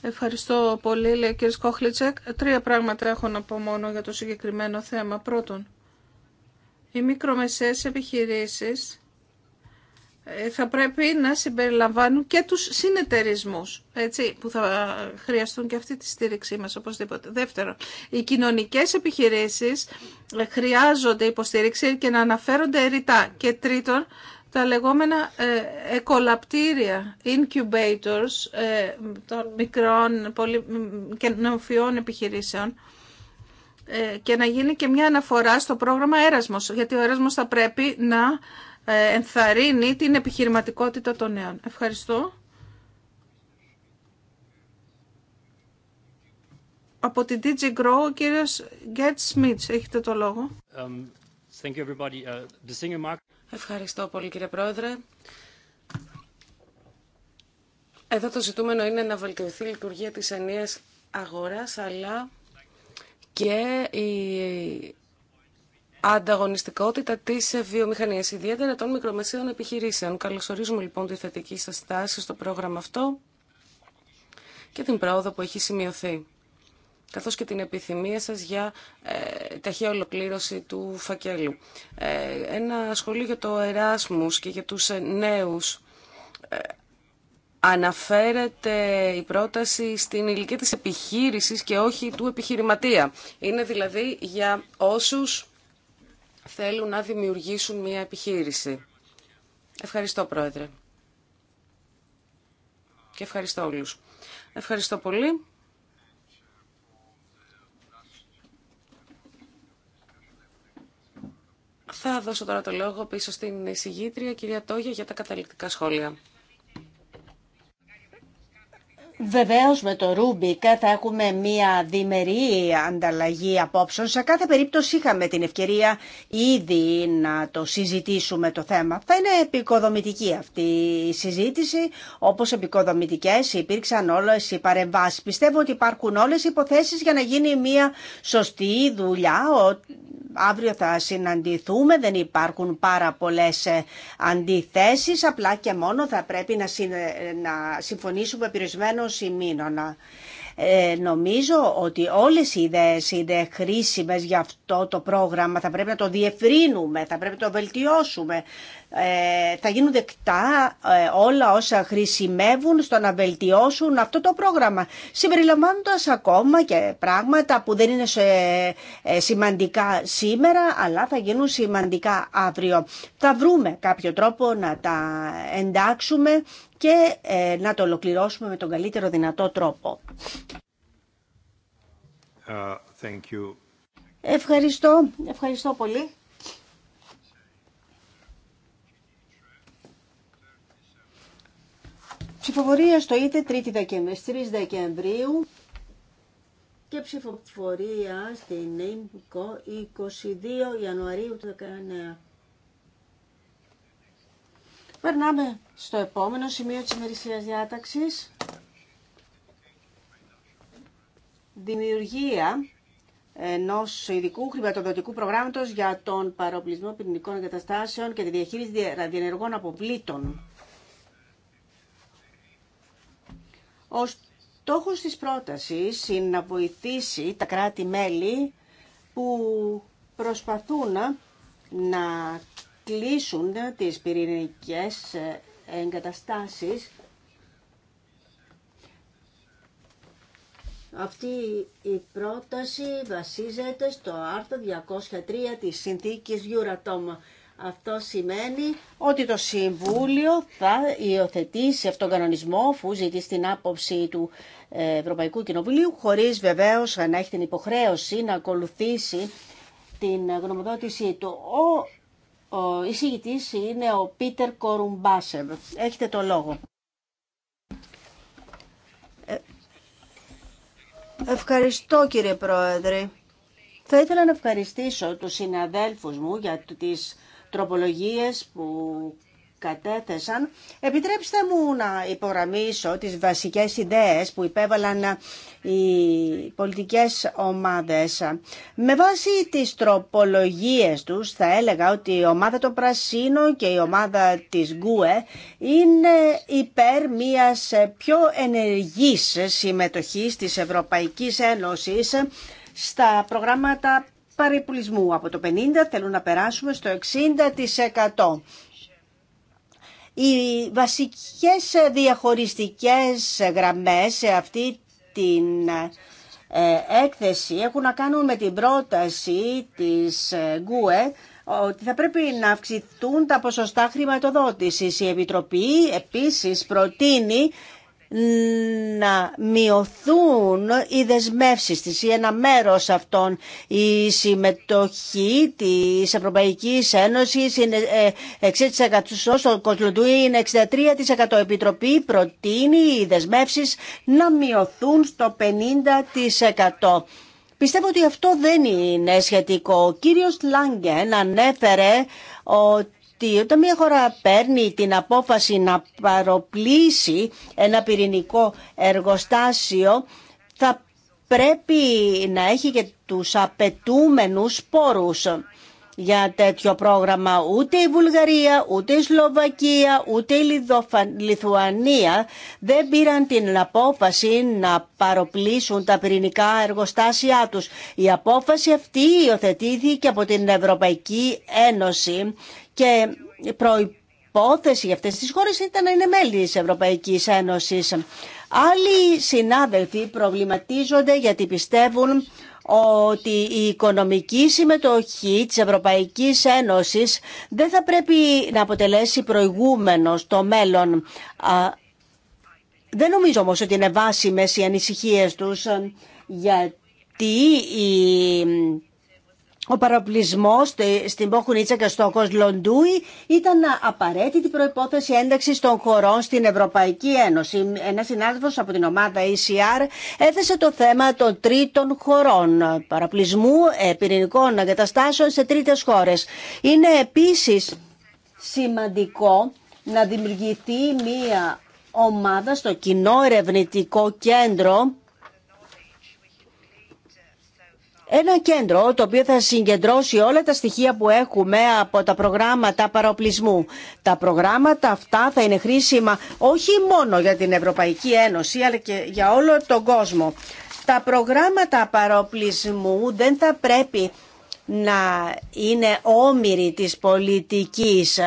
Ευχαριστώ πολύ, λέει ο κ. Τρία πράγματα έχω να πω μόνο για το συγκεκριμένο θέμα. Πρώτον, οι μικρομεσαίες επιχειρήσεις ε, θα πρέπει να συμπεριλαμβάνουν και τους συνεταιρισμούς, έτσι, που θα χρειαστούν και αυτή τη στήριξή μας οπωσδήποτε. Δεύτερον, οι κοινωνικές επιχειρήσεις ε, χρειάζονται υποστήριξη και να αναφέρονται ρητά. Και τρίτον, τα λεγόμενα ε, εκολαπτήρια, incubators ε, των μικρών πολυ... και νεοφυών επιχειρήσεων ε, και να γίνει και μια αναφορά στο πρόγραμμα Έρασμος, γιατί ο Έρασμος θα πρέπει να ε, ενθαρρύνει την επιχειρηματικότητα των νέων. Ευχαριστώ. Από την DG Grow, ο κύριος Γκέτ Σμίτς, έχετε το λόγο. Um, thank you everybody. Uh, the Ευχαριστώ πολύ κύριε Πρόεδρε. Εδώ το ζητούμενο είναι να βελτιωθεί η λειτουργία της ενίας αγοράς, αλλά και η ανταγωνιστικότητα της βιομηχανίας, ιδιαίτερα των μικρομεσαίων επιχειρήσεων. Καλωσορίζουμε λοιπόν τη θετική σας στάση στο πρόγραμμα αυτό και την πρόοδο που έχει σημειωθεί καθώς και την επιθυμία σας για ε, ταχεία ολοκλήρωση του φακέλου. Ε, ένα σχολείο για το Εράσμους και για τους ε, νέους. Ε, αναφέρεται η πρόταση στην ηλικία της επιχείρησης και όχι του επιχειρηματία. Είναι δηλαδή για όσους θέλουν να δημιουργήσουν μια επιχείρηση. Ευχαριστώ, Πρόεδρε. Και ευχαριστώ όλους. Ευχαριστώ πολύ. Θα δώσω τώρα το λόγο πίσω στην εισηγήτρια, κυρία Τόγια, για τα καταληκτικά σχόλια. Βεβαίως με το Ρούμπικα θα έχουμε μία διμερή ανταλλαγή απόψεων. Σε κάθε περίπτωση είχαμε την ευκαιρία ήδη να το συζητήσουμε το θέμα. Θα είναι επικοδομητική αυτή η συζήτηση, όπως επικοδομητικές υπήρξαν όλες οι παρεμβάσεις. Πιστεύω ότι υπάρχουν όλες οι υποθέσεις για να γίνει μία σωστή δουλειά αύριο θα συναντηθούμε, δεν υπάρχουν πάρα πολλές ε, αντιθέσεις, απλά και μόνο θα πρέπει να συμφωνήσουμε περιορισμένο σημείων. Ε, νομίζω ότι όλες οι ιδέες είναι χρήσιμες για αυτό το πρόγραμμα. Θα πρέπει να το διευρύνουμε, θα πρέπει να το βελτιώσουμε. Ε, θα γίνουν δεκτά ε, όλα όσα χρησιμεύουν στο να βελτιώσουν αυτό το πρόγραμμα. Συμπεριλαμβάνοντας ακόμα και πράγματα που δεν είναι ε, σημαντικά σήμερα, αλλά θα γίνουν σημαντικά αύριο. Θα βρούμε κάποιο τρόπο να τα εντάξουμε και ε, να το ολοκληρώσουμε με τον καλύτερο δυνατό τρόπο. Uh, ευχαριστώ. Ευχαριστώ πολύ. Ψηφοφορία στο ΙΤΕ 3 Δεκεμβρίου, 3 Δεκεμβρίου και ψηφοφορία στην ΕΜΚΟ 22 Ιανουαρίου του 2019. Περνάμε στο επόμενο σημείο της ημερησίας διάταξης. Δημιουργία ενό ειδικού χρηματοδοτικού προγράμματος για τον παροπλισμό πυρηνικών εγκαταστάσεων και τη διαχείριση ραδιενεργών αποβλήτων. Ο στόχος της πρότασης είναι να βοηθήσει τα κράτη-μέλη που προσπαθούν να κλείσουν τις πυρηνικές ε, εγκαταστάσεις. Αυτή η πρόταση βασίζεται στο άρθρο 203 της συνθήκης Euratom. Αυτό σημαίνει ότι το Συμβούλιο θα υιοθετήσει αυτόν τον κανονισμό αφού ζητεί την άποψη του ε, Ευρωπαϊκού Κοινοβουλίου χωρίς βεβαίως να έχει την υποχρέωση να ακολουθήσει την γνωμοδότησή του. Ο ο εισηγητής είναι ο Πίτερ Κορουμπάσεβ. Έχετε το λόγο. Ε, ευχαριστώ κύριε Πρόεδρε. Θα ήθελα να ευχαριστήσω τους συναδέλφους μου για τις τροπολογίες που κατέθεσαν. Επιτρέψτε μου να υπογραμμίσω τις βασικές ιδέες που υπέβαλαν οι πολιτικές ομάδες. Με βάση τις τροπολογίες τους θα έλεγα ότι η ομάδα των Πρασίνων και η ομάδα της Γκουε είναι υπέρ μιας πιο ενεργής συμμετοχής της Ευρωπαϊκής Ένωσης στα προγράμματα παρεπουλισμού. Από το 50 θέλουν να περάσουμε στο 60%. Οι βασικές διαχωριστικές γραμμές σε αυτή την ε, έκθεση έχουν να κάνουν με την πρόταση της ε, ΓΚΟΕ ότι θα πρέπει να αυξηθούν τα ποσοστά χρηματοδότησης. Η Επιτροπή επίσης προτείνει να μειωθούν οι δεσμεύσεις της ή ένα μέρος αυτών. Η συμμετοχή της Ευρωπαϊκής Ένωσης είναι 60% ε, στο είναι 63%. Η Επιτροπή προτείνει οι δεσμεύσεις να μειωθούν στο 50%. Πιστεύω ότι αυτό δεν είναι σχετικό. Ο κύριος Λάγκεν ανέφερε ότι ότι όταν μια χώρα παίρνει την απόφαση να παροπλήσει ένα πυρηνικό εργοστάσιο θα πρέπει να έχει και τους απαιτούμενους πόρους για τέτοιο πρόγραμμα. Ούτε η Βουλγαρία, ούτε η Σλοβακία, ούτε η Λιθουανία δεν πήραν την απόφαση να παροπλήσουν τα πυρηνικά εργοστάσια τους. Η απόφαση αυτή υιοθετήθηκε από την Ευρωπαϊκή Ένωση και προϋπόθεση για αυτές τις χώρες ήταν να είναι μέλη της Ευρωπαϊκής Ένωσης. Άλλοι συνάδελφοι προβληματίζονται γιατί πιστεύουν ότι η οικονομική συμμετοχή της Ευρωπαϊκής Ένωσης δεν θα πρέπει να αποτελέσει προηγούμενο στο μέλλον. Δεν νομίζω όμως ότι είναι βάσιμες οι ανησυχίες τους ε, γιατί η ο παραπλισμός στην Πόχουνίτσα και στο Κοσλοντούι ήταν απαραίτητη προϋπόθεση ένταξη των χωρών στην Ευρωπαϊκή Ένωση. Ένα συνάδελφο από την ομάδα ECR έθεσε το θέμα των τρίτων χωρών παραπλισμού πυρηνικών εγκαταστάσεων σε τρίτες χώρες. Είναι επίσης σημαντικό να δημιουργηθεί μία ομάδα στο κοινό ερευνητικό κέντρο ένα κέντρο το οποίο θα συγκεντρώσει όλα τα στοιχεία που έχουμε από τα προγράμματα παροπλισμού. Τα προγράμματα αυτά θα είναι χρήσιμα όχι μόνο για την Ευρωπαϊκή Ένωση αλλά και για όλο τον κόσμο. Τα προγράμματα παροπλισμού δεν θα πρέπει να είναι όμοιροι της πολιτικής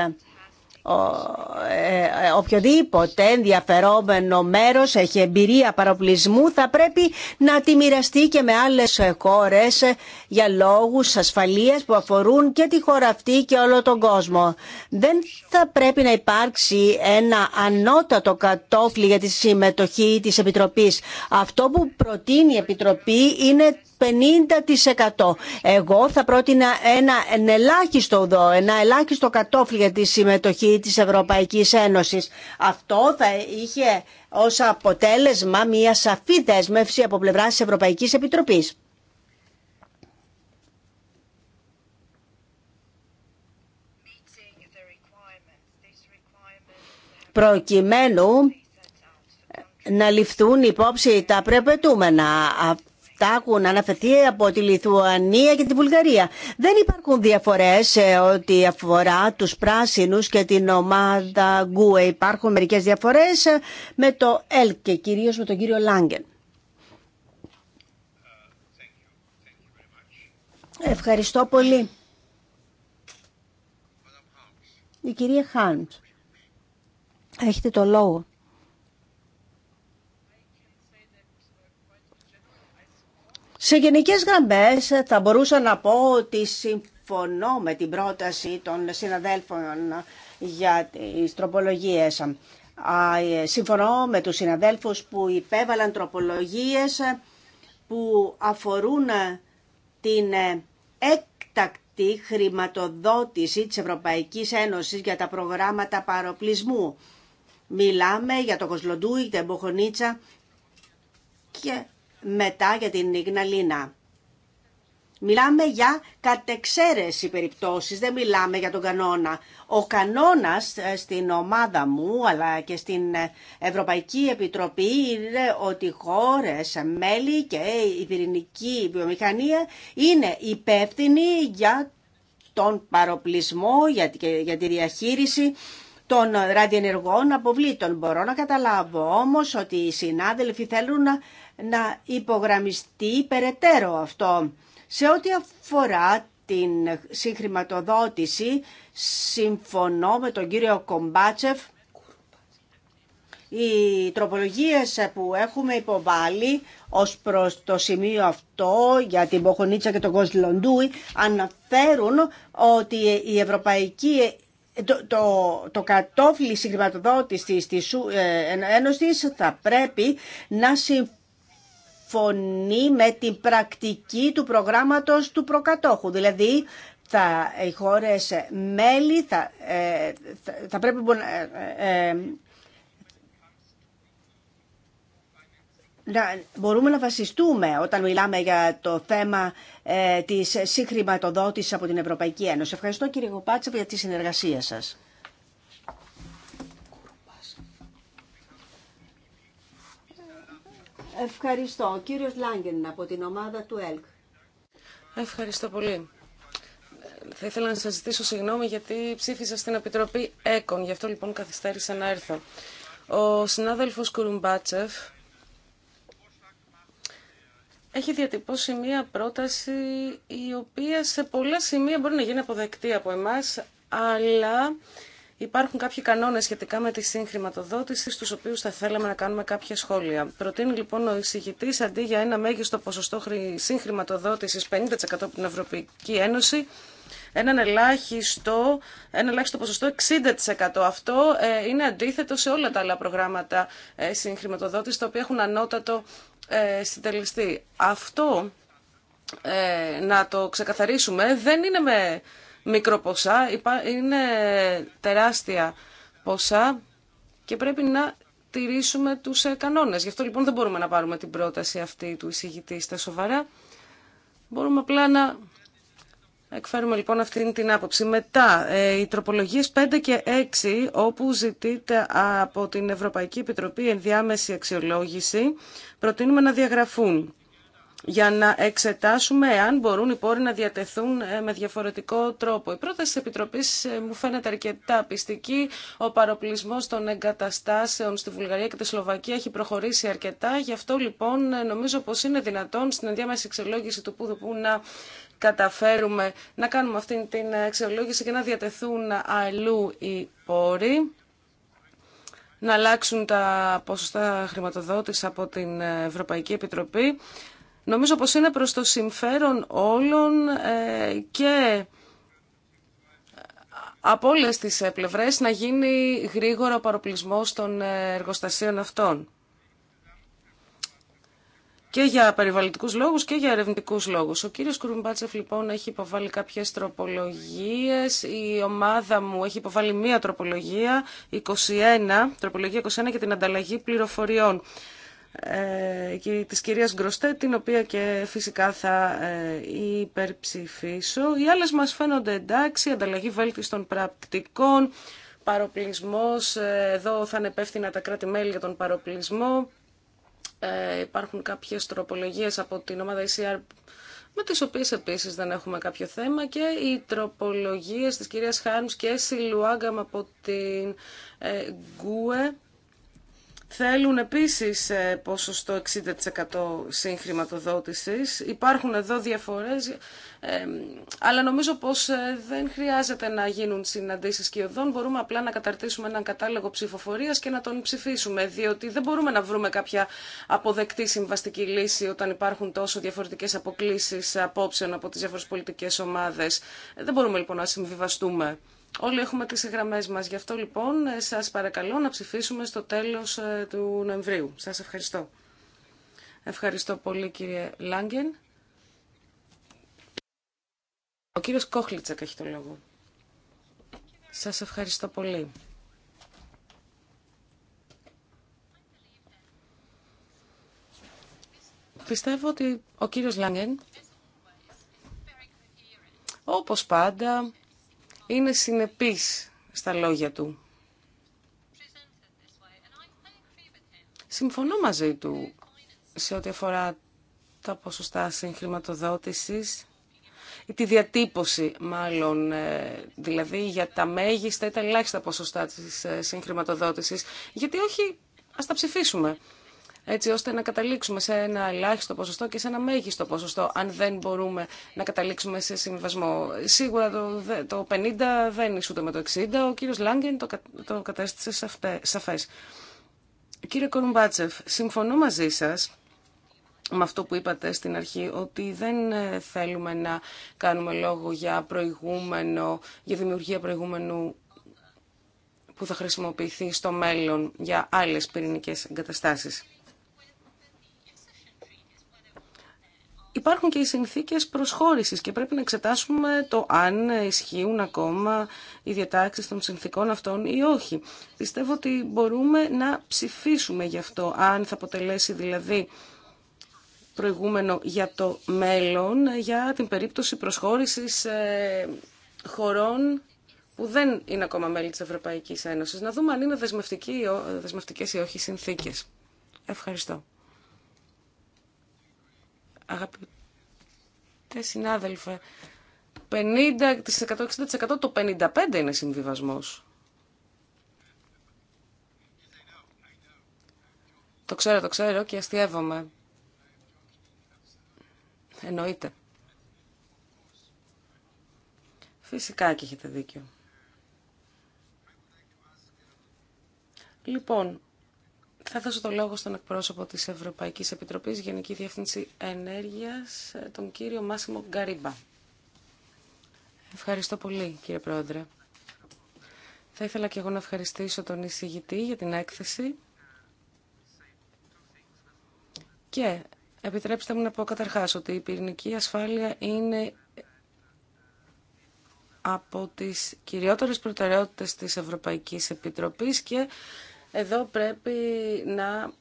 ε, ε, οποιοδήποτε ενδιαφερόμενο μέρος έχει εμπειρία παροπλισμού θα πρέπει να τη μοιραστεί και με άλλες χώρες για λόγους ασφαλείας που αφορούν και τη χώρα αυτή και όλο τον κόσμο. Δεν θα πρέπει να υπάρξει ένα ανώτατο κατόφλι για τη συμμετοχή της Επιτροπής. Αυτό που προτείνει η Επιτροπή είναι 50%. Εγώ θα πρότεινα ένα ελάχιστο εδώ, ένα ελάχιστο κατόφλι για τη συμμετοχή της Ευρωπαϊκής Ένωσης. Αυτό θα είχε ως αποτέλεσμα μια σαφή δέσμευση από πλευρά της Ευρωπαϊκής Επιτροπής. προκειμένου να ληφθούν υπόψη τα προεπαιτούμενα τα έχουν αναφερθεί από τη Λιθουανία και τη Βουλγαρία. Δεν υπάρχουν διαφορές σε ό,τι αφορά τους πράσινους και την ομάδα Γκουε. Υπάρχουν μερικές διαφορές ε, με το Ελκ και κυρίω με τον κύριο Λάγκεν. Ευχαριστώ πολύ. Η κυρία Χάντ, έχετε το λόγο. Σε γενικές γραμμές ε, θα μπορούσα να πω ότι συμφωνώ με την πρόταση των συναδέλφων ε, για τις τροπολογίες. Ε, συμφωνώ με τους συναδέλφους που υπέβαλαν τροπολογίες που αφορούν την έκτακτη χρηματοδότηση της Ευρωπαϊκής Ένωσης για τα προγράμματα παροπλισμού. Μιλάμε για το Κοσλοντούι, την Μποχονίτσα και μετά για την Ιγναλίνα. Μιλάμε για κατεξαίρεση περιπτώσεις, δεν μιλάμε για τον κανόνα. Ο κανόνας ε, στην ομάδα μου αλλά και στην ε, Ευρωπαϊκή Επιτροπή είναι ότι χώρες, μέλη και η πυρηνική βιομηχανία είναι υπεύθυνοι για τον παροπλισμό, για τη διαχείριση των ραδιενεργών αποβλήτων. Μπορώ να καταλάβω όμως ότι οι συνάδελφοι θέλουν να υπογραμμιστεί περαιτέρω αυτό. Σε ό,τι αφορά την συγχρηματοδότηση, συμφωνώ με τον κύριο Κομπάτσεφ, οι τροπολογίες που έχουμε υποβάλει ως προς το σημείο αυτό για την Ποχονίτσα και τον Κοσλοντούι αναφέρουν ότι η Ευρωπαϊκή το, το, το κατόφλι συγχρηματοδότηση της ε, Ένωσης θα πρέπει να συμφωνήσει με την πρακτική του προγράμματος του προκατόχου. Δηλαδή θα, οι χώρες μέλη θα, ε, θα, πρέπει ε, ε, να μπορούμε να βασιστούμε όταν μιλάμε για το θέμα ε, της συγχρηματοδότησης από την Ευρωπαϊκή Ένωση. Ευχαριστώ κύριε Γουπάτσεφ για τη συνεργασία σας. Ευχαριστώ. Κύριος Λάγκεν από την ομάδα του ΕΛΚ. Ευχαριστώ πολύ. Θα ήθελα να σας ζητήσω συγγνώμη γιατί ψήφισα στην Επιτροπή ΕΚΟΝ, γι' αυτό λοιπόν καθυστέρησα να έρθω. Ο συνάδελφος Κουρουμπάτσεφ έχει διατυπώσει μία πρόταση η οποία σε πολλά σημεία μπορεί να γίνει αποδεκτή από εμάς, αλλά Υπάρχουν κάποιοι κανόνες σχετικά με τη συγχρηματοδότηση, στους οποίους θα θέλαμε να κάνουμε κάποια σχόλια. Προτείνει λοιπόν ο εισηγητή αντί για ένα μέγιστο ποσοστό συγχρηματοδότησης 50% από την Ευρωπαϊκή Ένωση, έναν ελάχιστο, ένα ελάχιστο ποσοστό 60%. Αυτό ε, είναι αντίθετο σε όλα τα άλλα προγράμματα ε, συγχρηματοδότησης, τα οποία έχουν ανώτατο ε, συντελεστή. Αυτό, ε, να το ξεκαθαρίσουμε, δεν είναι με μικροποσά, είναι τεράστια ποσά και πρέπει να τηρήσουμε τους ε, κανόνες. Γι' αυτό λοιπόν δεν μπορούμε να πάρουμε την πρόταση αυτή του εισηγητή στα σοβαρά. Μπορούμε απλά να εκφέρουμε λοιπόν αυτή την άποψη. Μετά, ε, οι τροπολογίες 5 και 6, όπου ζητείται από την Ευρωπαϊκή Επιτροπή ενδιάμεση αξιολόγηση, προτείνουμε να διαγραφούν για να εξετάσουμε εάν μπορούν οι πόροι να διατεθούν ε, με διαφορετικό τρόπο. Η πρόταση της Επιτροπής ε, μου φαίνεται αρκετά πιστική. Ο παροπλισμός των εγκαταστάσεων στη Βουλγαρία και τη Σλοβακία έχει προχωρήσει αρκετά. Γι' αυτό λοιπόν ε, νομίζω πως είναι δυνατόν στην ενδιάμεση εξελόγηση του που, που να καταφέρουμε να κάνουμε αυτή την εξελόγηση και να διατεθούν αλλού οι πόροι, να αλλάξουν τα ποσοστά χρηματοδότηση από την Ευρωπαϊκή Επιτροπή. Νομίζω πως είναι προς το συμφέρον όλων ε, και από όλε τις ε, πλευρέ να γίνει γρήγορα παροπλισμό των ε, εργοστασίων αυτών. Και για περιβαλλοντικού λόγους και για ερευνητικού λόγους. Ο κύριος Κουρμπάτσεφ λοιπόν έχει υποβάλει κάποιες τροπολογίες. Η ομάδα μου έχει υποβάλει μία τροπολογία, 21, τροπολογία 21 για την ανταλλαγή πληροφοριών. Ε, της κυρίας Γκροστέ, την οποία και φυσικά θα ε, υπερψηφίσω. Οι άλλες μας φαίνονται εντάξει, ανταλλαγή βέλτιστων πρακτικών, παροπλισμός, ε, εδώ θα είναι υπεύθυνα τα κράτη-μέλη για τον παροπλισμό. υπάρχουν κάποιες τροπολογίες από την ομάδα ECR με τις οποίες επίσης δεν έχουμε κάποιο θέμα και οι τροπολογίες της κυρίας Χάρμς και Σιλουάγκαμ από την ε, Γκουε Θέλουν επίσης ε, ποσοστό 60% συγχρηματοδότησης. Υπάρχουν εδώ διαφορές, ε, αλλά νομίζω πως ε, δεν χρειάζεται να γίνουν συναντήσεις και οδόν. Μπορούμε απλά να καταρτήσουμε έναν κατάλογο ψηφοφορίας και να τον ψηφίσουμε, διότι δεν μπορούμε να βρούμε κάποια αποδεκτή συμβαστική λύση όταν υπάρχουν τόσο διαφορετικές αποκλήσεις απόψεων από τις διαφορετικές πολιτικές ομάδες. Δεν μπορούμε λοιπόν να συμβιβαστούμε. Όλοι έχουμε τις γραμμές μας. Γι' αυτό λοιπόν ε, σας παρακαλώ να ψηφίσουμε στο τέλος ε, του Νοεμβρίου. Σας ευχαριστώ. Ευχαριστώ πολύ κύριε Λάγκεν. Ο κύριος Κόχλιτσακ έχει το λόγο. Σας ευχαριστώ πολύ. Πιστεύω ότι ο κύριος Λάγκεν, όπως πάντα, είναι συνεπής στα λόγια του. Συμφωνώ μαζί του σε ό,τι αφορά τα ποσοστά συγχρηματοδότησης ή τη διατύπωση μάλλον, ε, δηλαδή για τα μέγιστα ή τα ελάχιστα ποσοστά της ε, συγχρηματοδότησης, γιατί όχι ας τα ψηφίσουμε έτσι ώστε να καταλήξουμε σε ένα ελάχιστο ποσοστό και σε ένα μέγιστο ποσοστό, αν δεν μπορούμε να καταλήξουμε σε συμβασμό. Σίγουρα το 50 δεν ισούται με το 60, ο κύριος Λάγκεν το κατέστησε σαφές. Κύριε Κορουμπάτσεφ, συμφωνώ μαζί σας με αυτό που είπατε στην αρχή, ότι δεν ε, θέλουμε να κάνουμε λόγο για προηγούμενο, για δημιουργία προηγούμενου που θα χρησιμοποιηθεί στο μέλλον για άλλες πυρηνικές εγκαταστάσεις. Υπάρχουν και οι συνθήκες προσχώρησης και πρέπει να εξετάσουμε το αν ισχύουν ακόμα οι διατάξεις των συνθήκων αυτών ή όχι. Πιστεύω ότι μπορούμε να ψηφίσουμε γι' αυτό, αν θα αποτελέσει δηλαδή προηγούμενο για το μέλλον, για την περίπτωση προσχώρησης ε, χωρών που δεν είναι ακόμα μέλη της Ευρωπαϊκής Ένωσης. Να δούμε αν είναι ε, δεσμευτικές ή όχι συνθήκες. Ευχαριστώ. Αγαπητέ συνάδελφε, 50%, 60% το 55% είναι συμβιβασμός. Το ξέρω, το ξέρω και αστείευομαι. Εννοείται. Φυσικά και έχετε δίκιο. Λοιπόν, θα δώσω το λόγο στον εκπρόσωπο της Ευρωπαϊκής Επιτροπής Γενική Διεύθυνση Ενέργειας, τον κύριο Μάσιμο Γκαρίμπα. Ευχαριστώ πολύ, κύριε Πρόεδρε. Θα ήθελα και εγώ να ευχαριστήσω τον εισηγητή για την έκθεση. Και επιτρέψτε μου να πω καταρχάς ότι η πυρηνική ασφάλεια είναι από τις κυριότερες προτεραιότητες της Ευρωπαϊκής Επιτροπής και εδώ πρέπει να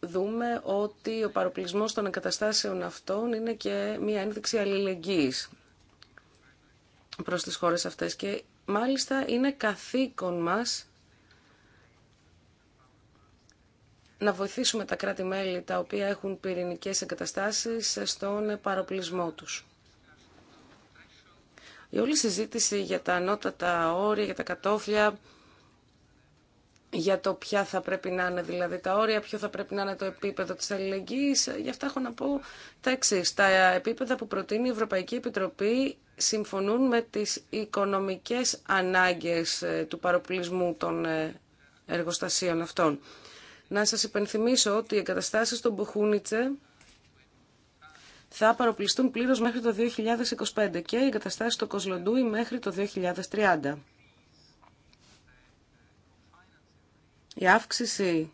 δούμε ότι ο παροπλισμός των εγκαταστάσεων αυτών είναι και μία ένδειξη αλληλεγγύης προς τις χώρες αυτές και μάλιστα είναι καθήκον μας να βοηθήσουμε τα κράτη-μέλη τα οποία έχουν πυρηνικές εγκαταστάσεις στον παροπλισμό τους. Η όλη συζήτηση για τα ανώτατα όρια, για τα κατόφλια για το ποια θα πρέπει να είναι δηλαδή τα όρια, ποιο θα πρέπει να είναι το επίπεδο της αλληλεγγύης. Γι' αυτά έχω να πω τα εξή. Τα επίπεδα που προτείνει η Ευρωπαϊκή Επιτροπή συμφωνούν με τις οικονομικές ανάγκες ε, του παροπλισμού των ε, εργοστασίων αυτών. Να σας υπενθυμίσω ότι οι εγκαταστάσεις των Μποχούνιτσε θα παροπλιστούν πλήρως μέχρι το 2025 και οι εγκαταστάσεις στο Κοσλοντούι μέχρι το 2030. Η αύξηση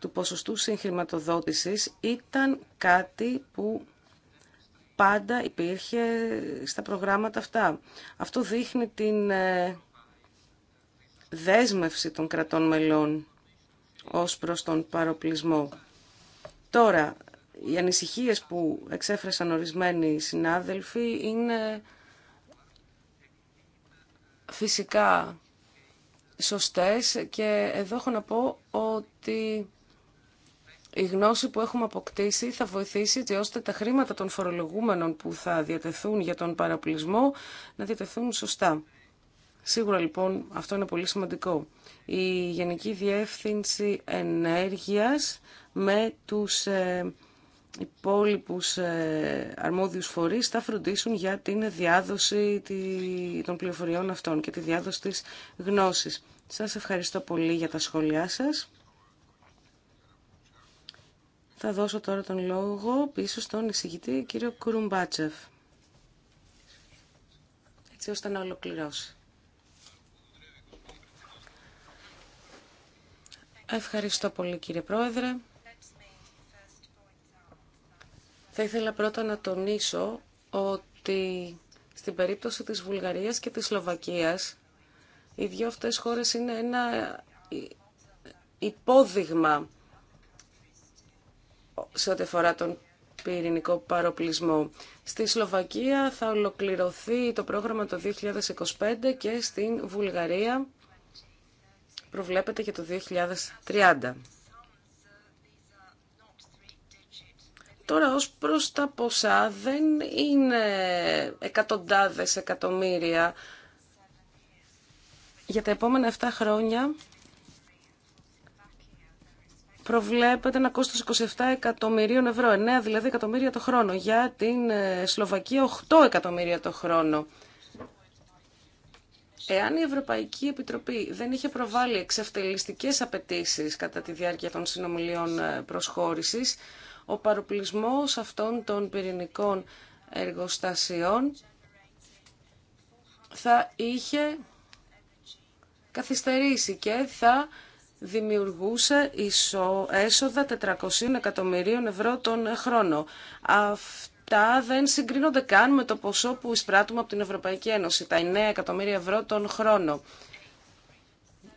του ποσοστού συγχρηματοδότησης ήταν κάτι που πάντα υπήρχε στα προγράμματα αυτά. Αυτό δείχνει την ε, δέσμευση των κρατών μελών ως προς τον παροπλισμό. Τώρα, οι ανησυχίες που εξέφρασαν ορισμένοι συνάδελφοι είναι φυσικά σωστές και εδώ έχω να πω ότι η γνώση που έχουμε αποκτήσει θα βοηθήσει έτσι ώστε τα χρήματα των φορολογούμενων που θα διατεθούν για τον παραπλησμό να διατεθούν σωστά. Σίγουρα λοιπόν αυτό είναι πολύ σημαντικό. Η Γενική Διεύθυνση Ενέργειας με τους ε, υπόλοιπους ε, αρμόδιους φορείς θα φροντίσουν για την διάδοση των πληροφοριών αυτών και τη διάδοση της γνώσης. Σας ευχαριστώ πολύ για τα σχόλιά σας. Θα δώσω τώρα τον λόγο πίσω στον εισηγητή κύριο Κουρουμπάτσεφ. Έτσι ώστε να ολοκληρώσει. Ευχαριστώ πολύ κύριε Πρόεδρε. Θα ήθελα πρώτα να τονίσω ότι στην περίπτωση της Βουλγαρίας και της Σλοβακίας οι δύο αυτές χώρες είναι ένα υπόδειγμα σε ό,τι αφορά τον πυρηνικό παροπλισμό. Στη Σλοβακία θα ολοκληρωθεί το πρόγραμμα το 2025 και στην Βουλγαρία προβλέπεται και το 2030. Τώρα ως προς τα ποσά δεν είναι εκατοντάδες εκατομμύρια. Για τα επόμενα 7 χρόνια προβλέπεται ένα κόστος 27 εκατομμυρίων ευρώ, 9 δηλαδή εκατομμύρια το χρόνο. Για την ε, Σλοβακία 8 εκατομμύρια το χρόνο. Εάν η Ευρωπαϊκή Επιτροπή δεν είχε προβάλει εξευτελιστικές απαιτήσει κατά τη διάρκεια των συνομιλίων ε, προσχώρησης, ο παροπλισμός αυτών των πυρηνικών εργοστασιών θα είχε καθυστερήσει και θα δημιουργούσε έσοδα 400 εκατομμυρίων ευρώ τον χρόνο. Αυτά δεν συγκρίνονται καν με το ποσό που εισπράττουμε από την Ευρωπαϊκή Ένωση, τα 9 εκατομμύρια ευρώ τον χρόνο.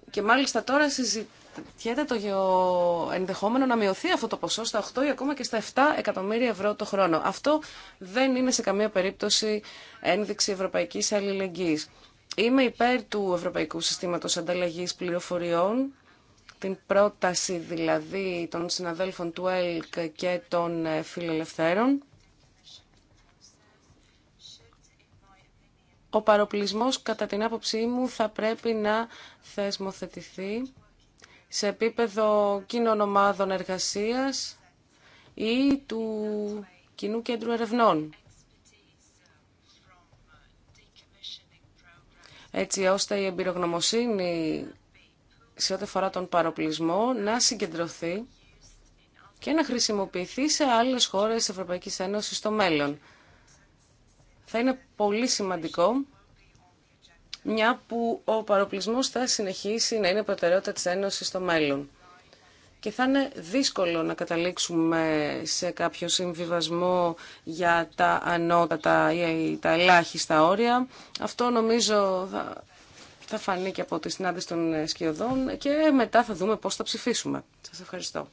Και μάλιστα τώρα συζητάμε αναρωτιέται το ενδεχόμενο να μειωθεί αυτό το ποσό στα 8 ή ακόμα και στα 7 εκατομμύρια ευρώ το χρόνο. Αυτό δεν είναι σε καμία περίπτωση ένδειξη ευρωπαϊκής αλληλεγγύης. Είμαι υπέρ του Ευρωπαϊκού Συστήματος Ανταλλαγής Πληροφοριών, την πρόταση δηλαδή των συναδέλφων του ΕΛΚ και των ε, φιλελευθέρων. Ο παροπλισμός, κατά την άποψή μου, θα πρέπει να θεσμοθετηθεί σε επίπεδο κοινών ομάδων εργασίας ή του Κοινού Κέντρου Ερευνών. Έτσι ώστε η εμπειρογνωμοσύνη σε ό,τι αφορά τον παροπλισμό να συγκεντρωθεί και να χρησιμοποιηθεί σε άλλες χώρες της Ευρωπαϊκής Ένωσης στο μέλλον. Θα είναι πολύ σημαντικό μια που ο παροπλισμός θα συνεχίσει να είναι προτεραιότητα της Ένωσης στο μέλλον. Και θα είναι δύσκολο να καταλήξουμε σε κάποιο συμβιβασμό για τα ανώτατα ή τα ελάχιστα όρια. Αυτό νομίζω θα, θα φανεί και από τη συνάντηση των σκιωδών και μετά θα δούμε πώς θα ψηφίσουμε. Σας ευχαριστώ.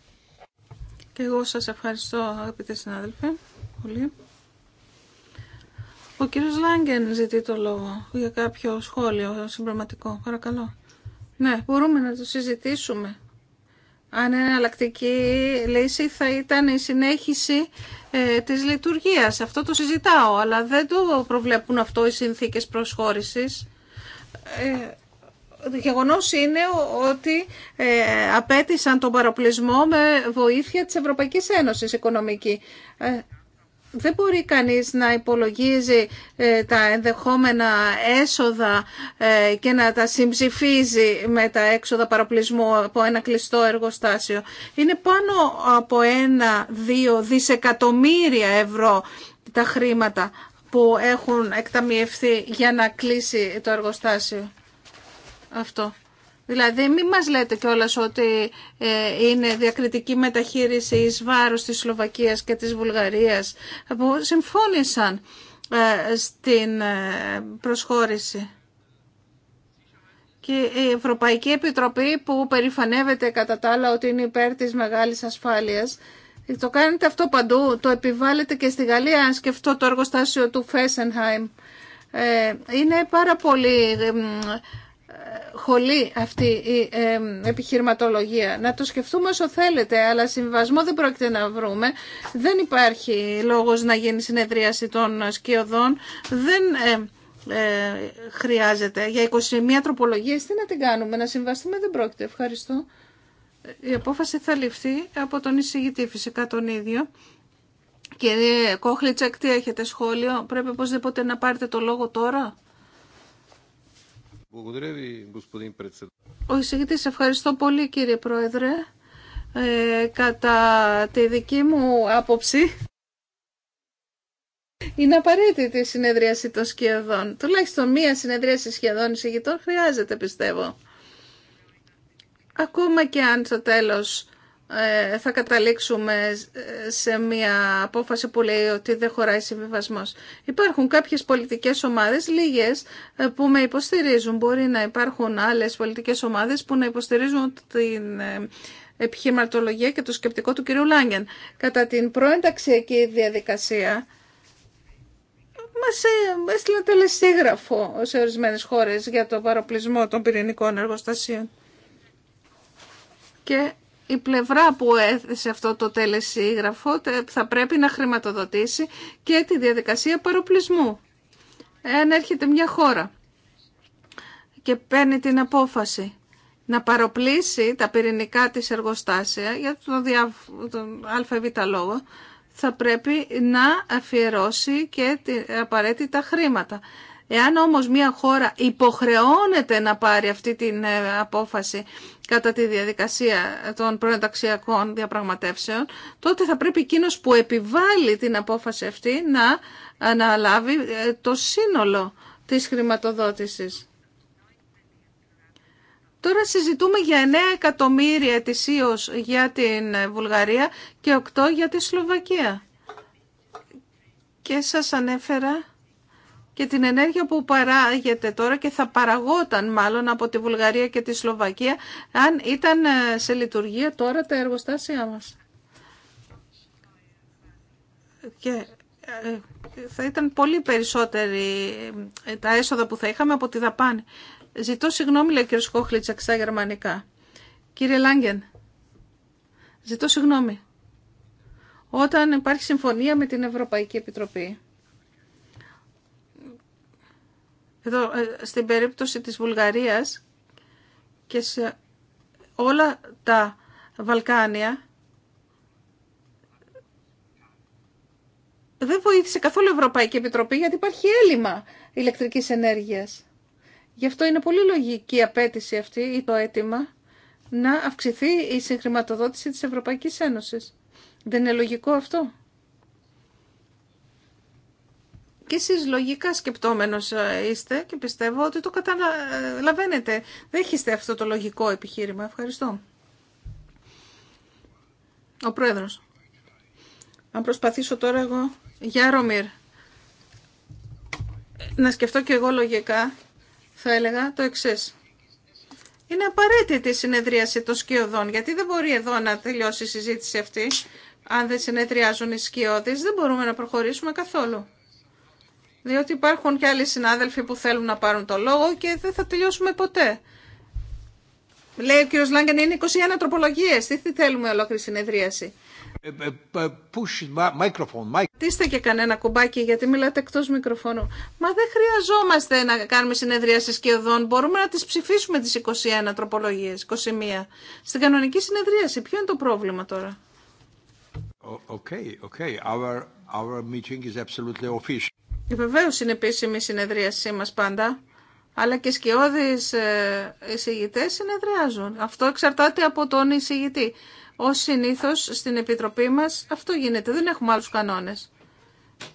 Και εγώ σας ευχαριστώ αγαπητέ συνάδελφε. Ο κύριο Λάγκεν ζητεί το λόγο για κάποιο σχόλιο συμπραγματικό. Παρακαλώ. Ναι, μπορούμε να το συζητήσουμε. Αν εναλλακτική λύση θα ήταν η συνέχιση ε, της λειτουργίας. Αυτό το συζητάω, αλλά δεν το προβλέπουν αυτό οι συνθήκες προσχώρησης. Ε, γεγονός είναι ότι ε, απέτησαν τον παροπλισμό με βοήθεια της Ευρωπαϊκής Ένωσης οικονομική. Ε, δεν μπορεί κανείς να υπολογίζει ε, τα ενδεχόμενα έσοδα ε, και να τα συμψηφίζει με τα εξοδα παροπλισμου παραπλισμού από ένα κλειστό εργοστάσιο. Είναι πάνω από ένα-δύο δισεκατομμύρια ευρώ τα χρήματα που έχουν εκταμιευθεί για να κλείσει το εργοστάσιο αυτό. Δηλαδή μην μας λέτε κιόλας ότι ε, είναι διακριτική μεταχείριση εις βάρος της Σλοβακίας και της Βουλγαρίας που συμφώνησαν ε, στην ε, προσχώρηση. Και η Ευρωπαϊκή Επιτροπή που περηφανεύεται κατά τα άλλα ότι είναι υπέρ της μεγάλης ασφάλειας το κάνετε αυτό παντού, το επιβάλλετε και στη Γαλλία, αν σκεφτώ το εργοστάσιο του Φέσενχάιμ. Είναι πάρα πολύ χολή αυτή η επιχειρηματολογία. Να το σκεφτούμε όσο θέλετε, αλλά συμβασμό δεν πρόκειται να βρούμε. Δεν υπάρχει λόγος να γίνει συνεδρίαση των σκιωδών. Δεν ε, χρειάζεται. Για 21 τροπολογίε τι να την κάνουμε, να συμβαστούμε δεν πρόκειται. Ευχαριστώ. Η απόφαση θα ληφθεί από τον εισηγητή φυσικά τον ίδιο. Κύριε Κόχλητσακ, τι έχετε σχόλιο. Πρέπει οπωσδήποτε να πάρετε το λόγο τώρα. Ο εισηγητής, ευχαριστώ πολύ κύριε Πρόεδρε. κατά τη δική μου άποψη, είναι απαραίτητη η συνεδρίαση των σχεδόν. Τουλάχιστον μία συνεδρίαση σχεδόν εισηγητών χρειάζεται, πιστεύω. Ακόμα και αν στο τέλος ε, θα καταλήξουμε σε μια απόφαση που λέει ότι δεν χωράει συμβιβασμό. Υπάρχουν κάποιες πολιτικές ομάδες, λίγες, ε, που με υποστηρίζουν. Μπορεί να υπάρχουν άλλες πολιτικές ομάδες που να υποστηρίζουν την ε, επιχειρηματολογία και το σκεπτικό του κυρίου Λάγκεν. Κατά την προενταξιακή διαδικασία, μας έστειλε τελεσίγραφο σε ορισμένες χώρες για το παροπλισμό των πυρηνικών εργοστασίων. Και η πλευρά που έθεσε αυτό το τελεσίγραφο θα πρέπει να χρηματοδοτήσει και τη διαδικασία παροπλισμού. Εάν έρχεται μια χώρα και παίρνει την απόφαση να παροπλήσει τα πυρηνικά της εργοστάσια για τον, δια... λόγο, θα πρέπει να αφιερώσει και απαραίτητα χρήματα. Εάν όμως μια χώρα υποχρεώνεται να πάρει αυτή την ε, απόφαση κατά τη διαδικασία των προενταξιακών διαπραγματεύσεων, τότε θα πρέπει εκείνο που επιβάλλει την απόφαση αυτή να αναλάβει ε, το σύνολο της χρηματοδότησης. Τώρα συζητούμε για 9 εκατομμύρια ετησίως για την ε, Βουλγαρία και 8 για τη Σλοβακία. Και σας ανέφερα και την ενέργεια που παράγεται τώρα και θα παραγόταν μάλλον από τη Βουλγαρία και τη Σλοβακία αν ήταν ε, σε λειτουργία τώρα τα εργοστάσια μας. Και ε, θα ήταν πολύ περισσότεροι ε, τα έσοδα που θα είχαμε από τη δαπάνη. Ζητώ συγγνώμη, λέει ο κ. Σκόχλητσα, στα γερμανικά. Κύριε Λάγκεν, ζητώ συγγνώμη. Όταν υπάρχει συμφωνία με την Ευρωπαϊκή Επιτροπή, Εδώ, ε, στην περίπτωση της Βουλγαρίας και σε όλα τα Βαλκάνια δεν βοήθησε καθόλου η Ευρωπαϊκή Επιτροπή γιατί υπάρχει έλλειμμα ηλεκτρικής ενέργειας. Γι' αυτό είναι πολύ λογική η απέτηση αυτή ή το αίτημα να αυξηθεί η συγχρηματοδότηση της Ευρωπαϊκής Ένωσης. Δεν είναι λογικό αυτό και εσείς λογικά σκεπτόμενος ε, είστε και πιστεύω ότι το καταλαβαίνετε. Δέχεστε αυτό το λογικό επιχείρημα. Ευχαριστώ. Ο Πρόεδρος. Αν προσπαθήσω τώρα εγώ, Ρομίρ να σκεφτώ και εγώ λογικά, θα έλεγα το εξής. Είναι απαραίτητη η συνεδρίαση των σκιωδών, γιατί δεν μπορεί εδώ να τελειώσει η συζήτηση αυτή. Αν δεν συνεδριάζουν οι σκιώδεις, δεν μπορούμε να προχωρήσουμε καθόλου διότι υπάρχουν και άλλοι συνάδελφοι που θέλουν να πάρουν το λόγο και δεν θα τελειώσουμε ποτέ. Λέει ο κύριος Λάγκεν είναι 21 τροπολογίες. Τι θέλουμε ολόκληρη συνεδρίαση. Ε, ε, ε, Τίστε και κανένα κουμπάκι γιατί μιλάτε εκτός μικροφώνου. Μα δεν χρειαζόμαστε να κάνουμε συνεδρίαση σκιωδών. Μπορούμε να τις ψηφίσουμε τις 21 τροπολογίες, 21. Στην κανονική συνεδρίαση. Ποιο είναι το πρόβλημα τώρα. Okay, okay. Our, our meeting is absolutely official. Βεβαίω είναι επίσημη η συνεδρίασή μας πάντα, αλλά και σκιώδει ε, εισηγητέ συνεδριάζουν. Αυτό εξαρτάται από τον εισηγητή. Ω συνήθως στην Επιτροπή μας αυτό γίνεται, δεν έχουμε άλλους κανόνες.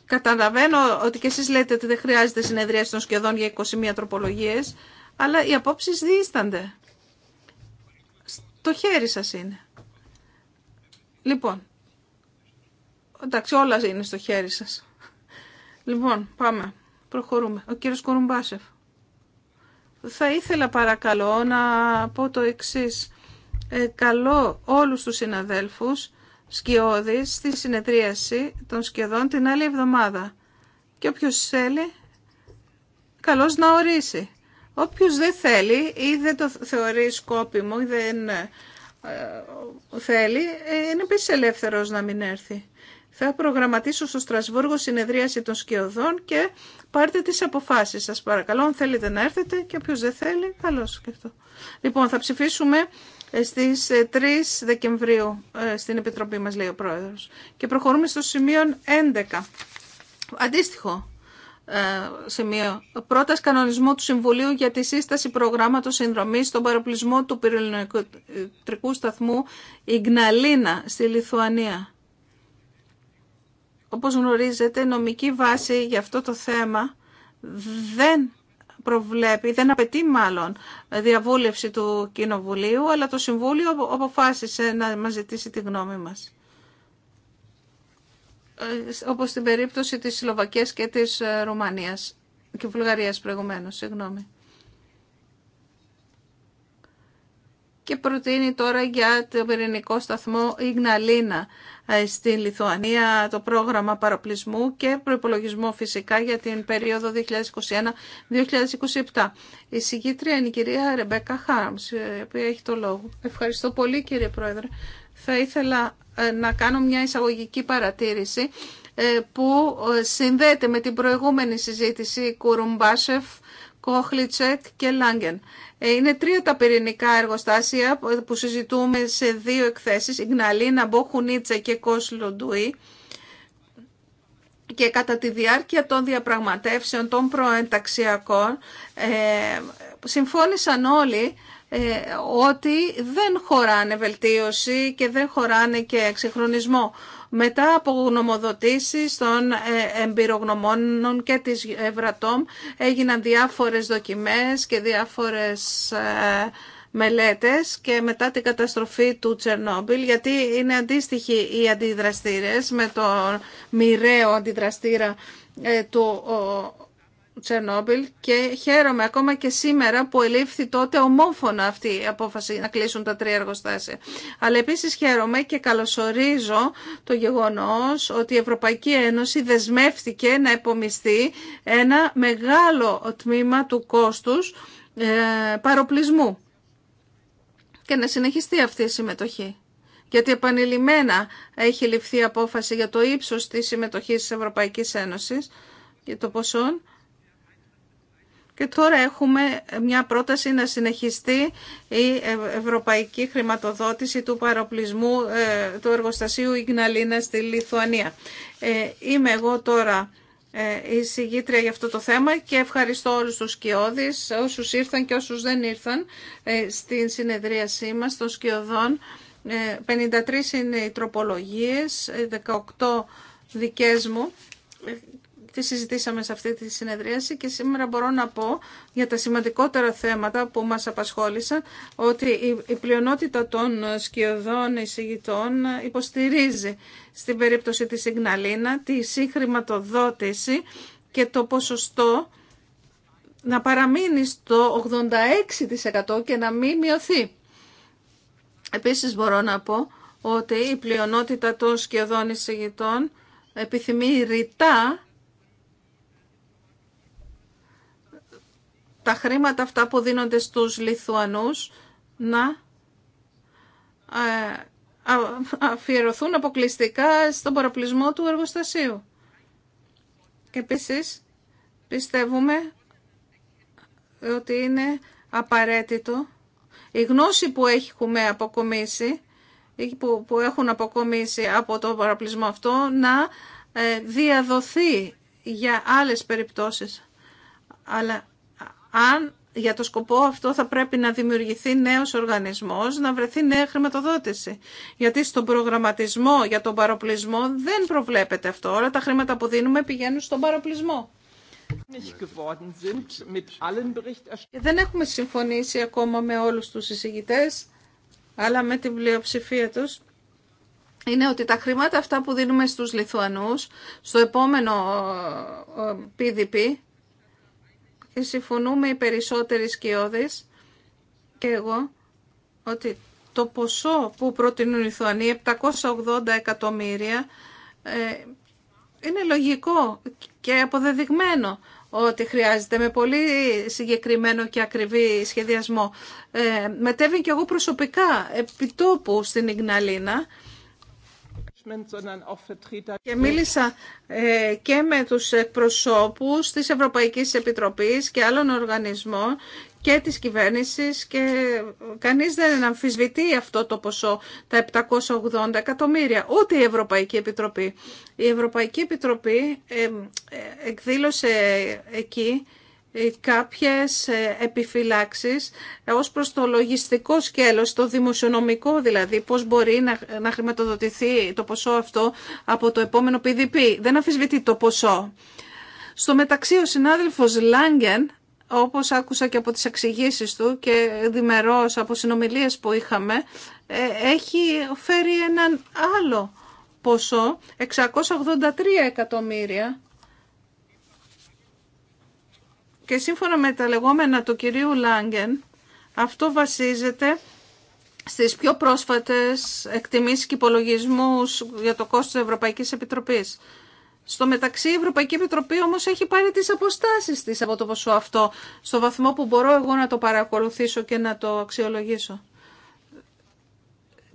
Καταλαβαίνω ότι και εσεί λέτε ότι δεν χρειάζεται συνεδρίαση των σκιωδών για 21 τροπολογίε, αλλά οι απόψει διήστανται. Το χέρι σα είναι. Λοιπόν, εντάξει όλα είναι στο χέρι σας. Λοιπόν, πάμε. Προχωρούμε. Ο κύριος Κορουμπάσεφ. Θα ήθελα παρακαλώ να πω το εξής. Ε, καλό καλώ όλους τους συναδέλφους σκιώδης στη συνεδρίαση των σκιωδών την άλλη εβδομάδα. Και όποιος θέλει, καλώς να ορίσει. Όποιος δεν θέλει ή δεν το θεωρεί σκόπιμο ή δεν ε, θέλει, ε, είναι επίση ελεύθερος να μην έρθει. Θα προγραμματίσω στο Στρασβούργο συνεδρίαση των σκιωδών και πάρτε τις αποφάσεις σας παρακαλώ. Αν θέλετε να έρθετε και όποιο δεν θέλει, καλώ και αυτό. Λοιπόν, θα ψηφίσουμε ε, στις 3 ε, Δεκεμβρίου ε, στην Επιτροπή μας, λέει ο Πρόεδρος. Και προχωρούμε στο σημείο 11. Αντίστοιχο σημείο. Πρώτα κανονισμό του Συμβουλίου για τη σύσταση προγράμματος συνδρομής στον παροπλισμό του πυρηνικού σταθμού Ιγναλίνα στη Λιθουανία. Όπως γνωρίζετε, νομική βάση για αυτό το θέμα δεν προβλέπει, δεν απαιτεί μάλλον διαβούλευση του Κοινοβουλίου, αλλά το Συμβούλιο αποφάσισε να μας ζητήσει τη γνώμη μας. Ε, όπως στην περίπτωση της Σλοβακίας και της ε, Ρουμανίας και Βουλγαρίας προηγουμένως, συγγνώμη. και προτείνει τώρα για το πυρηνικό σταθμό Ιγναλίνα ε, στη Λιθουανία το πρόγραμμα παροπλισμού και προϋπολογισμό φυσικά για την περίοδο 2021-2027. Η συγκήτρια είναι η κυρία Ρεμπέκα Χάρμς, η οποία έχει το λόγο. Ευχαριστώ πολύ κύριε Πρόεδρε. Θα ήθελα ε, να κάνω μια εισαγωγική παρατήρηση ε, που συνδέεται με την προηγούμενη συζήτηση Κουρουμπάσεφ Κόχλιτσεκ και Λάγκεν. Ε, είναι τρία τα πυρηνικά εργοστάσια που συζητούμε σε δύο εκθέσεις, Ιγναλίνα, Μποχουνίτσα και Κόσλοντουή. Και κατά τη διάρκεια των διαπραγματεύσεων των προενταξιακών ε, συμφώνησαν όλοι ε, ότι δεν χωράνε βελτίωση και δεν χωράνε και εξυγχρονισμό μετά από γνωμοδοτήσεις των ε, εμπειρογνωμόνων και της Ευρατόμ έγιναν διάφορες δοκιμές και διάφορες ε, μελέτες και μετά την καταστροφή του Τσερνόμπιλ γιατί είναι αντίστοιχοι οι αντιδραστήρες με τον μοιραίο αντιδραστήρα ε, του Τσερνόμπιλ και χαίρομαι ακόμα και σήμερα που ελήφθη τότε ομόφωνα αυτή η απόφαση να κλείσουν τα τρία εργοστάσια. Αλλά επίσης χαίρομαι και καλωσορίζω το γεγονός ότι η Ευρωπαϊκή Ένωση δεσμεύτηκε να επομιστεί ένα μεγάλο τμήμα του κόστους ε, παροπλισμού και να συνεχιστεί αυτή η συμμετοχή γιατί επανειλημμένα έχει ληφθεί απόφαση για το ύψος της συμμετοχής της Ευρωπαϊκής Ένωσης και το ποσόν και τώρα έχουμε μια πρόταση να συνεχιστεί η ευρωπαϊκή χρηματοδότηση του παροπλισμού ε, του εργοστασίου Ιγναλίνα στη Λιθουανία. Ε, είμαι εγώ τώρα ε, η συγγήτρια για αυτό το θέμα και ευχαριστώ όλους τους σκιώδεις, όσους ήρθαν και όσους δεν ήρθαν στην συνεδρίασή μας των σκιωδών. 53 είναι οι τροπολογίες, 18 δικές μου τη συζητήσαμε σε αυτή τη συνεδρίαση και σήμερα μπορώ να πω για τα σημαντικότερα θέματα που μας απασχόλησαν ότι η πλειονότητα των σκιωδών εισηγητών υποστηρίζει στην περίπτωση της Ιγναλίνα τη συγχρηματοδότηση και το ποσοστό να παραμείνει στο 86% και να μην μειωθεί. Επίσης μπορώ να πω ότι η πλειονότητα των σκιωδών εισηγητών επιθυμεί ρητά τα χρήματα αυτά που δίνονται στους Λιθουανούς να ε, αφιερωθούν αποκλειστικά στον παραπλησμό του εργοστασίου. Και επίσης πιστεύουμε ότι είναι απαραίτητο η γνώση που έχουμε αποκομίσει που, που έχουν αποκομίσει από το παραπλησμό αυτό να ε, διαδοθεί για άλλες περιπτώσεις. Αλλά αν για το σκοπό αυτό θα πρέπει να δημιουργηθεί νέος οργανισμός, να βρεθεί νέα χρηματοδότηση. Γιατί στον προγραμματισμό για τον παροπλισμό δεν προβλέπεται αυτό. Όλα τα χρήματα που δίνουμε πηγαίνουν στον παροπλισμό. Δεν έχουμε συμφωνήσει ακόμα με όλους τους εισηγητές, αλλά με την πλειοψηφία τους είναι ότι τα χρήματα αυτά που δίνουμε στους Λιθουανούς, στο επόμενο PDP, ε, ε, ε, συμφωνούμε οι περισσότεροι σκιώδεις και εγώ ότι το ποσό που προτείνουν οι Ιθουανοί, 780 εκατομμύρια, ε, είναι λογικό και αποδεδειγμένο ότι χρειάζεται με πολύ συγκεκριμένο και ακριβή σχεδιασμό. Ε, μετέβη και εγώ προσωπικά επιτόπου στην Ιγναλίνα και μίλησα ε, και με τους προσώπους της Ευρωπαϊκής Επιτροπής και άλλων οργανισμών και της κυβέρνησης και κανείς δεν αμφισβητεί αυτό το ποσό, τα 780 εκατομμύρια, ούτε η Ευρωπαϊκή Επιτροπή. Η Ευρωπαϊκή Επιτροπή ε, εκδήλωσε εκεί ε, κάποιες ε, επιφυλάξεις ε, ως προς το λογιστικό σκέλος, το δημοσιονομικό δηλαδή, πώς μπορεί να χρηματοδοτηθεί το ποσό αυτό από το επόμενο PDP. Δεν αφισβητεί το ποσό. Στο μεταξύ ο συνάδελφος Λάγκεν, όπως άκουσα και από τις εξηγήσει του και διμερώς από συνομιλίες που είχαμε, έχει φέρει έναν άλλο ποσό, 683 εκατομμύρια, και σύμφωνα με τα λεγόμενα του κυρίου Λάγκεν, αυτό βασίζεται στις πιο πρόσφατες εκτιμήσεις και υπολογισμούς για το κόστος της Ευρωπαϊκής Επιτροπής. Στο μεταξύ η Ευρωπαϊκή Επιτροπή όμως έχει πάρει τις αποστάσεις της από το ποσό αυτό, στο βαθμό που μπορώ εγώ να το παρακολουθήσω και να το αξιολογήσω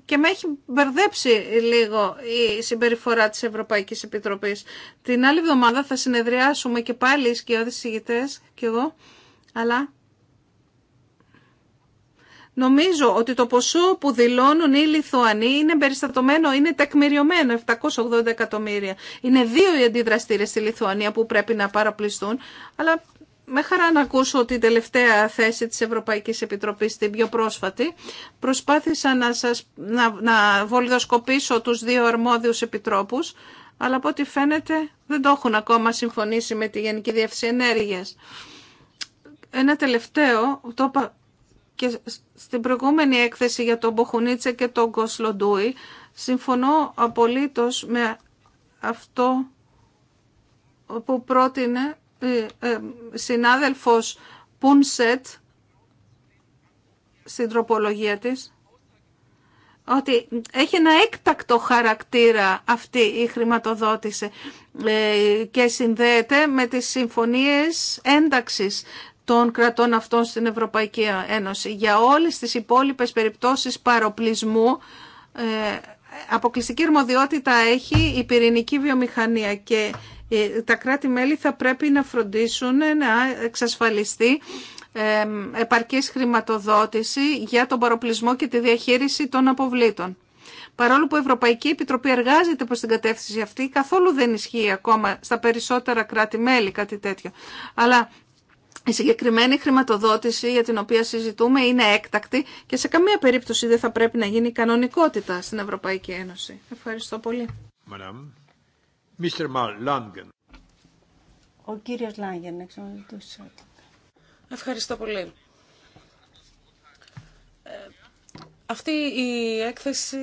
και με έχει μπερδέψει λίγο η συμπεριφορά της Ευρωπαϊκής Επιτροπής. Την άλλη εβδομάδα θα συνεδριάσουμε και πάλι οι σκιώδεις συγητές και εγώ, αλλά νομίζω ότι το ποσό που δηλώνουν οι Λιθουανοί είναι περιστατωμένο, είναι τεκμηριωμένο, 780 εκατομμύρια. Είναι δύο οι αντιδραστήρες στη Λιθουανία που πρέπει να παραπληστούν, αλλά με χαρά να ακούσω την τελευταία θέση της Ευρωπαϊκής Επιτροπής, την πιο πρόσφατη. Προσπάθησα να, σας, να, να βολιδοσκοπήσω τους δύο αρμόδιους επιτρόπους, αλλά από ό,τι φαίνεται δεν το έχουν ακόμα συμφωνήσει με τη Γενική Διεύθυνση Ενέργειας. Ένα τελευταίο, το είπα και στην προηγούμενη έκθεση για τον Μποχουνίτσε και τον Κοσλοντούι, συμφωνώ απολύτως με αυτό που πρότεινε ε, ε, συνάδελφος Πούνσετ στην τροπολογία της ότι έχει ένα έκτακτο χαρακτήρα αυτή η χρηματοδότηση ε, και συνδέεται με τις συμφωνίες ένταξης των κρατών αυτών στην Ευρωπαϊκή Ένωση. Για όλες τις υπόλοιπες περιπτώσεις παροπλισμού αποκλειστική αρμοδιότητα έχει η πυρηνική βιομηχανία και ε, τα κράτη-μέλη θα πρέπει να φροντίσουν να εξασφαλιστεί επαρκής χρηματοδότηση για τον παροπλισμό και τη διαχείριση των αποβλήτων. Παρόλο που η Ευρωπαϊκή Επιτροπή εργάζεται προς την κατεύθυνση αυτή, καθόλου δεν ισχύει ακόμα στα περισσότερα κράτη-μέλη κάτι τέτοιο. Αλλά η συγκεκριμένη χρηματοδότηση για την οποία συζητούμε είναι έκτακτη και σε καμία περίπτωση δεν θα πρέπει να γίνει κανονικότητα στην Ευρωπαϊκή Ένωση. Ευχαριστώ πολύ. Mr. Langen. Ο κύριος Λάγγεν, Ευχαριστώ πολύ. Ε, αυτή η έκθεση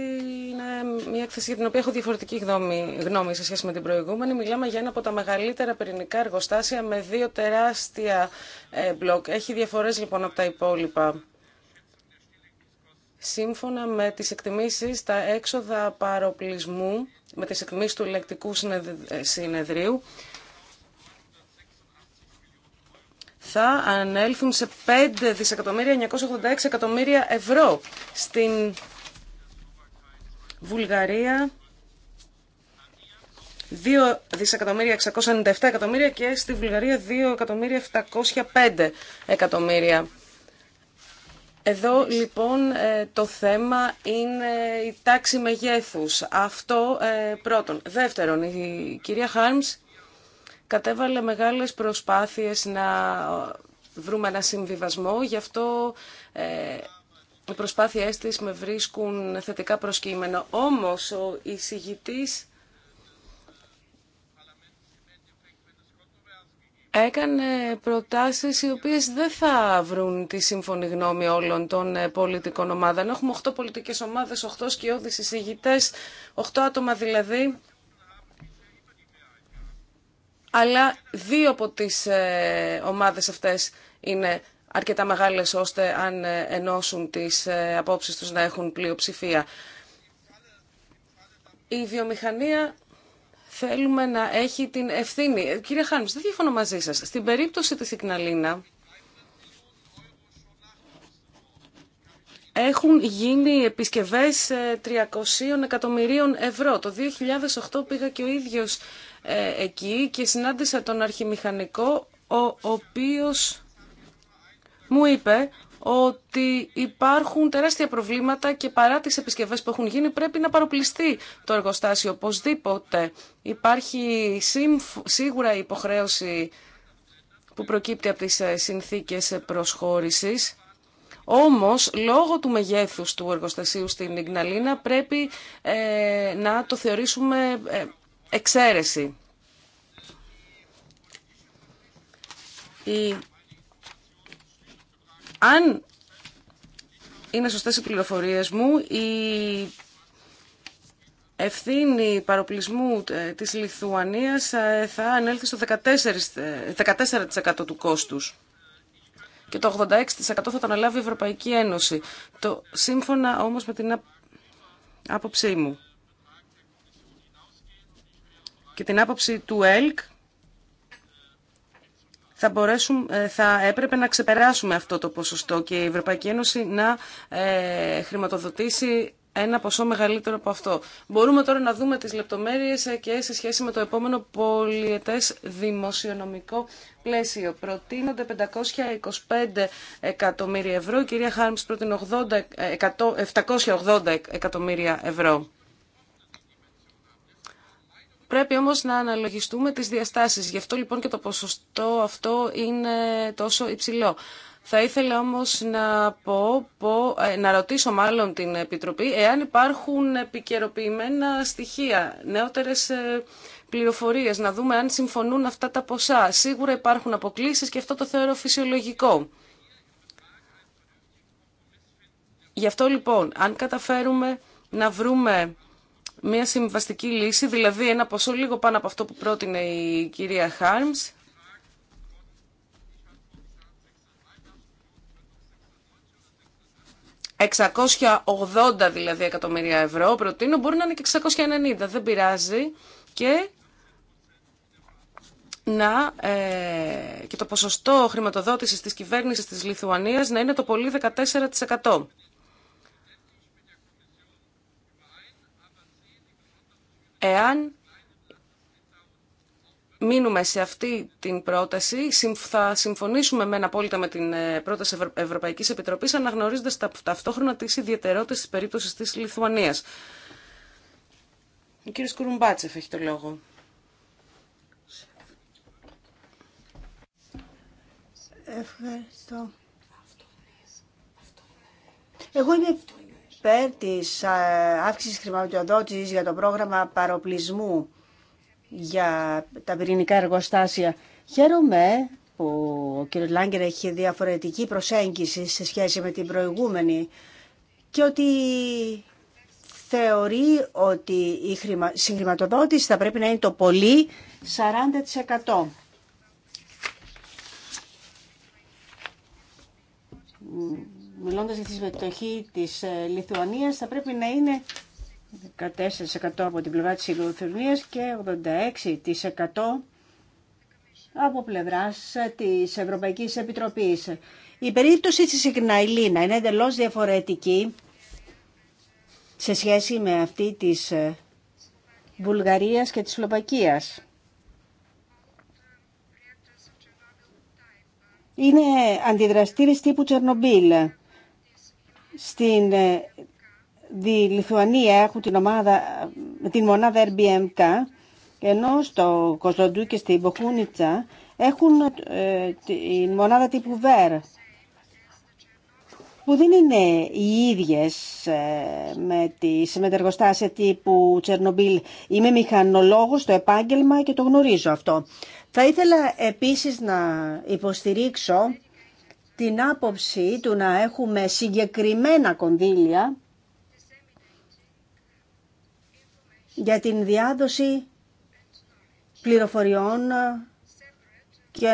είναι μια έκθεση για την οποία έχω διαφορετική γνώμη, γνώμη σε σχέση με την προηγούμενη. Μιλάμε για ένα από τα μεγαλύτερα πυρηνικά εργοστάσια με δύο τεράστια ε, μπλοκ. Έχει διαφορές λοιπόν από τα υπόλοιπα. Σύμφωνα με τις εκτιμήσεις, τα έξοδα παροπλισμού με τις εκμείς του ελεκτικού ε, συνεδρίου θα ανέλθουν σε 5 δισεκατομμύρια 986 εκατομμύρια ευρώ στην Βουλγαρία 2 δισεκατομμύρια 697 εκατομμύρια και στη Βουλγαρία 2 εκατομμύρια 705 εκατομμύρια εδώ λοιπόν ε, το θέμα είναι η τάξη μεγέθους. Αυτό ε, πρώτον. Δεύτερον, η κυρία Χάρμς κατέβαλε μεγάλες προσπάθειες να ε, βρούμε ένα συμβιβασμό. Γι' αυτό οι προσπάθειές της με βρίσκουν θετικά προσκύμενα. Όμως ο εισηγητής έκανε προτάσεις οι οποίες δεν θα βρουν τη σύμφωνη γνώμη όλων των ε, πολιτικών ομάδων. Έχουμε 8 πολιτικές ομάδες, 8 σκιώδεις εισηγητές, 8 άτομα δηλαδή. Αλλά δύο από τις ε, ομάδες αυτές είναι αρκετά μεγάλες ώστε αν ε, ενώσουν τις απόψεις τους να έχουν πλειοψηφία. Η βιομηχανία θέλουμε να έχει την ευθύνη. Κύριε Χάνης, δεν διαφωνώ μαζί σας. Στην περίπτωση της Ικναλίνα έχουν γίνει επισκευές 300 ε, εκατομμυρίων ευρώ. Το 2008 πήγα και ο ίδιος ε, εκεί και συνάντησα τον αρχιμηχανικό ο οποίος μου είπε ότι υπάρχουν τεράστια προβλήματα και παρά τις επισκευές που έχουν γίνει πρέπει να παροπληστεί το εργοστάσιο οπωσδήποτε. Υπάρχει σίγουρα υποχρέωση που προκύπτει από τις ε, συνθήκες προσχώρησης. Όμως, λόγω του μεγέθους του εργοστασίου στην Ιγναλίνα πρέπει ε, να το θεωρήσουμε ε, εξαίρεση. Αν είναι σωστές οι πληροφορίες μου, η ευθύνη παροπλισμού ε, της Λιθουανίας ε, θα ανέλθει στο 14%, 14 ε, του κόστους και το 86% θα το αναλάβει η Ευρωπαϊκή Ένωση. Το σύμφωνα όμως με την άποψή μου και την άποψη του ΕΛΚ θα, μπορέσουν, ε, θα έπρεπε να ξεπεράσουμε αυτό το ποσοστό και η Ευρωπαϊκή Ένωση να ε, χρηματοδοτήσει ένα ποσό μεγαλύτερο από αυτό. Μπορούμε τώρα να δούμε τις λεπτομέρειες ε, και σε σχέση με το επόμενο πολιετές δημοσιονομικό πλαίσιο. Προτείνονται 525 εκατομμύρια ευρώ. Η κυρία Χάρμς προτείνει 80, 780 εκατομμύρια ευρώ. Πρέπει όμως να αναλογιστούμε τις διαστάσεις. Γι' αυτό λοιπόν και το ποσοστό αυτό είναι τόσο υψηλό. Θα ήθελα όμως να, πω, ε, να ρωτήσω μάλλον την Επιτροπή εάν υπάρχουν επικαιροποιημένα στοιχεία, νεότερες ε, πληροφορίες, να δούμε αν συμφωνούν αυτά τα ποσά. Σίγουρα υπάρχουν αποκλήσεις και αυτό το θεωρώ φυσιολογικό. Γι' αυτό λοιπόν, αν καταφέρουμε να βρούμε μια συμβαστική λύση, δηλαδή ένα ποσό λίγο πάνω από αυτό που πρότεινε η κυρία Χάρμς. ...680 δηλαδή εκατομμύρια ευρώ προτείνω, μπορεί να είναι και 690, δεν πειράζει. Και, να, ε, και το ποσοστό χρηματοδότησης της κυβέρνησης της Λιθουανίας να είναι το πολύ 14%. Εάν μείνουμε σε αυτή την πρόταση, θα συμφωνήσουμε με απόλυτα με την ε, πρόταση Ευρωπαϊκής Επιτροπής, αναγνωρίζοντας ταυτόχρονα τις ιδιαιτερότητες της περίπτωσης της Λιθουανίας. Ο κύριος Κουρουμπάτσεφ έχει το λόγο. Ευχαριστώ. Εγώ είμαι υπέρ της ε, αύξηση χρηματοδότησης για το πρόγραμμα παροπλισμού για τα πυρηνικά εργοστάσια. Χαίρομαι που ο κ. Λάγκερ έχει διαφορετική προσέγγιση σε σχέση με την προηγούμενη και ότι θεωρεί ότι η συγχρηματοδότηση θα πρέπει να είναι το πολύ 40% μιλώντας για τη συμμετοχή της ε, Λιθουανίας, θα πρέπει να είναι 14% από την πλευρά της Λιθουανίας και 86% από πλευράς ε, της Ευρωπαϊκής Επιτροπής. Η περίπτωση της Ιγναηλίνα είναι εντελώ διαφορετική σε σχέση με αυτή της ε, Βουλγαρίας και της Σλοβακίας. Είναι αντιδραστήρις τύπου Τσερνομπίλ στην τη ε, Λιθουανία έχουν την, ομάδα, την μονάδα RBMK, ενώ στο Κοζοντού και στην Ποχούνιτσα έχουν ε, την μονάδα τύπου ΒΕΡ, που δεν είναι οι ίδιες ε, με τη συμμετεργοστάσια τύπου Τσερνομπίλ. Είμαι μηχανολόγος στο επάγγελμα και το γνωρίζω αυτό. Θα ήθελα επίσης να υποστηρίξω την άποψη του να έχουμε συγκεκριμένα κονδύλια για την διάδοση πληροφοριών και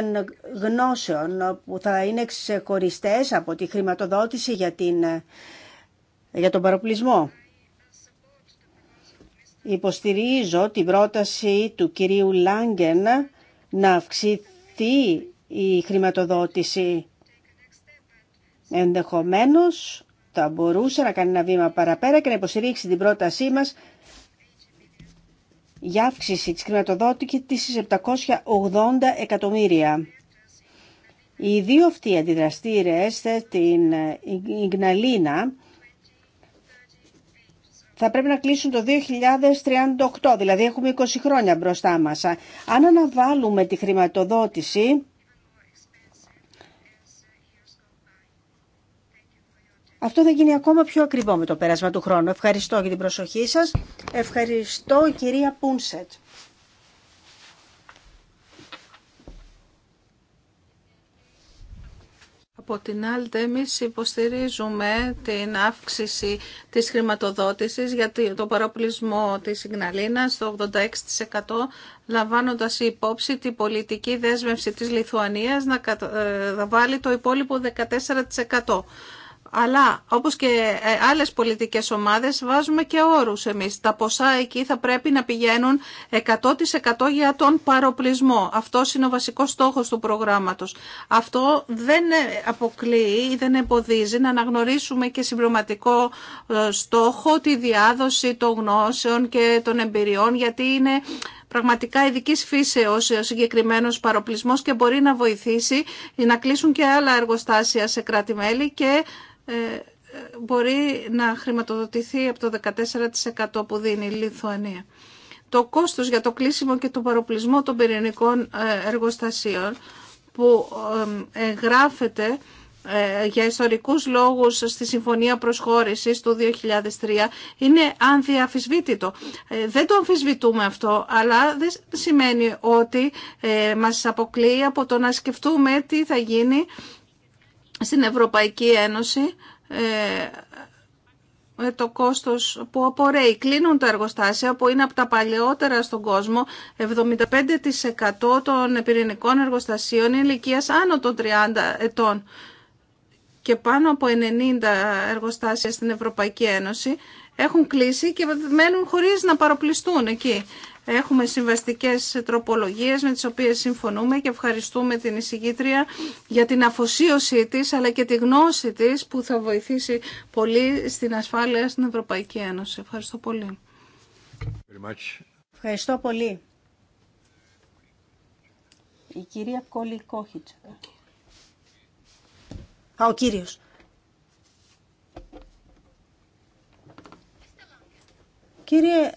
γνώσεων που θα είναι ξεχωριστές από τη χρηματοδότηση για, για τον παροπλισμό. Υποστηρίζω την πρόταση του κυρίου Λάγκεν να αυξηθεί η χρηματοδότηση Ενδεχομένως θα μπορούσε να κάνει ένα βήμα παραπέρα και να υποστηρίξει την πρότασή μας για αύξηση της χρηματοδότησης της 780 εκατομμύρια. Οι δύο αυτοί αντιδραστήρες την Ιγναλίνα θα πρέπει να κλείσουν το 2038, δηλαδή έχουμε 20 χρόνια μπροστά μας. Αν αναβάλουμε τη χρηματοδότηση Αυτό θα γίνει ακόμα πιο ακριβό με το πέρασμα του χρόνου. Ευχαριστώ για την προσοχή σας. Ευχαριστώ κυρία Πούνσετ. Από την άλλη, εμεί υποστηρίζουμε την αύξηση της χρηματοδότησης για το παροπλισμό της Ιγναλίνας στο 86% λαμβάνοντας υπόψη την πολιτική δέσμευση της Λιθουανίας να ε, βάλει το υπόλοιπο 14%. Αλλά όπως και ε, άλλες πολιτικές ομάδες βάζουμε και όρους εμείς. Τα ποσά εκεί θα πρέπει να πηγαίνουν 100% για τον παροπλισμό. Αυτό είναι ο βασικός στόχος του προγράμματος. Αυτό δεν αποκλείει ή δεν εμποδίζει να αναγνωρίσουμε και συμπληρωματικό ε, στόχο τη διάδοση των γνώσεων και των εμπειριών γιατί είναι πραγματικά ειδική φύσεω ο συγκεκριμένο παροπλισμό και μπορεί να βοηθήσει να κλείσουν και άλλα εργοστάσια σε κράτη-μέλη και ε, ε, μπορεί να χρηματοδοτηθεί από το 14% που δίνει η Λιθουανία. Το κόστος για το κλείσιμο και το παροπλισμό των πυρηνικών ε, εργοστασίων που γράφεται για ιστορικούς λόγους στη Συμφωνία Προσχώρησης του 2003 είναι ανδιαφυσβήτητο. Δεν το αμφισβητούμε αυτό, αλλά δεν σημαίνει ότι μας αποκλείει από το να σκεφτούμε τι θα γίνει στην Ευρωπαϊκή Ένωση ε, το κόστος που απορρέει. Κλείνουν τα εργοστάσια που είναι από τα παλαιότερα στον κόσμο. 75% των πυρηνικών εργοστασίων είναι ηλικία άνω των 30 ετών και πάνω από 90 εργοστάσια στην Ευρωπαϊκή Ένωση έχουν κλείσει και μένουν χωρίς να παροπλιστούν εκεί. Έχουμε συμβαστικές τροπολογίες με τις οποίες συμφωνούμε και ευχαριστούμε την εισηγήτρια για την αφοσίωσή της αλλά και τη γνώση της που θα βοηθήσει πολύ στην ασφάλεια στην Ευρωπαϊκή Ένωση. Ευχαριστώ πολύ. Ευχαριστώ πολύ. Η κυρία Κόλλη Κόχιτς. ο κύριος. Κύριε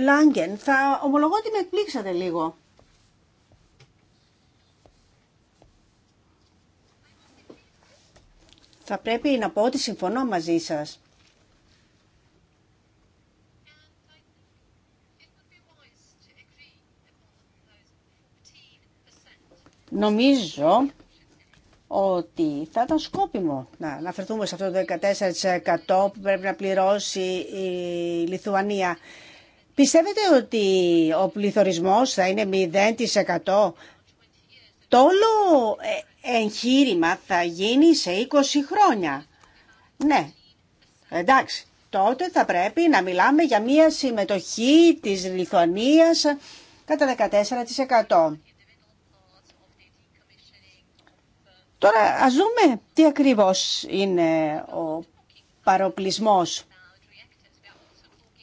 Λάγκεν. Θα ομολογώ ότι με εκπλήξατε λίγο. Θα πρέπει να πω ότι συμφωνώ μαζί σας. Νομίζω ότι θα ήταν σκόπιμο να αναφερθούμε σε αυτό το 14% που πρέπει να πληρώσει η Λιθουανία. Πιστεύετε ότι ο πληθωρισμός θα είναι 0% το όλο ε, εγχείρημα θα γίνει σε 20 χρόνια. Ναι, εντάξει, τότε θα πρέπει να μιλάμε για μια συμμετοχή της λιθωνίας κατά 14%. Τώρα ας δούμε τι ακριβώς είναι ο παροπλισμός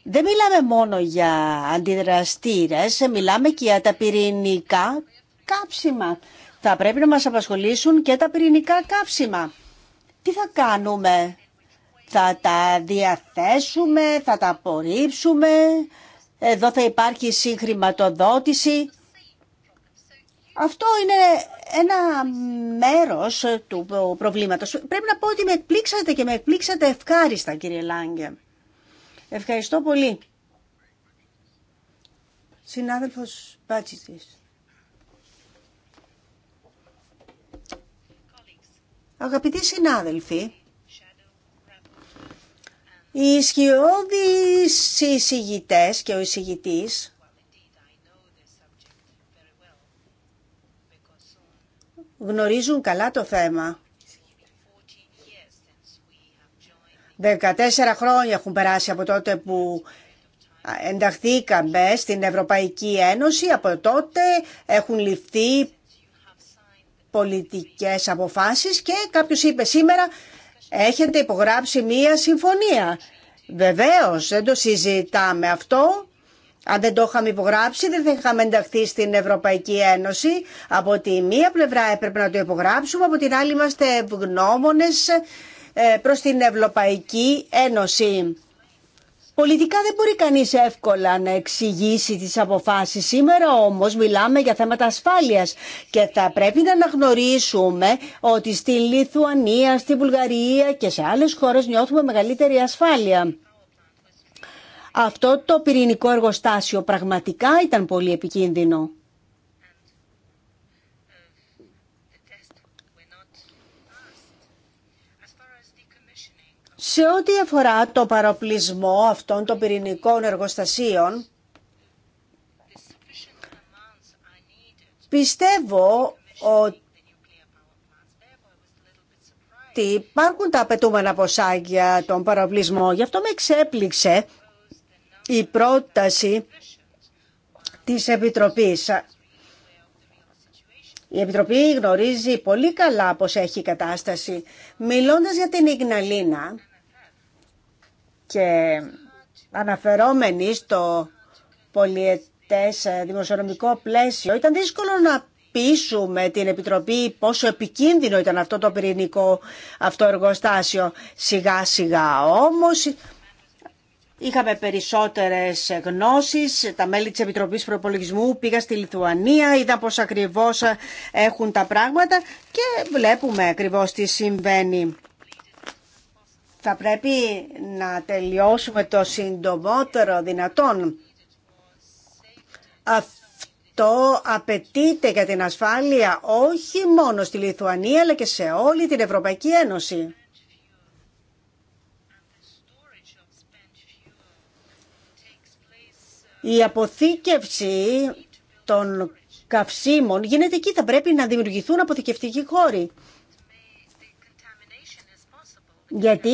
δεν μιλάμε μόνο για αντιδραστήρες, μιλάμε και για τα πυρηνικά κάψιμα. Θα πρέπει να μας απασχολήσουν και τα πυρηνικά κάψιμα. Τι θα κάνουμε, θα τα διαθέσουμε, θα τα απορρίψουμε, εδώ θα υπάρχει συγχρηματοδότηση. Αυτό είναι ένα μέρος του προβλήματος. Πρέπει να πω ότι με εκπλήξατε και με εκπλήξατε ευχάριστα κύριε Λάγκε. Ευχαριστώ πολύ. Συνάδελφος Πάτσιτης. Αγαπητοί συνάδελφοι, οι ισχυώδεις εισηγητές και ο εισηγητής γνωρίζουν καλά το θέμα. 14 χρόνια έχουν περάσει από τότε που ενταχθήκαμε στην Ευρωπαϊκή Ένωση. Από τότε έχουν ληφθεί πολιτικές αποφάσεις και κάποιος είπε σήμερα έχετε υπογράψει μία συμφωνία. Βεβαίως δεν το συζητάμε αυτό. Αν δεν το είχαμε υπογράψει δεν θα είχαμε ενταχθεί στην Ευρωπαϊκή Ένωση. Από τη μία πλευρά έπρεπε να το υπογράψουμε, από την άλλη είμαστε ευγνώμονες ε, προς την Ευρωπαϊκή Ένωση. Πολιτικά δεν μπορεί κανείς εύκολα να εξηγήσει τις αποφάσεις. Σήμερα όμως μιλάμε για θέματα ασφάλειας και θα πρέπει να αναγνωρίσουμε ότι στη Λιθουανία, στη Βουλγαρία και σε άλλες χώρες νιώθουμε μεγαλύτερη ασφάλεια. Αυτό το πυρηνικό εργοστάσιο πραγματικά ήταν πολύ επικίνδυνο. Σε ό,τι αφορά το παροπλισμό αυτών των πυρηνικών εργοστασίων, πιστεύω ότι υπάρχουν τα απαιτούμενα ποσά για τον παροπλισμό. Γι' αυτό με εξέπληξε η πρόταση της Επιτροπής. Η Επιτροπή γνωρίζει πολύ καλά πώς έχει η κατάσταση. Μιλώντας για την Ιγναλίνα και αναφερόμενη στο πολιετές δημοσιονομικό πλαίσιο, ήταν δύσκολο να πείσουμε την Επιτροπή πόσο επικίνδυνο ήταν αυτό το πυρηνικό αυτό εργοστάσιο. Σιγά σιγά όμως Είχαμε περισσότερες γνώσει. τα μέλη τη Επιτροπής Προπολογισμού πήγα στη Λιθουανία, είδα πώ ακριβώ έχουν τα πράγματα και βλέπουμε ακριβώ τι συμβαίνει. Θα πρέπει να τελειώσουμε το συντομότερο δυνατόν. Αυτό απαιτείται για την ασφάλεια όχι μόνο στη Λιθουανία αλλά και σε όλη την Ευρωπαϊκή Ένωση. Η αποθήκευση των καυσίμων γίνεται εκεί. Θα πρέπει να δημιουργηθούν αποθηκευτικοί χώροι. Γιατί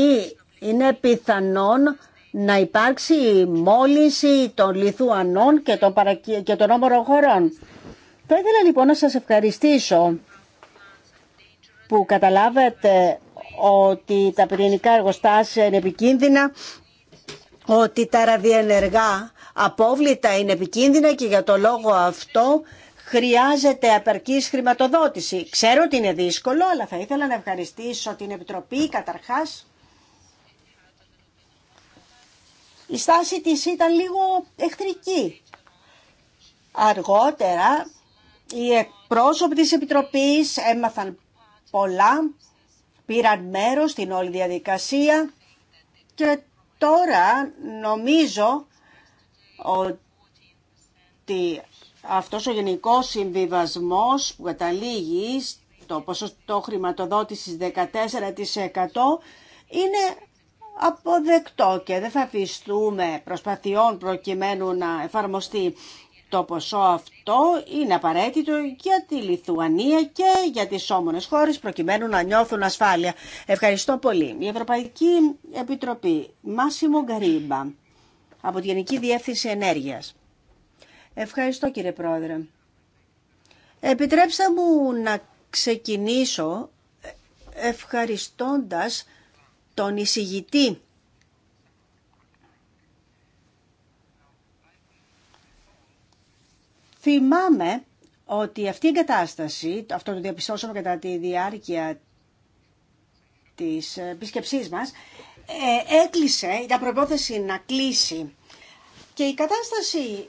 είναι πιθανόν να υπάρξει μόλυνση των Λιθουανών και των, και των όμορων χωρών. Θα ήθελα λοιπόν να σας ευχαριστήσω που καταλάβετε ότι τα πυρηνικά εργοστάσια είναι επικίνδυνα, ότι τα ραδιενεργά απόβλητα, είναι επικίνδυνα και για το λόγο αυτό χρειάζεται απερκής χρηματοδότηση. Ξέρω ότι είναι δύσκολο, αλλά θα ήθελα να ευχαριστήσω την Επιτροπή καταρχάς. Η στάση της ήταν λίγο εχθρική. Αργότερα οι εκπρόσωποι της Επιτροπής έμαθαν πολλά, πήραν μέρος στην όλη διαδικασία και τώρα νομίζω ότι αυτός ο γενικός συμβιβασμός που καταλήγει στο ποσοστό χρηματοδότησης 14% είναι αποδεκτό και δεν θα αφιστούμε προσπαθειών προκειμένου να εφαρμοστεί το ποσό αυτό είναι απαραίτητο για τη Λιθουανία και για τις όμονες χώρες προκειμένου να νιώθουν ασφάλεια. Ευχαριστώ πολύ. Η Ευρωπαϊκή Επιτροπή, Μάσιμο Γκαρίμπα από τη Γενική Διεύθυνση Ενέργειας. Ευχαριστώ κύριε Πρόεδρε. Επιτρέψτε μου να ξεκινήσω ε, ευχαριστώντας τον εισηγητή Θυμάμαι ότι αυτή η κατάσταση, αυτό το διαπιστώσαμε κατά τη διάρκεια της επίσκεψής μας, ε, έκλεισε, ήταν προπόθεση να κλείσει και η κατάσταση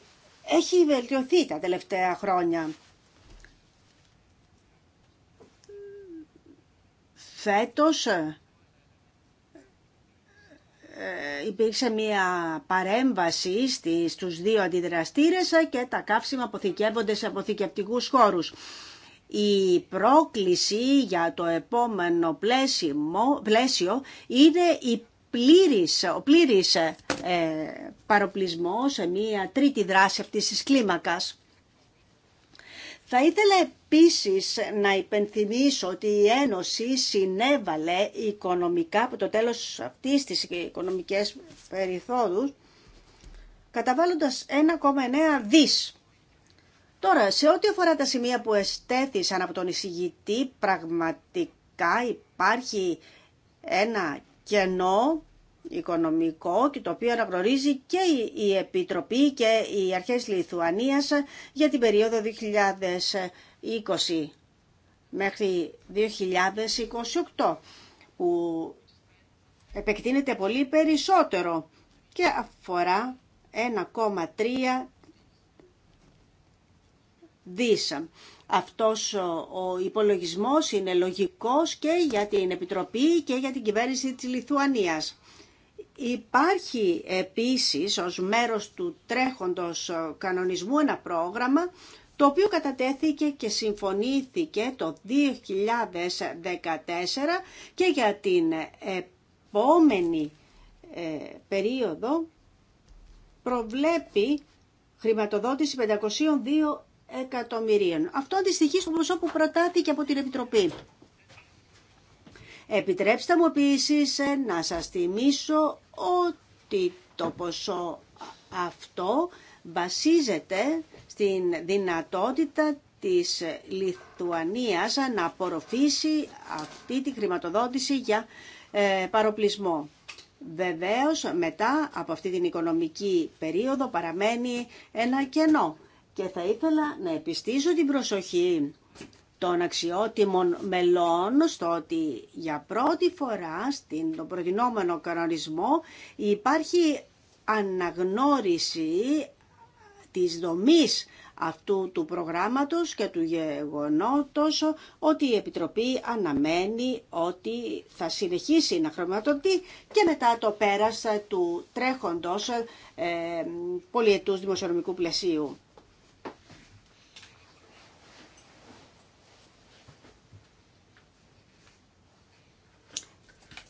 έχει βελτιωθεί τα τελευταία χρόνια. Φέτος ε, υπήρξε μια παρέμβαση στους δύο αντιδραστήρες και τα καύσιμα αποθηκεύονται σε αποθηκευτικούς χώρους. Η πρόκληση για το επόμενο πλαίσιο, είναι η πλήρης, ο πλήρης ε, ε, παροπλισμός σε μία τρίτη δράση αυτής της κλίμακας. Θα ήθελα επίσης να υπενθυμίσω ότι η Ένωση συνέβαλε οικονομικά από το τέλος αυτής της οικονομικές περιθώρους καταβάλλοντας 1,9 δις. Τώρα, σε ό,τι αφορά τα σημεία που εστέθησαν από τον εισηγητή, πραγματικά υπάρχει ένα κενό οικονομικό και το οποίο αναγνωρίζει και η Επιτροπή και οι αρχές Λιθουανίας για την περίοδο 2020 μέχρι 2028 που επεκτείνεται πολύ περισσότερο και αφορά 1,3 δις. Αυτός ο υπολογισμός είναι λογικός και για την Επιτροπή και για την κυβέρνηση της Λιθουανίας. Υπάρχει επίσης ως μέρος του τρέχοντος κανονισμού ένα πρόγραμμα το οποίο κατατέθηκε και συμφωνήθηκε το 2014 και για την επόμενη ε, περίοδο προβλέπει χρηματοδότηση 502 εκατομμυρίων. Αυτό αντιστοιχεί στο ποσό που προτάθηκε από την Επιτροπή. Επιτρέψτε μου επίσης ε, να σας θυμίσω ότι το ποσό αυτό βασίζεται στην δυνατότητα της Λιθουανίας να απορροφήσει αυτή τη χρηματοδότηση για ε, παροπλισμό. Βεβαίως μετά από αυτή την οικονομική περίοδο παραμένει ένα κενό και θα ήθελα να επιστήσω την προσοχή των αξιότιμων μελών στο ότι για πρώτη φορά στην τον προτινόμενο κανονισμό υπάρχει αναγνώριση της δομής αυτού του προγράμματος και του γεγονότος ότι η Επιτροπή αναμένει ότι θα συνεχίσει να χρηματοδοτεί και μετά το πέρας του τρέχοντος ε, πολιετούς δημοσιονομικού πλαισίου.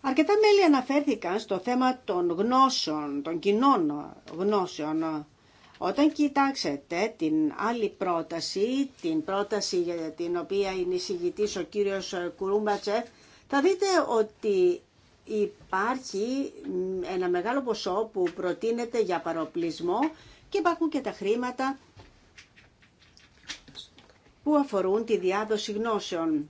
Αρκετά μέλη αναφέρθηκαν στο θέμα των γνώσεων, των κοινών γνώσεων. Όταν κοιτάξετε την άλλη πρόταση, την πρόταση για την οποία είναι εισηγητής ο κύριος Κουρούμπατσεφ, θα δείτε ότι υπάρχει ένα μεγάλο ποσό που προτείνεται για παροπλισμό και υπάρχουν και τα χρήματα που αφορούν τη διάδοση γνώσεων.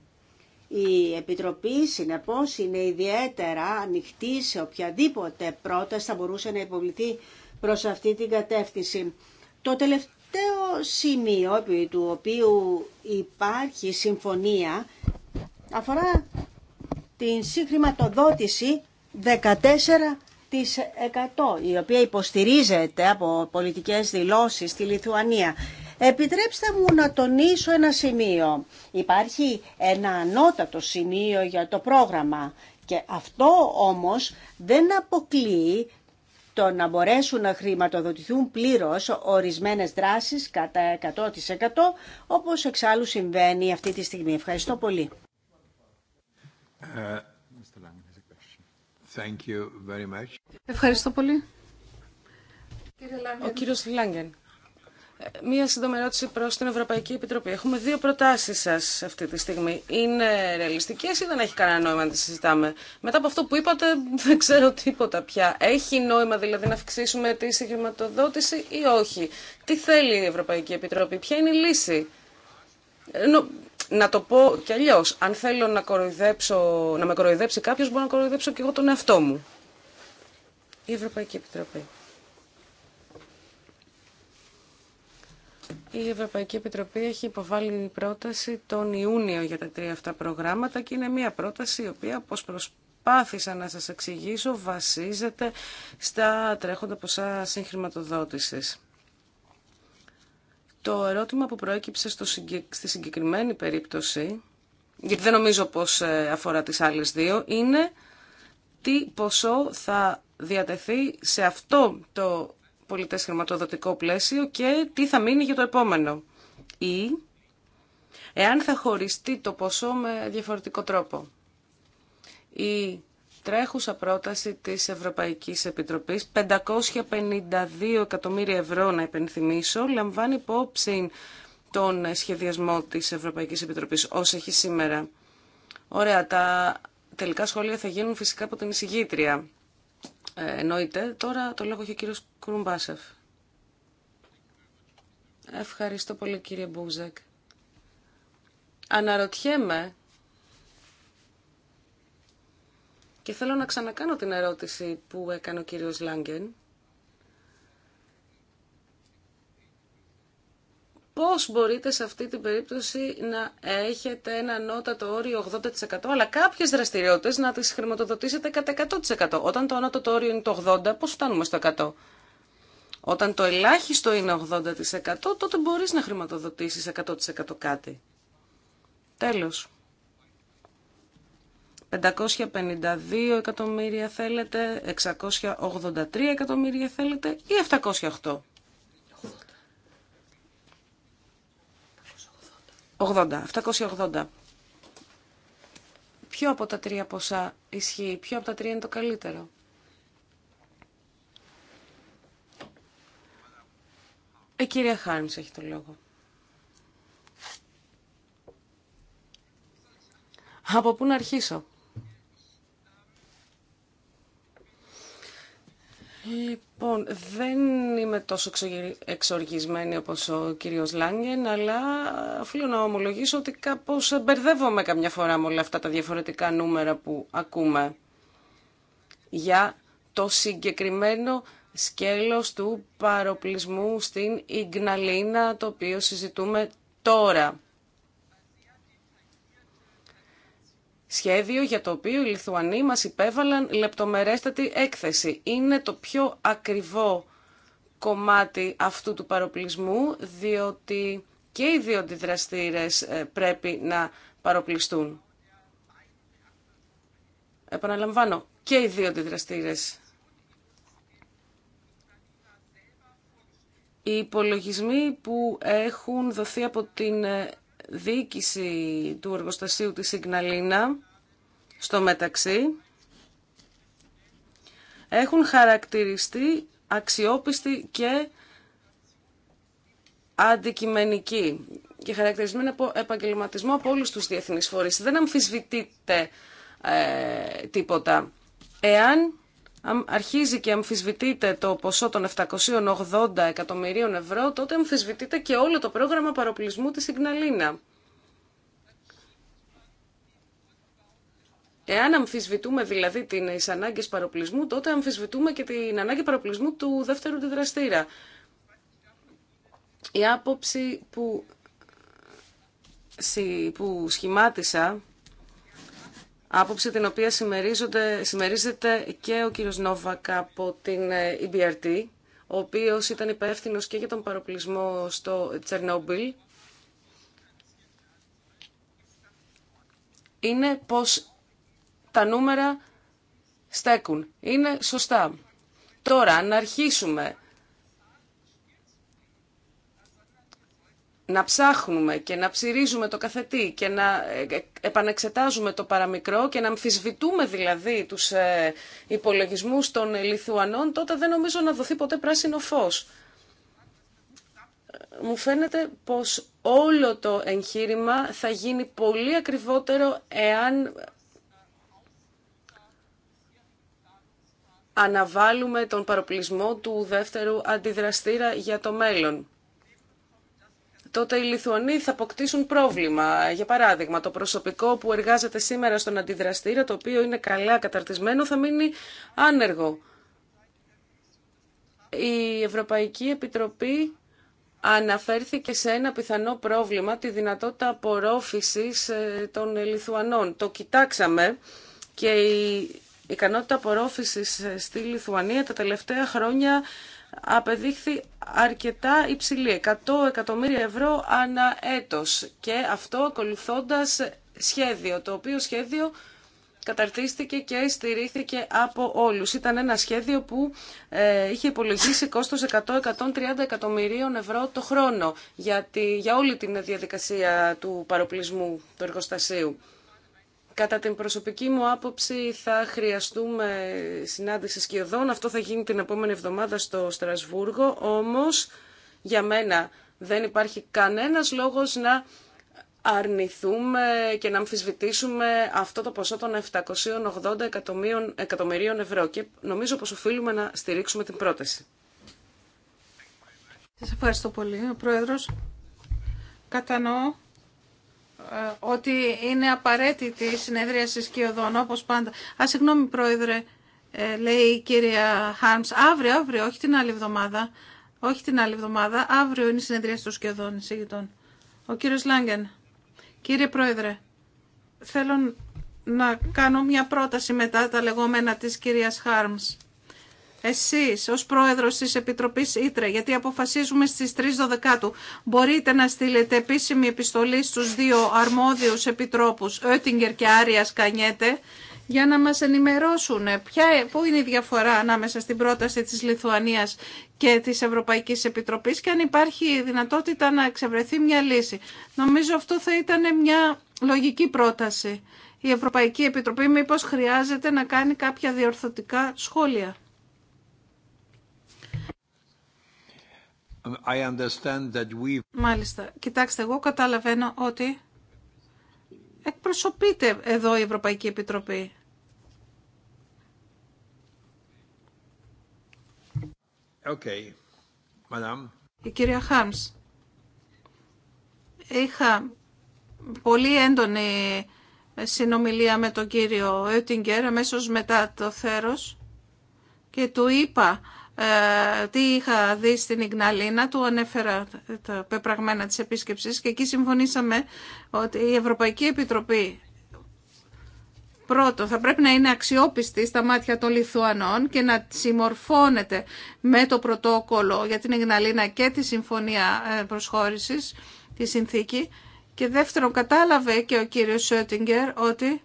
Η Επιτροπή, συνεπώς, είναι ιδιαίτερα ανοιχτή σε οποιαδήποτε πρόταση θα μπορούσε να υποβληθεί προς αυτή την κατεύθυνση. Το τελευταίο σημείο του οποίου υπάρχει συμφωνία αφορά την συγχρηματοδότηση 14% η οποία υποστηρίζεται από πολιτικές δηλώσεις στη Λιθουανία. Επιτρέψτε μου να τονίσω ένα σημείο. Υπάρχει ένα ανώτατο σημείο για το πρόγραμμα και αυτό όμως δεν αποκλείει το να μπορέσουν να χρηματοδοτηθούν πλήρως ορισμένες δράσεις κατά 100% όπως εξάλλου συμβαίνει αυτή τη στιγμή. Ευχαριστώ πολύ. Ε, Ευχαριστώ πολύ. Ο κύριος Λάγκεν. Μία σύντομη ερώτηση προ την Ευρωπαϊκή Επιτροπή. Έχουμε δύο προτάσει σα αυτή τη στιγμή. Είναι ρεαλιστικέ ή δεν έχει κανένα νόημα να τι συζητάμε. Μετά από αυτό που είπατε, δεν ξέρω τίποτα πια. Έχει νόημα δηλαδή να αυξήσουμε τη συγχρηματοδότηση ή όχι. Τι θέλει η Ευρωπαϊκή Επιτροπή, ποια είναι η λύση. Ε, να το πω κι αλλιώ. Αν θέλω να, κοροϊδέψω, να με κοροϊδέψει κάποιο, μπορώ να κοροϊδέψω κι εγώ τον εαυτό μου. Η Ευρωπαϊκή Επιτροπή. Η Ευρωπαϊκή Επιτροπή έχει υποβάλει πρόταση τον Ιούνιο για τα τρία αυτά προγράμματα και είναι μια πρόταση η οποία, όπως προσπάθησα να σας εξηγήσω, βασίζεται στα τρέχοντα ποσά συγχρηματοδότησης. Το ερώτημα που προέκυψε στο στη συγκεκριμένη περίπτωση, γιατί δεν νομίζω πως ε, αφορά τις άλλες δύο, είναι τι ποσό θα διατεθεί σε αυτό το πολιτές χρηματοδοτικό πλαίσιο και τι θα μείνει για το επόμενο. Ή εάν θα χωριστεί το ποσό με διαφορετικό τρόπο. Η τρέχουσα πρόταση της Ευρωπαϊκής Επιτροπής, 552 εκατομμύρια ευρώ να υπενθυμίσω, λαμβάνει υπόψη τον σχεδιασμό της Ευρωπαϊκής Επιτροπής όσο έχει σήμερα. Ωραία, τα τελικά σχόλια θα γίνουν φυσικά από την εισηγήτρια. Ε, εννοείται. Τώρα το λόγο έχει ο κύριος Κρουμπάσεφ. Ευχαριστώ πολύ κύριε Μπούζεκ. Αναρωτιέμαι και θέλω να ξανακάνω την ερώτηση που έκανε ο κύριος Λάγκεν. πώς μπορείτε σε αυτή την περίπτωση να έχετε ένα ανώτατο όριο 80% αλλά κάποιες δραστηριότητες να τις χρηματοδοτήσετε κατά 100%. Όταν το ανώτατο όριο είναι το 80% πώς φτάνουμε στο 100%. Όταν το ελάχιστο είναι 80% τότε μπορείς να χρηματοδοτήσεις 100% κάτι. Τέλος. 552 εκατομμύρια θέλετε, 683 εκατομμύρια θέλετε ή 708. 80, 780. Ποιο από τα τρία ποσά ισχύει, ποιο από τα τρία είναι το καλύτερο. Η ε, κυρία Χάρμς έχει το λόγο. Από πού να αρχίσω. Λοιπόν, δεν είμαι τόσο εξοργισμένη όπως ο κύριος Λάγκεν, αλλά οφείλω να ομολογήσω ότι κάπως μπερδεύομαι καμιά φορά με όλα αυτά τα διαφορετικά νούμερα που ακούμε για το συγκεκριμένο σκέλος του παροπλισμού στην Ιγναλίνα, το οποίο συζητούμε τώρα. σχέδιο για το οποίο οι Λιθουανοί μας υπέβαλαν λεπτομερέστατη έκθεση. Είναι το πιο ακριβό κομμάτι αυτού του παροπλισμού, διότι και οι δύο αντιδραστήρε ε, πρέπει να παροπλιστούν. Επαναλαμβάνω, και οι δύο αντιδραστήρε. Οι υπολογισμοί που έχουν δοθεί από την ε, διοίκηση του εργοστασίου της Συγναλίνα στο μεταξύ έχουν χαρακτηριστεί αξιόπιστοι και αντικειμενικοί και χαρακτηρισμένοι από επαγγελματισμό από όλους τους διεθνείς φορείς. Δεν αμφισβητείται ε, τίποτα. Εάν αρχίζει και αμφισβητείται το ποσό των 780 εκατομμυρίων ευρώ, τότε αμφισβητείται και όλο το πρόγραμμα παροπλισμού της Ιγναλίνα. Εάν αμφισβητούμε δηλαδή τις ανάγκες παροπλισμού, τότε αμφισβητούμε και την ανάγκη παροπλισμού του δεύτερου αντιδραστήρα. Η άποψη που, που σχημάτισα Άποψη την οποία συμμερίζεται και ο κύριος Νόβακ από την ε, EBRT, ο οποίος ήταν υπεύθυνος και για τον παροπλισμό στο Τσερνόμπιλ. Είναι πως τα νούμερα στέκουν. Είναι σωστά. Τώρα, να αρχίσουμε να ψάχνουμε και να ψυρίζουμε το καθετή και να ε, ε, επανεξετάζουμε το παραμικρό και να αμφισβητούμε δηλαδή τους ε, υπολογισμούς των Λιθουανών, τότε δεν νομίζω να δοθεί ποτέ πράσινο φως. Μου φαίνεται πως όλο το εγχείρημα θα γίνει πολύ ακριβότερο εάν αναβάλουμε τον παροπλισμό του δεύτερου αντιδραστήρα για το μέλλον τότε οι Λιθουανοί θα αποκτήσουν πρόβλημα. Για παράδειγμα, το προσωπικό που εργάζεται σήμερα στον αντιδραστήρα, το οποίο είναι καλά καταρτισμένο, θα μείνει άνεργο. Η Ευρωπαϊκή Επιτροπή αναφέρθηκε σε ένα πιθανό πρόβλημα, τη δυνατότητα απορρόφησης ε, των Λιθουανών. Το κοιτάξαμε και η ικανότητα απορρόφησης ε, στη Λιθουανία τα τελευταία χρόνια απεδείχθη αρκετά υψηλή, 100 εκατομμύρια ευρώ ανά έτος και αυτό ακολουθώντας σχέδιο, το οποίο σχέδιο καταρτίστηκε και στηρίχθηκε από όλους. Ήταν ένα σχέδιο που ε, είχε υπολογίσει κόστος 100-130 εκατομμυρίων ευρώ το χρόνο για, για όλη την διαδικασία του παροπλισμού του εργοστασίου. Κατά την προσωπική μου άποψη θα χρειαστούμε συνάντηση σκιωδών. Αυτό θα γίνει την επόμενη εβδομάδα στο Στρασβούργο. Όμως για μένα δεν υπάρχει κανένας λόγος να αρνηθούμε και να αμφισβητήσουμε αυτό το ποσό των 780 εκατομμύριων, ευρώ. Και νομίζω πως οφείλουμε να στηρίξουμε την πρόταση. Σας ευχαριστώ πολύ, ο Πρόεδρος. Κατανοώ ε, ότι είναι απαραίτητη η συνεδρία συνεδρίαση σκιωδών, όπως πάντα. Α, συγγνώμη, Πρόεδρε, ε, λέει η κυρία Χάρμς, αύριο, αύριο, όχι την άλλη εβδομάδα. Όχι την άλλη εβδομάδα, αύριο είναι η συνεδρία του σκιωδών εισηγητών. Ο κύριος Λάγκεν. Κύριε Πρόεδρε, θέλω να κάνω μια πρόταση μετά τα λεγόμενα της κυρίας Χάρμς εσείς ως πρόεδρος της Επιτροπής Ήτρε, γιατί αποφασίζουμε στις 3 Δοδεκάτου, μπορείτε να στείλετε επίσημη επιστολή στους δύο αρμόδιους επιτρόπους, Ότιγκερ και Άρια Κανιέτε, για να μας ενημερώσουν ε, ποια, πού είναι η διαφορά ανάμεσα στην πρόταση της Λιθουανίας και της Ευρωπαϊκής Επιτροπής και αν υπάρχει δυνατότητα να εξευρεθεί μια λύση. Νομίζω αυτό θα ήταν μια λογική πρόταση. Η Ευρωπαϊκή Επιτροπή μήπως χρειάζεται να κάνει κάποια διορθωτικά σχόλια. Μάλιστα. Κοιτάξτε, εγώ καταλαβαίνω ότι εκπροσωπείται εδώ η Ευρωπαϊκή Επιτροπή. Η κυρία Χάμς. Είχα πολύ έντονη συνομιλία με τον κύριο Έτιγκερ αμέσω μετά το θέρος και του είπα ε, τι είχα δει στην Ιγναλίνα, του ανέφερα τα πεπραγμένα της επίσκεψης και εκεί συμφωνήσαμε ότι η Ευρωπαϊκή Επιτροπή πρώτο θα πρέπει να είναι αξιόπιστη στα μάτια των Λιθουανών και να συμμορφώνεται με το πρωτόκολλο για την Ιγναλίνα και τη Συμφωνία ε, Προσχώρησης, τη συνθήκη. Και δεύτερον, κατάλαβε και ο κύριος Σιώτιγκερ ότι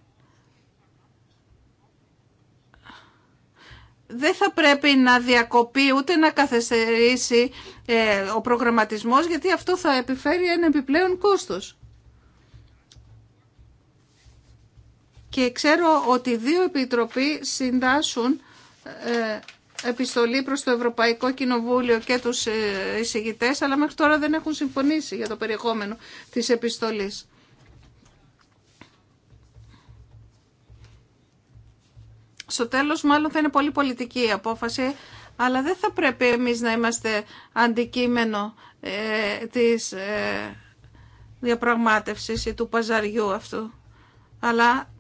δεν θα πρέπει να διακοπεί ούτε να καθυστερήσει ε, ο προγραμματισμός γιατί αυτό θα επιφέρει ένα επιπλέον κόστος. Και ξέρω ότι δύο επιτροποί συντάσσουν ε, επιστολή προς το Ευρωπαϊκό Κοινοβούλιο και τους ε, εισηγητές αλλά μέχρι τώρα δεν έχουν συμφωνήσει για το περιεχόμενο της επιστολής. στο τέλος μάλλον θα είναι πολύ πολιτική η απόφαση, αλλά δεν θα πρέπει εμείς να είμαστε αντικείμενο ε, της ε, διαπραγμάτευσης ή του παζαριού αυτού. Αλλά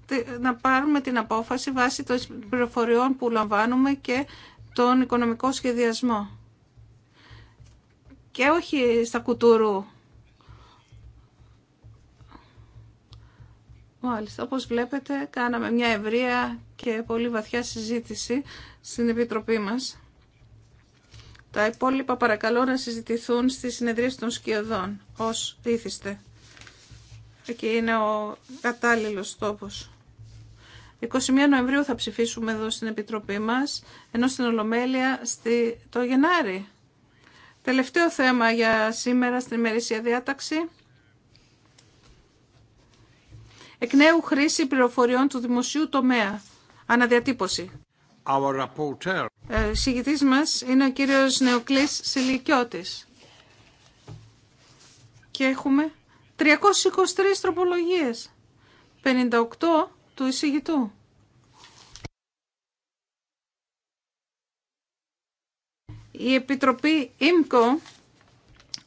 να πάρουμε την απόφαση βάσει των πληροφοριών που λαμβάνουμε και τον οικονομικό σχεδιασμό. Και όχι στα κουτούρου Μάλιστα, όπως βλέπετε κάναμε μια ευρεία και πολύ βαθιά συζήτηση στην Επιτροπή μας. Τα υπόλοιπα παρακαλώ να συζητηθούν στις συνεδρίες των σκιωδών, ως ήθιστε. Εκεί είναι ο κατάλληλος τόπος. 21 Νοεμβρίου θα ψηφίσουμε εδώ στην Επιτροπή μας, ενώ στην Ολομέλεια στη... το Γενάρη. Τελευταίο θέμα για σήμερα στην ημερήσια διάταξη. Εκ νέου χρήση πληροφοριών του δημοσίου τομέα. Αναδιατύπωση. Our reporter. Ε, μας είναι ο κύριος Νεοκλής Σιλικιώτης. Και έχουμε 323 τροπολογίες. 58 του εισηγητού. Η Επιτροπή ΙΜΚΟ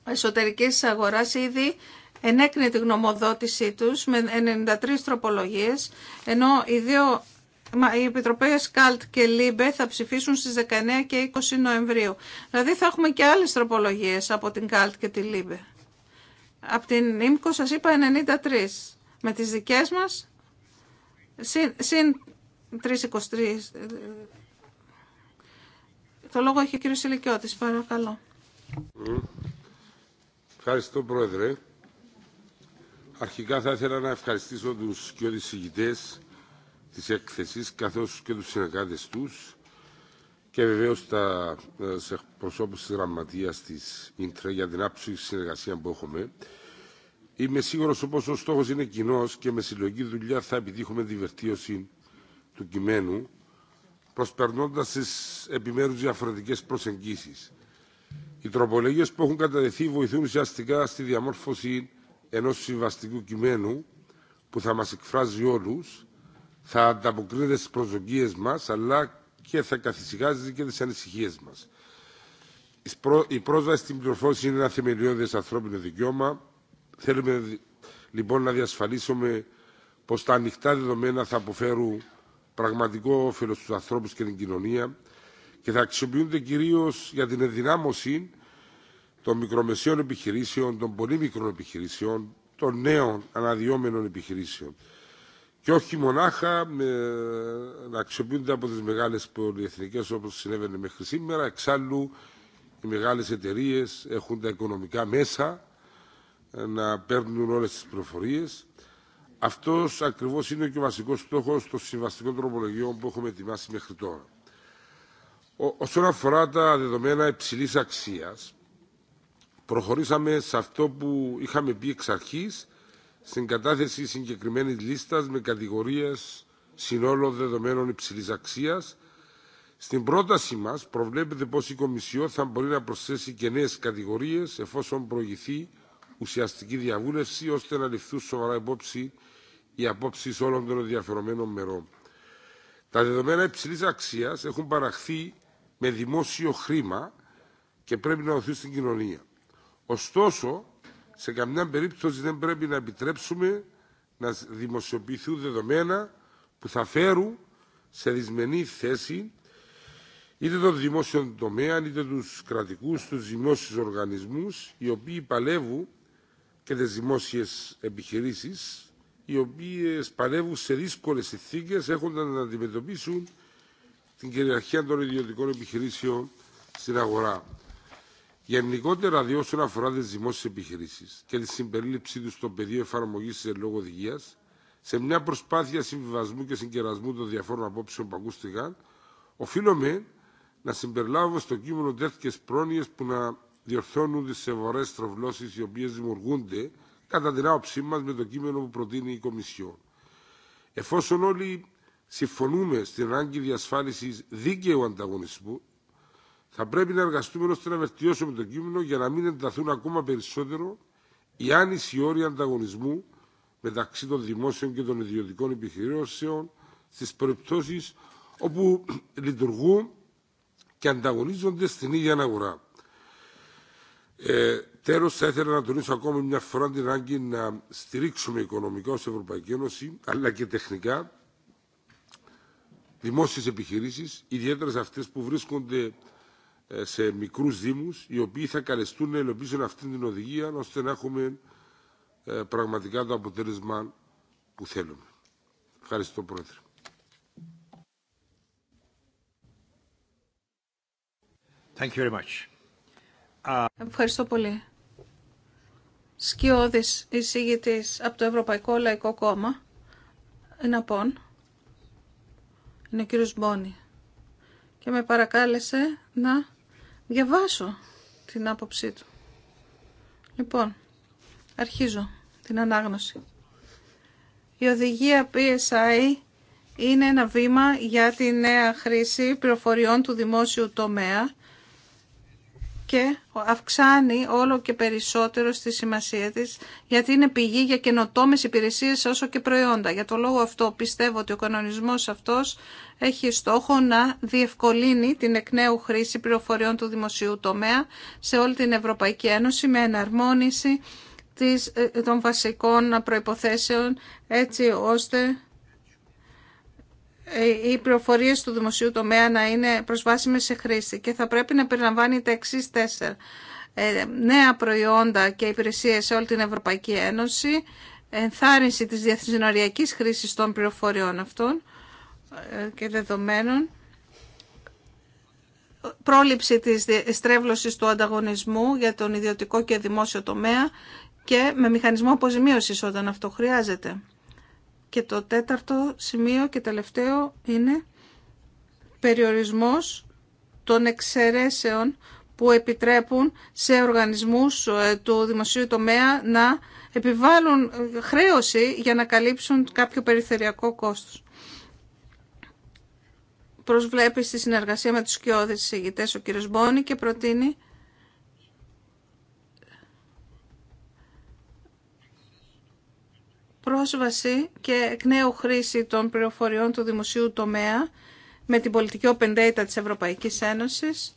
Εσωτερικής Αγοράς ήδη ενέκρινε τη γνωμοδότησή τους με 93 τροπολογίες, ενώ οι δύο οι επιτροπές ΚΑΛΤ και ΛΥΜΠΕ θα ψηφίσουν στις 19 και 20 Νοεμβρίου. Δηλαδή θα έχουμε και άλλες τροπολογίες από την ΚΑΛΤ και τη ΛΥΜΠΕ. Από την ΙΜΚΟ σας είπα 93. Με τις δικές μας, συν, 323. Το λόγο έχει ο κύριος Ηλικιώτης, παρακαλώ. Ευχαριστώ, Πρόεδρε. Αρχικά θα ήθελα να ευχαριστήσω τους και οδησηγητές της έκθεσης καθώς και τους συνεργάτες τους και βεβαίως τα ε, προσώπους της γραμματείας της Ίντρα για την άψογη συνεργασία που έχουμε. Είμαι σίγουρος όπως ο στόχος είναι κοινό και με συλλογική δουλειά θα επιτύχουμε τη βελτίωση του κειμένου προσπερνώντας τι επιμέρους διαφορετικές προσεγγίσεις. Οι τροπολογίες που έχουν κατατεθεί βοηθούν ουσιαστικά στη διαμόρφωση ενός συμβαστικού κειμένου που θα μας εκφράζει όλους, θα ανταποκρίνεται στις προσδοκίες μας, αλλά και θα καθησυχάζει και τις ανησυχίες μας. Η πρόσβαση στην πληροφόρηση είναι ένα θεμελιώδες ανθρώπινο δικαίωμα. Θέλουμε λοιπόν να διασφαλίσουμε πως τα ανοιχτά δεδομένα θα αποφέρουν πραγματικό όφελο στους ανθρώπους και την κοινωνία και θα αξιοποιούνται κυρίως για την ενδυνάμωση των μικρομεσαίων επιχειρήσεων, των πολύ μικρών επιχειρήσεων, των νέων αναδυόμενων επιχειρήσεων. Και όχι μονάχα με, να αξιοποιούνται από τις μεγάλες πολυεθνικές όπως συνέβαινε μέχρι σήμερα. Εξάλλου οι μεγάλες εταιρείε έχουν τα οικονομικά μέσα ε, να παίρνουν όλες τις προφορίες. Αυτός ακριβώς είναι και ο βασικός στόχος των συμβαστικών τροπολογιών που έχουμε ετοιμάσει μέχρι τώρα. Όσον αφορά τα δεδομένα υψηλής αξίας, προχωρήσαμε σε αυτό που είχαμε πει εξ αρχής, στην κατάθεση συγκεκριμένη λίστα με κατηγορίε συνόλων δεδομένων υψηλή αξία. Στην πρόταση μα προβλέπεται πω η Κομισιό θα μπορεί να προσθέσει και νέε κατηγορίε εφόσον προηγηθεί ουσιαστική διαβούλευση ώστε να ληφθούν σοβαρά υπόψη οι απόψει όλων των ενδιαφερομένων μερών. Τα δεδομένα υψηλή αξία έχουν παραχθεί με δημόσιο χρήμα και πρέπει να οθεί στην κοινωνία. Ωστόσο, σε καμιά περίπτωση δεν πρέπει να επιτρέψουμε να δημοσιοποιηθούν δεδομένα που θα φέρουν σε δυσμενή θέση είτε των δημόσιων τομέα, είτε τους κρατικούς, τους δημόσιους οργανισμούς, οι οποίοι παλεύουν και τις δημόσιες επιχειρήσεις, οι οποίες παλεύουν σε δύσκολες συνθήκε έχουν να αντιμετωπίσουν την κυριαρχία των ιδιωτικών επιχειρήσεων στην αγορά. Γενικότερα, διότι όσον αφορά τι δημόσιε επιχειρήσει και τη συμπερίληψή του στο πεδίο εφαρμογή τη λόγω οδηγία, σε μια προσπάθεια συμβιβασμού και συγκερασμού των διαφόρων απόψεων που ακούστηκαν, οφείλουμε να συμπεριλάβω στο κείμενο τέτοιε πρόνοιε που να διορθώνουν τι σεβαρέ τροβλώσει οι οποίε δημιουργούνται, κατά την άποψή μα, με το κείμενο που προτείνει η Κομισιόν. Εφόσον όλοι συμφωνούμε στην ανάγκη διασφάλιση δίκαιου ανταγωνισμού, θα πρέπει να εργαστούμε ώστε να βελτιώσουμε το κείμενο για να μην ενταθούν ακόμα περισσότερο οι άνισοι όροι ανταγωνισμού μεταξύ των δημόσιων και των ιδιωτικών επιχειρήσεων στις περιπτώσει, όπου λειτουργούν και ανταγωνίζονται στην ίδια αγορά. Ε, Τέλος, θα ήθελα να τονίσω ακόμη μια φορά την ανάγκη να στηρίξουμε οικονομικά ω Ευρωπαϊκή Ένωση, αλλά και τεχνικά, δημόσιε επιχειρήσει, ιδιαίτερα σε αυτέ που βρίσκονται ε, σε μικρούς δήμους οι οποίοι θα καλεστούν να υλοποιήσουν αυτή την οδηγία ώστε να έχουμε ε, πραγματικά το αποτέλεσμα που θέλουμε. Ευχαριστώ Πρόεδρε. Thank you very much. Ευχαριστώ πολύ. Σκιώδης εισηγητής από το Ευρωπαϊκό Λαϊκό Κόμμα είναι απόν. Είναι ο κύριος Μπόνη. Και με παρακάλεσε να διαβάσω την άποψή του. Λοιπόν, αρχίζω την ανάγνωση. Η οδηγία PSI είναι ένα βήμα για τη νέα χρήση πληροφοριών του δημόσιου τομέα και αυξάνει όλο και περισσότερο στη σημασία της γιατί είναι πηγή για καινοτόμες υπηρεσίες όσο και προϊόντα. Για το λόγο αυτό πιστεύω ότι ο κανονισμός αυτός έχει στόχο να διευκολύνει την εκ νέου χρήση πληροφοριών του δημοσίου τομέα σε όλη την Ευρωπαϊκή Ένωση με εναρμόνιση ε, των βασικών προϋποθέσεων έτσι ώστε ε, οι πληροφορίε του δημοσίου τομέα να είναι προσβάσιμες σε χρήση και θα πρέπει να περιλαμβάνει τα εξή τέσσερα. Ε, νέα προϊόντα και υπηρεσίε σε όλη την Ευρωπαϊκή Ένωση, ενθάρρυνση της διεθνώριακή χρήση των πληροφοριών αυτών ε, και δεδομένων, πρόληψη της στρέβλωσης του ανταγωνισμού για τον ιδιωτικό και δημόσιο τομέα και με μηχανισμό αποζημίωση όταν αυτό χρειάζεται. Και το τέταρτο σημείο και τελευταίο είναι περιορισμός των εξαιρέσεων που επιτρέπουν σε οργανισμούς ε, του δημοσίου τομέα να επιβάλλουν χρέωση για να καλύψουν κάποιο περιφερειακό κόστος. Προσβλέπει στη συνεργασία με τους σκιώδες εισηγητές ο κ. Μπόνη και προτείνει πρόσβαση και εκ νέου χρήση των πληροφοριών του δημοσίου τομέα με την πολιτική Open Data της Ευρωπαϊκής Ένωσης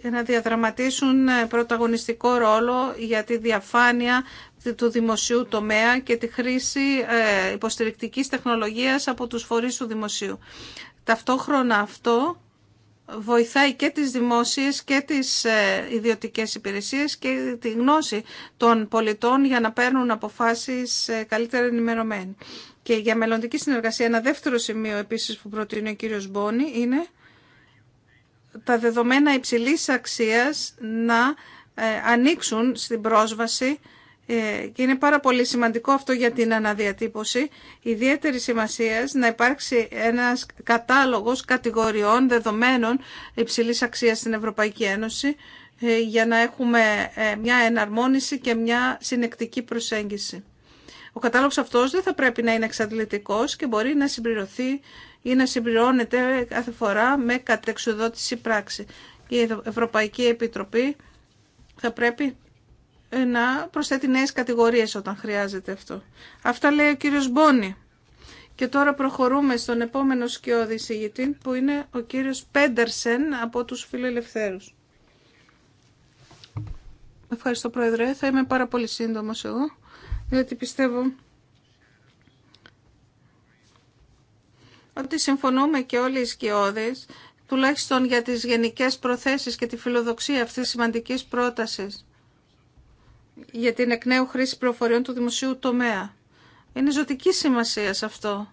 για να διαδραματίσουν πρωταγωνιστικό ρόλο για τη διαφάνεια του δημοσίου τομέα και τη χρήση ε, υποστηρικτικής τεχνολογίας από τους φορείς του δημοσίου. Ταυτόχρονα αυτό βοηθάει και τις δημόσιες και τις ε, ιδιωτικές υπηρεσίες και τη γνώση των πολιτών για να παίρνουν αποφάσεις ε, καλύτερα ενημερωμένοι. Και για μελλοντική συνεργασία ένα δεύτερο σημείο επίσης που προτείνει ο κύριος Μπόνη είναι τα δεδομένα υψηλής αξίας να ε, ανοίξουν στην πρόσβαση ε, και είναι πάρα πολύ σημαντικό αυτό για την αναδιατύπωση, ιδιαίτερη σημασία να υπάρξει ένας κατάλογος κατηγοριών δεδομένων υψηλής αξίας στην Ευρωπαϊκή Ένωση ε, για να έχουμε ε, μια εναρμόνιση και μια συνεκτική προσέγγιση. Ο κατάλογος αυτός δεν θα πρέπει να είναι εξαντλητικός και μπορεί να συμπληρωθεί ή να συμπληρώνεται κάθε φορά με κατεξουδότηση πράξη. Η Ευρωπαϊκή Επιτροπή θα πρέπει να προσθέτει νέες κατηγορίες όταν χρειάζεται αυτό. Αυτά λέει ο κύριος Μπόνι. Και τώρα προχωρούμε στον επόμενο σκιώδη συγητή που είναι ο κύριος Πέντερσεν από τους Φιλοελευθέρους. Ευχαριστώ Πρόεδρε. Θα είμαι πάρα πολύ σύντομος εγώ, διότι πιστεύω ότι συμφωνούμε και όλοι οι σκιώδες, τουλάχιστον για τις γενικές προθέσεις και τη φιλοδοξία αυτής της σημαντικής πρότασης για την εκ νέου χρήση προφοριών του δημοσίου τομέα. Είναι ζωτική σημασία σε αυτό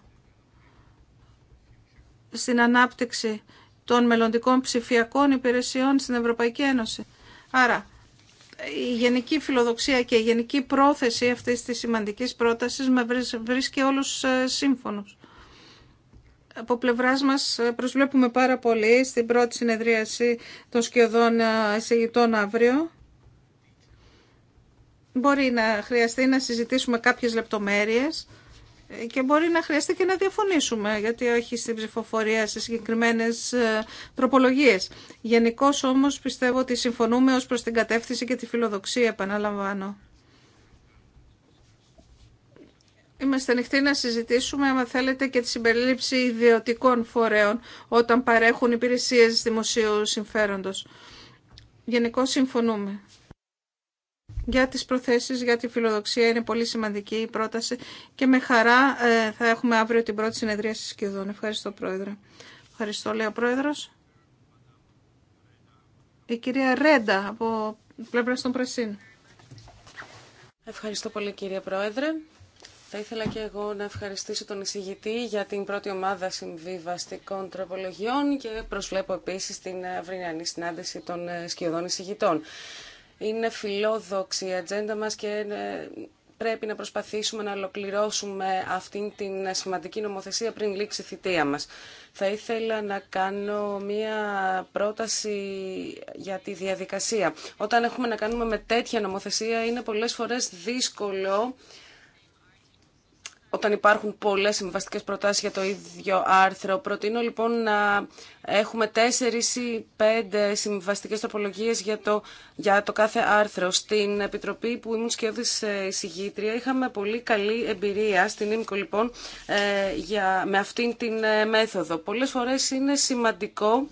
στην ανάπτυξη των μελλοντικών ψηφιακών υπηρεσιών στην Ευρωπαϊκή Ένωση. Άρα, η γενική φιλοδοξία και η γενική πρόθεση αυτής της σημαντικής πρότασης με βρίσκει όλους ε, σύμφωνους. Από πλευράς μας ε, προσβλέπουμε πάρα πολύ στην πρώτη συνεδρίαση των σκιωδών ε, εισηγητών αύριο Μπορεί να χρειαστεί να συζητήσουμε κάποιες λεπτομέρειες και μπορεί να χρειαστεί και να διαφωνήσουμε, γιατί όχι στην ψηφοφορία σε συγκεκριμένες ε, τροπολογίες. Γενικώ όμως πιστεύω ότι συμφωνούμε ως προς την κατεύθυνση και τη φιλοδοξία, επαναλαμβάνω. Είμαστε ανοιχτοί να συζητήσουμε, άμα θέλετε, και τη συμπερίληψη ιδιωτικών φορέων όταν παρέχουν υπηρεσίες δημοσίου συμφέροντος. Γενικώ συμφωνούμε για τις προθέσεις, για τη φιλοδοξία. Είναι πολύ σημαντική η πρόταση και με χαρά ε, θα έχουμε αύριο την πρώτη συνεδρία στις Σκηδών. Ευχαριστώ Πρόεδρε. Ευχαριστώ λέει ο Πρόεδρος. Η κυρία Ρέντα από πλευρά των Πρεσίν. Ευχαριστώ πολύ κυρία Πρόεδρε. Θα ήθελα και εγώ να ευχαριστήσω τον εισηγητή για την πρώτη ομάδα συμβιβαστικών τροπολογιών και προσβλέπω επίσης την αυριανή συνάντηση των ε, σκιωδών εισηγητών. Είναι φιλόδοξη η ατζέντα μας και πρέπει να προσπαθήσουμε να ολοκληρώσουμε αυτήν την σημαντική νομοθεσία πριν λήξει η θητεία μας. Θα ήθελα να κάνω μία πρόταση για τη διαδικασία. Όταν έχουμε να κάνουμε με τέτοια νομοθεσία είναι πολλές φορές δύσκολο όταν υπάρχουν πολλές συμβαστικέ προτάσεις για το ίδιο άρθρο. Προτείνω λοιπόν να έχουμε τέσσερις ή πέντε συμβαστικέ τροπολογίες για το, για το κάθε άρθρο. Στην Επιτροπή που ήμουν η ε, εισηγήτρια είχαμε πολύ καλή εμπειρία στην ΕΜΚΟ λοιπόν ε, για, με αυτήν την ε, μέθοδο. Πολλές φορές είναι σημαντικό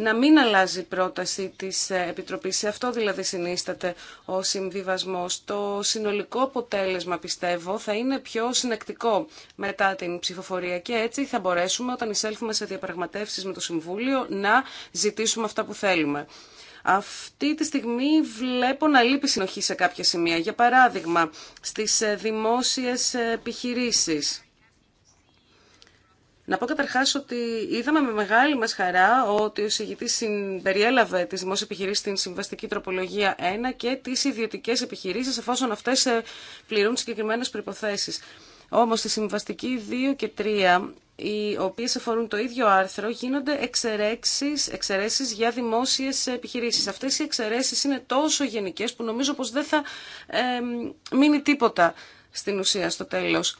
να μην αλλάζει η πρόταση της ε, Επιτροπής. Σε αυτό δηλαδή συνίσταται ο συμβιβασμός. Το συνολικό αποτέλεσμα πιστεύω θα είναι πιο συνεκτικό μετά την ψηφοφορία και έτσι θα μπορέσουμε όταν εισέλθουμε σε διαπραγματεύσεις με το Συμβούλιο να ζητήσουμε αυτά που θέλουμε. Αυτή τη στιγμή βλέπω να λείπει συνοχή σε κάποια σημεία. Για παράδειγμα, στις ε, δημόσιες ε, επιχειρήσεις να πω καταρχά ότι είδαμε με μεγάλη μα χαρά ότι ο συγητή συμπεριέλαβε τι δημόσιε επιχειρήσει στην συμβαστική τροπολογία 1 και τι ιδιωτικέ επιχειρήσει, εφόσον αυτέ ε, πληρούν συγκεκριμένε προποθέσει. Όμω στη συμβαστική 2 και 3, οι οποίε αφορούν το ίδιο άρθρο, γίνονται εξαιρέσει για δημόσιε επιχειρήσει. Αυτέ οι εξαιρέσει είναι τόσο γενικέ που νομίζω πω δεν θα ε, μείνει τίποτα στην ουσία στο τέλος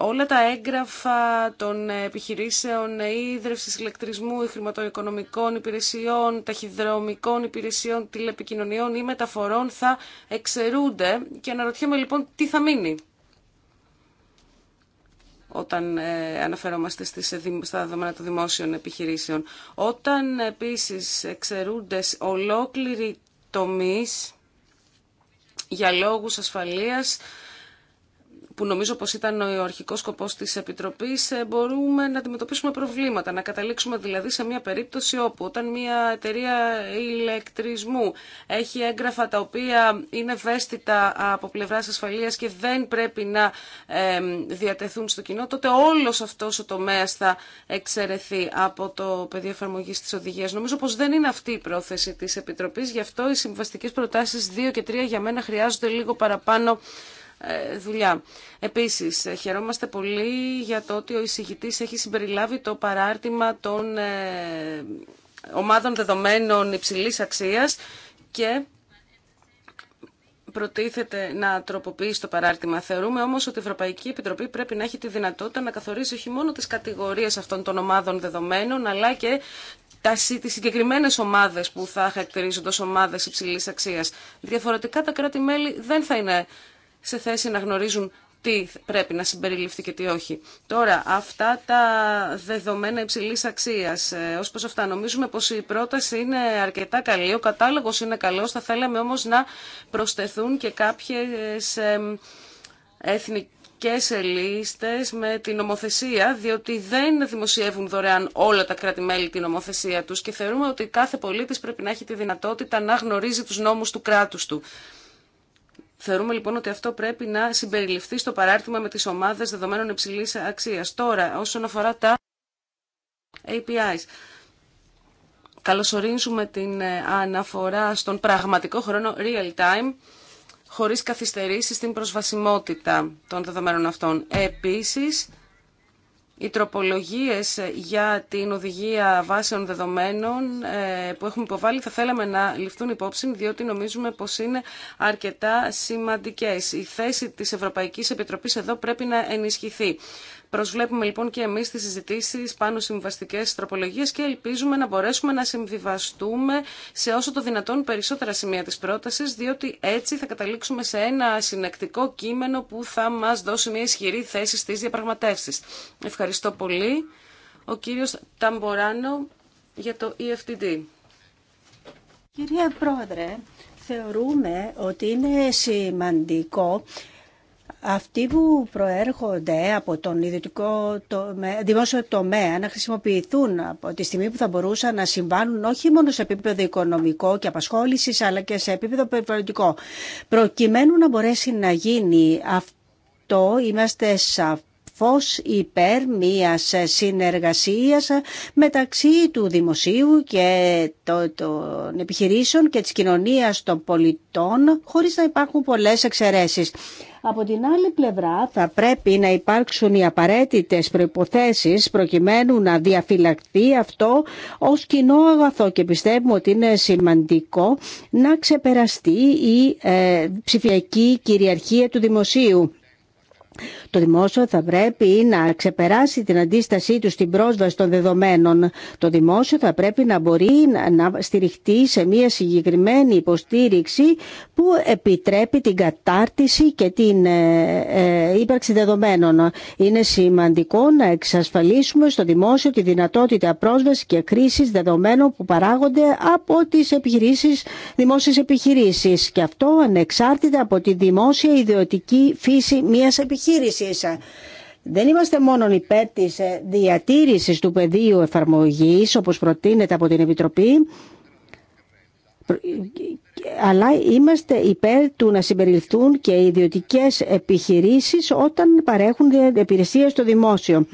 όλα τα έγγραφα των επιχειρήσεων ίδρυυσης ηλεκτρισμού, χρηματοοικονομικών υπηρεσιών, ταχυδρομικών υπηρεσιών, τηλεπικοινωνιών ή μεταφορών θα εξαιρούνται και αναρωτιέμαι λοιπόν τι θα μείνει όταν ε, αναφερόμαστε στις, ε, στα δεδομένα των δημόσιων επιχειρήσεων. Όταν επίσης εξαιρούνται ολόκληροι τομείς για λόγους ασφαλείας, που νομίζω πως ήταν ο αρχικός σκοπός της Επιτροπής, ε, μπορούμε να αντιμετωπίσουμε προβλήματα, να καταλήξουμε δηλαδή σε μια περίπτωση όπου όταν μια εταιρεία ηλεκτρισμού έχει έγγραφα τα οποία είναι βέστητα από πλευράς ασφαλείας και δεν πρέπει να διατεθούν στο κοινό, τότε όλος αυτός ο τομέας θα εξαιρεθεί από το πεδίο εφαρμογή της οδηγίας. Νομίζω πως δεν είναι αυτή η πρόθεση της Επιτροπής, γι' αυτό οι συμβαστικές προτάσεις 2 και 3 για μένα χρειάζονται λίγο παραπάνω ε, δουλειά. Επίσης, ε, χαιρόμαστε πολύ για το ότι ο εισηγητής έχει συμπεριλάβει το παράρτημα των ε, ομάδων δεδομένων υψηλής αξίας και προτίθεται να τροποποιήσει το παράρτημα. Θεωρούμε όμως ότι η Ευρωπαϊκή Επιτροπή πρέπει να έχει τη δυνατότητα να καθορίσει όχι μόνο τις κατηγορίες αυτών των ομάδων δεδομένων, αλλά και τις συγκεκριμένες ομάδες που θα χαρακτηρίζονται ως ομάδες υψηλής αξίας. Διαφορετικά τα κράτη-μέλη δεν θα είναι σε θέση να γνωρίζουν τι πρέπει να συμπεριληφθεί και τι όχι. Τώρα, αυτά τα δεδομένα υψηλή αξία, ε, ω προ αυτά, νομίζουμε πω η πρόταση είναι αρκετά καλή, ο κατάλογο είναι καλό, θα θέλαμε όμω να προσθεθούν και κάποιε εθνικέ λίστε με την νομοθεσία, διότι δεν δημοσιεύουν δωρεάν όλα τα κράτη-μέλη την νομοθεσία του και θεωρούμε ότι κάθε πολίτη πρέπει να έχει τη δυνατότητα να γνωρίζει του νόμου του κράτου του. Θεωρούμε λοιπόν ότι αυτό πρέπει να συμπεριληφθεί στο παράρτημα με τις ομάδες δεδομένων υψηλής αξίας. Τώρα, όσον αφορά τα APIs, καλωσορίζουμε την ε, αναφορά στον πραγματικό χρόνο real time, χωρίς καθυστερήσεις στην προσβασιμότητα των δεδομένων αυτών. Επίσης, οι τροπολογίες για την οδηγία βάσεων δεδομένων ε, που έχουμε υποβάλει θα θέλαμε να ληφθούν υπόψη διότι νομίζουμε πως είναι αρκετά σημαντικές. Η θέση της Ευρωπαϊκής Επιτροπής εδώ πρέπει να ενισχυθεί. Προσβλέπουμε λοιπόν και εμείς τις συζητήσει πάνω συμβαστικέ τροπολογίε και ελπίζουμε να μπορέσουμε να συμβιβαστούμε σε όσο το δυνατόν περισσότερα σημεία της πρότασης, διότι έτσι θα καταλήξουμε σε ένα συνεκτικό κείμενο που θα μας δώσει μια ισχυρή θέση στις διαπραγματεύσεις. Ευχαριστώ πολύ. Ο κύριος Ταμποράνο για το EFTD. Κυρία Πρόεδρε, θεωρούμε ότι είναι σημαντικό αυτοί που προέρχονται από τον ιδιωτικό δημόσιο τομέα να χρησιμοποιηθούν από τη στιγμή που θα μπορούσαν να συμβάνουν όχι μόνο σε επίπεδο οικονομικό και απασχόλησης αλλά και σε επίπεδο περιβαλλοντικό. Προκειμένου να μπορέσει να γίνει αυτό είμαστε σαφείς σαφώς υπέρ μιας συνεργασίας μεταξύ του δημοσίου και των επιχειρήσεων και της κοινωνίας των πολιτών χωρίς να υπάρχουν πολλές εξαιρεσει. Από την άλλη πλευρά θα πρέπει να υπάρξουν οι απαραίτητες προϋποθέσεις προκειμένου να διαφυλακτεί αυτό ως κοινό αγαθό και πιστεύουμε ότι είναι σημαντικό να ξεπεραστεί η ε, ψηφιακή κυριαρχία του δημοσίου. Το δημόσιο θα πρέπει να ξεπεράσει την αντίστασή του στην πρόσβαση των δεδομένων. Το δημόσιο θα πρέπει να μπορεί να στηριχτεί σε μια συγκεκριμένη υποστήριξη που επιτρέπει την κατάρτιση και την ε, ε, ύπαρξη δεδομένων. Είναι σημαντικό να εξασφαλίσουμε στο δημόσιο τη δυνατότητα πρόσβαση και κρίση δεδομένων που παράγονται από τι επιχειρήσει, δημόσιε επιχειρήσει. Και αυτό ανεξάρτητα από τη δημόσια ιδιωτική φύση μια επιχείρηση. Ε. δεν είμαστε μόνο υπέρ τη ε, διατήρησης του πεδίου εφαρμογής, όπως προτείνεται από την Επιτροπή, ε, αλλά είμαστε υπέρ του να συμπεριληφθούν και οι ιδιωτικές επιχειρήσεις όταν παρέχουν υπηρεσίες στο δημόσιο.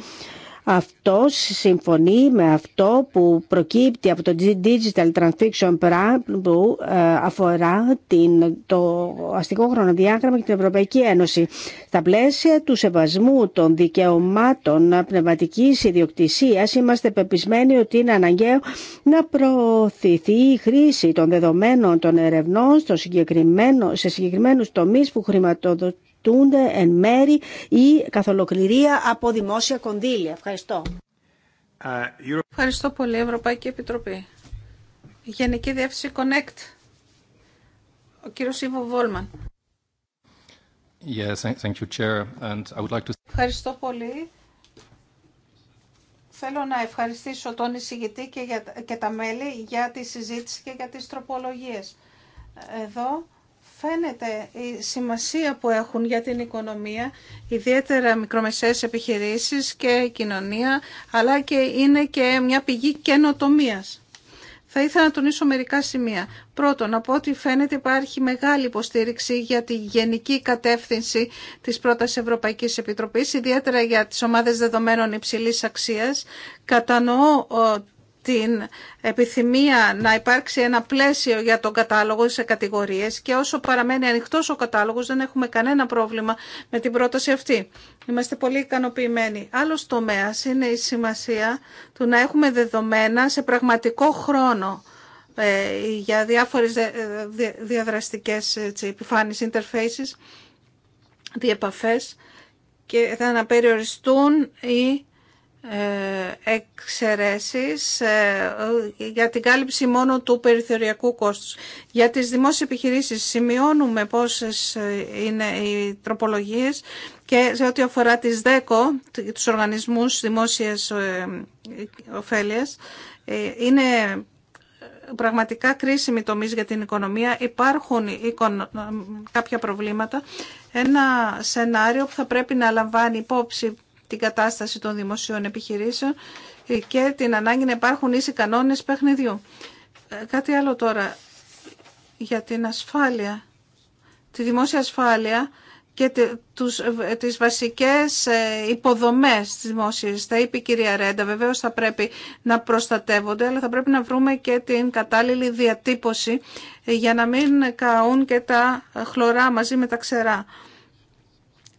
Αυτό συμφωνεί με αυτό που προκύπτει από το Digital Transfiction Plan που ε, αφορά την, το αστικό χρονοδιάγραμμα και την Ευρωπαϊκή Ένωση. Στα πλαίσια του σεβασμού των δικαιωμάτων πνευματικής ιδιοκτησίας είμαστε πεπισμένοι ότι είναι αναγκαίο να προωθηθεί η χρήση των δεδομένων των ερευνών σε συγκεκριμένους τομείς που χρηματοδοτούν Τούντε εν μέρη ή καθ' ολοκληρία από δημόσια κονδύλια. Ευχαριστώ. Ε, Ευχαριστώ πολύ Ευρωπαϊκή Επιτροπή. Η Γενική Διεύθυνση Connect. Ο κύριος Ιβο Βόλμαν. Yes, thank you, Chair. And I would like to... Ευχαριστώ πολύ. Θέλω να ευχαριστήσω τον εισηγητή και, για, και τα μέλη για τη συζήτηση και για τις τροπολογίες. Εδώ φαίνεται η σημασία που έχουν για την οικονομία, ιδιαίτερα μικρομεσαίες επιχειρήσεις και κοινωνία, αλλά και είναι και μια πηγή καινοτομία. Θα ήθελα να τονίσω μερικά σημεία. Πρώτον, από ό,τι φαίνεται υπάρχει μεγάλη υποστήριξη για τη γενική κατεύθυνση της πρώτας Ευρωπαϊκής Επιτροπής, ιδιαίτερα για τις ομάδες δεδομένων υψηλής αξίας. Κατανοώ ε, την επιθυμία να υπάρξει ένα πλαίσιο για τον κατάλογο σε κατηγορίες και όσο παραμένει ανοιχτός ο κατάλογος δεν έχουμε κανένα πρόβλημα με την πρόταση αυτή. Είμαστε πολύ ικανοποιημένοι. Άλλος τομέας είναι η σημασία του να έχουμε δεδομένα σε πραγματικό χρόνο ε, για διάφορες διαδραστικές έτσι, επιφάνεις, interfaces, διεπαφές και θα αναπεριοριστούν οι ε, εξαιρέσεις ε, για την κάλυψη μόνο του περιθωριακού κόστους. Για τις δημόσιες επιχειρήσεις σημειώνουμε πόσες ε, είναι οι τροπολογίες και σε ό,τι αφορά τις ΔΕΚΟ, τους οργανισμούς δημόσιας ωφέλειας, είναι πραγματικά κρίσιμη τομής για την οικονομία. Υπάρχουν κάποια προβλήματα. Ένα σενάριο που θα πρέπει να λαμβάνει υπόψη την κατάσταση των δημοσίων επιχειρήσεων και την ανάγκη να υπάρχουν ίσοι κανόνες παιχνιδιού. Ε, κάτι άλλο τώρα για την ασφάλεια, τη δημόσια ασφάλεια και τους, ε, τις βασικές ε, υποδομές της δημόσιας. Τα είπε η κυρία Ρέντα, βεβαίως θα πρέπει να προστατεύονται, αλλά θα πρέπει να βρούμε και την κατάλληλη διατύπωση για να μην καούν και τα χλωρά μαζί με τα ξερά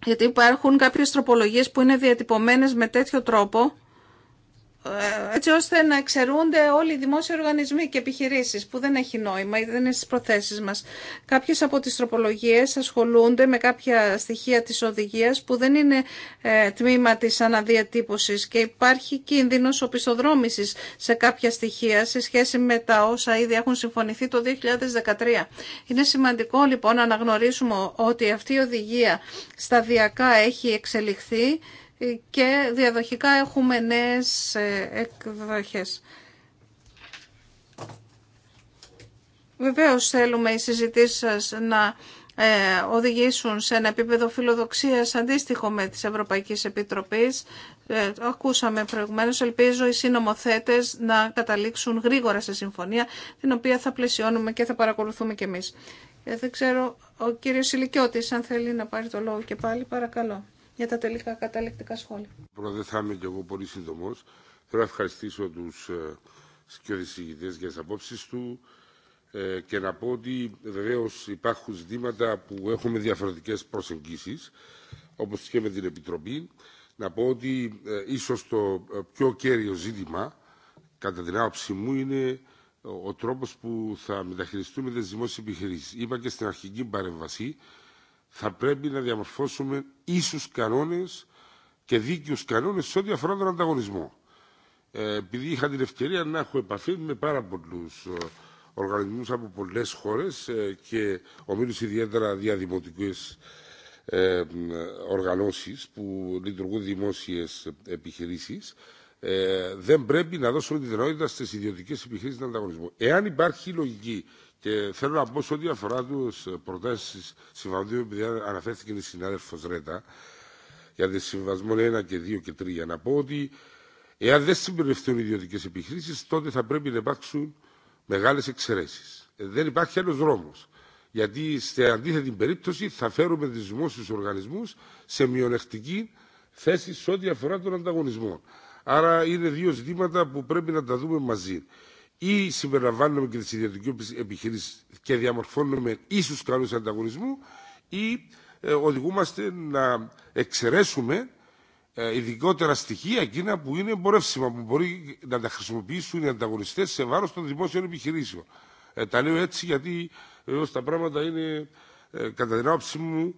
γιατί υπάρχουν κάποιες τροπολογίες που είναι διατυπωμένες με τέτοιο τρόπο έτσι ώστε να εξαιρούνται όλοι οι δημόσιοι οργανισμοί και επιχειρήσει που δεν έχει νόημα ή δεν είναι στι προθέσει μα. Κάποιε από τι τροπολογίε ασχολούνται με κάποια στοιχεία τη οδηγία που δεν είναι ε, τμήμα τη αναδιατύπωση και υπάρχει κίνδυνο οπισθοδρόμηση σε κάποια στοιχεία σε σχέση με τα όσα ήδη έχουν συμφωνηθεί το 2013. Είναι σημαντικό λοιπόν να αναγνωρίσουμε ότι αυτή η οδηγία σταδιακά έχει εξελιχθεί και διαδοχικά έχουμε νέες ε, εκδοχές. Βεβαίως θέλουμε οι συζητήσεις σας να ε, οδηγήσουν σε ένα επίπεδο φιλοδοξίας αντίστοιχο με της Ευρωπαϊκής Επιτροπής. Ε, ακούσαμε προηγουμένως. Ελπίζω οι συνομοθέτες να καταλήξουν γρήγορα σε συμφωνία, την οποία θα πλαισιώνουμε και θα παρακολουθούμε κι εμείς. Δεν ξέρω, ο κύριος Ηλικιώτης, αν θέλει να πάρει το λόγο και πάλι, παρακαλώ για τα τελικά καταληκτικά σχόλια. Πρώτα θα είμαι και εγώ πολύ σύντομο. Θέλω να ευχαριστήσω του ε, σκιωδησηγητέ για τι απόψει του ε, και να πω ότι βεβαίω υπάρχουν ζητήματα που έχουμε διαφορετικέ προσεγγίσει, όπω και με την Επιτροπή. Να πω ότι ε, ίσως το ε, πιο κέριο ζήτημα, κατά την άποψή μου, είναι ο τρόπος που θα μεταχειριστούμε τις δημόσιες επιχειρήσεις. Είπα και στην αρχική παρέμβαση θα πρέπει να διαμορφώσουμε ίσους κανόνες και δίκαιους κανόνες σε ό,τι αφορά τον ανταγωνισμό. Ε, επειδή είχα την ευκαιρία να έχω επαφή με πάρα πολλούς ε, οργανισμούς από πολλές χώρες ε, και ομίλους ιδιαίτερα διαδημοτικές ε, οργανώσεις που λειτουργούν δημόσιες επιχειρήσεις, δεν πρέπει να δώσουμε τη δυνατότητα στις ιδιωτικές επιχειρήσεις να ανταγωνισμό. Εάν υπάρχει λογική και θέλω να πω σε ό,τι αφορά του προτάσει συμβαδίου, επειδή αναφέρθηκε η συνάδελφο Ρέτα, για τη συμβασμό 1 και 2 και 3, να πω ότι εάν δεν συμπεριληφθούν ιδιωτικέ επιχειρήσει, τότε θα πρέπει να υπάρξουν μεγάλε εξαιρέσει. Ε, δεν υπάρχει άλλο δρόμο. Γιατί σε αντίθετη περίπτωση θα φέρουμε του δημόσιου οργανισμού σε μειονεκτική θέση σε ό,τι αφορά τον ανταγωνισμό. Άρα είναι δύο ζητήματα που πρέπει να τα δούμε μαζί ή συμπεριλαμβάνουμε και τι ιδιωτικέ επιχειρήσει και διαμορφώνουμε ίσου καλού ανταγωνισμού, ή ε, οδηγούμαστε να εξαιρέσουμε ε, ειδικότερα στοιχεία εκείνα που είναι εμπορεύσιμα, που μπορεί να τα χρησιμοποιήσουν οι ανταγωνιστέ σε βάρο των δημόσιων επιχειρήσεων. Ε, τα λέω έτσι γιατί ε, τα πράγματα είναι κατά την άποψή μου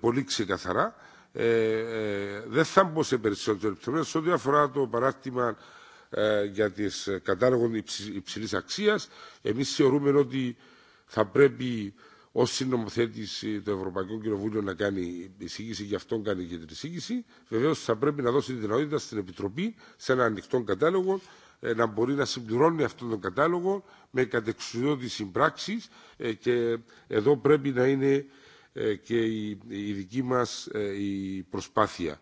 πολύ ξεκαθαρά. δεν θα μπω σε περισσότερο λεπτομέρειε ό,τι αφορά το παράρτημα ε, για τις ε, κατάργων υψηλή αξίας. Εμείς θεωρούμε ότι θα πρέπει ως συνομοθέτης ε, το Ευρωπαϊκό Κοινοβούλιο να κάνει εισήγηση, γι' αυτόν κάνει και την εισήγηση. Βεβαίως θα πρέπει να δώσει τη δυνατότητα στην Επιτροπή σε ένα ανοιχτό κατάλογο να μπορεί να συμπληρώνει αυτόν τον κατάλογο με κατεξουδότηση πράξη και εδώ πρέπει να είναι και η δική μας η προσπάθεια.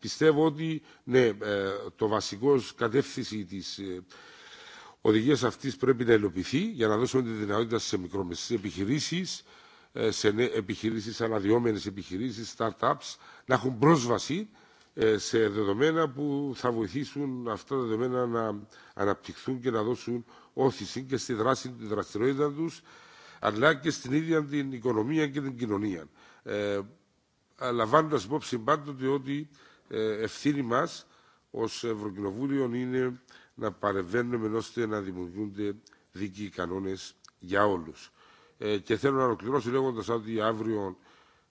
Πιστεύω ότι ναι, ε, το βασικό κατεύθυνση τη ε, οδηγία αυτή πρέπει να υλοποιηθεί για να δώσουμε τη δυνατότητα σε μικρομεσαίε επιχειρήσει, ε, σε επιχειρήσει, αναδυόμενε επιχειρήσει, startups, να έχουν πρόσβαση σε δεδομένα που θα βοηθήσουν αυτά τα δεδομένα να αναπτυχθούν και να δώσουν όθηση και στη δράση, τη δραστηριότητα του αλλά και στην ίδια την οικονομία και την κοινωνία. Ε, Λαμβάνοντα υπόψη πάντοτε ότι ε, ευθύνη μας ως Ευρωκοινοβούλιο είναι να παρεμβαίνουμε ώστε να δημιουργούνται δίκαιοι κανόνες για όλους. Ε, και θέλω να ολοκληρώσω λέγοντας ότι αύριο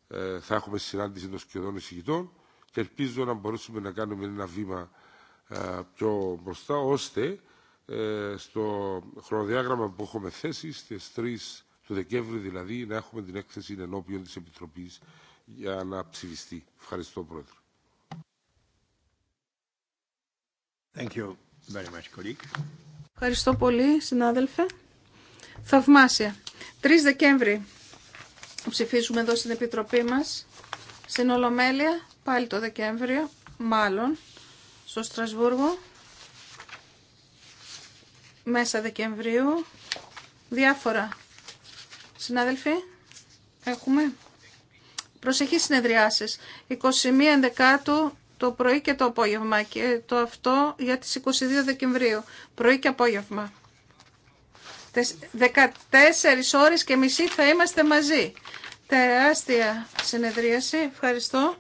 ε, θα έχουμε συνάντηση των σχεδόν εισηγητών και ελπίζω να μπορέσουμε να κάνουμε ένα βήμα πιο μπροστά ώστε στο χρονοδιάγραμμα που έχουμε θέσει στις 3 του Δεκέμβρη δηλαδή να έχουμε την έκθεση ενώπιον της Επιτροπής για να ψηφιστεί. Ευχαριστώ Πρόεδρε. Thank you very much, Ευχαριστώ πολύ, συνάδελφε. Θαυμάσια. 3 Δεκέμβρη ψηφίζουμε εδώ στην Επιτροπή μας, στην Ολομέλεια, πάλι το Δεκέμβριο, μάλλον, στο Στρασβούργο, μέσα Δεκεμβρίου, διάφορα. Συνάδελφοι, έχουμε προσεχή συνεδριάσεις. 21 Δεκάτου το πρωί και το απόγευμα και το αυτό για τις 22 Δεκεμβρίου, πρωί και απόγευμα. 14 ώρες και μισή θα είμαστε μαζί. Τεράστια συνεδρίαση, ευχαριστώ.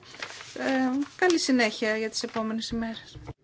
Ε, καλή συνέχεια για τις επόμενες ημέρες.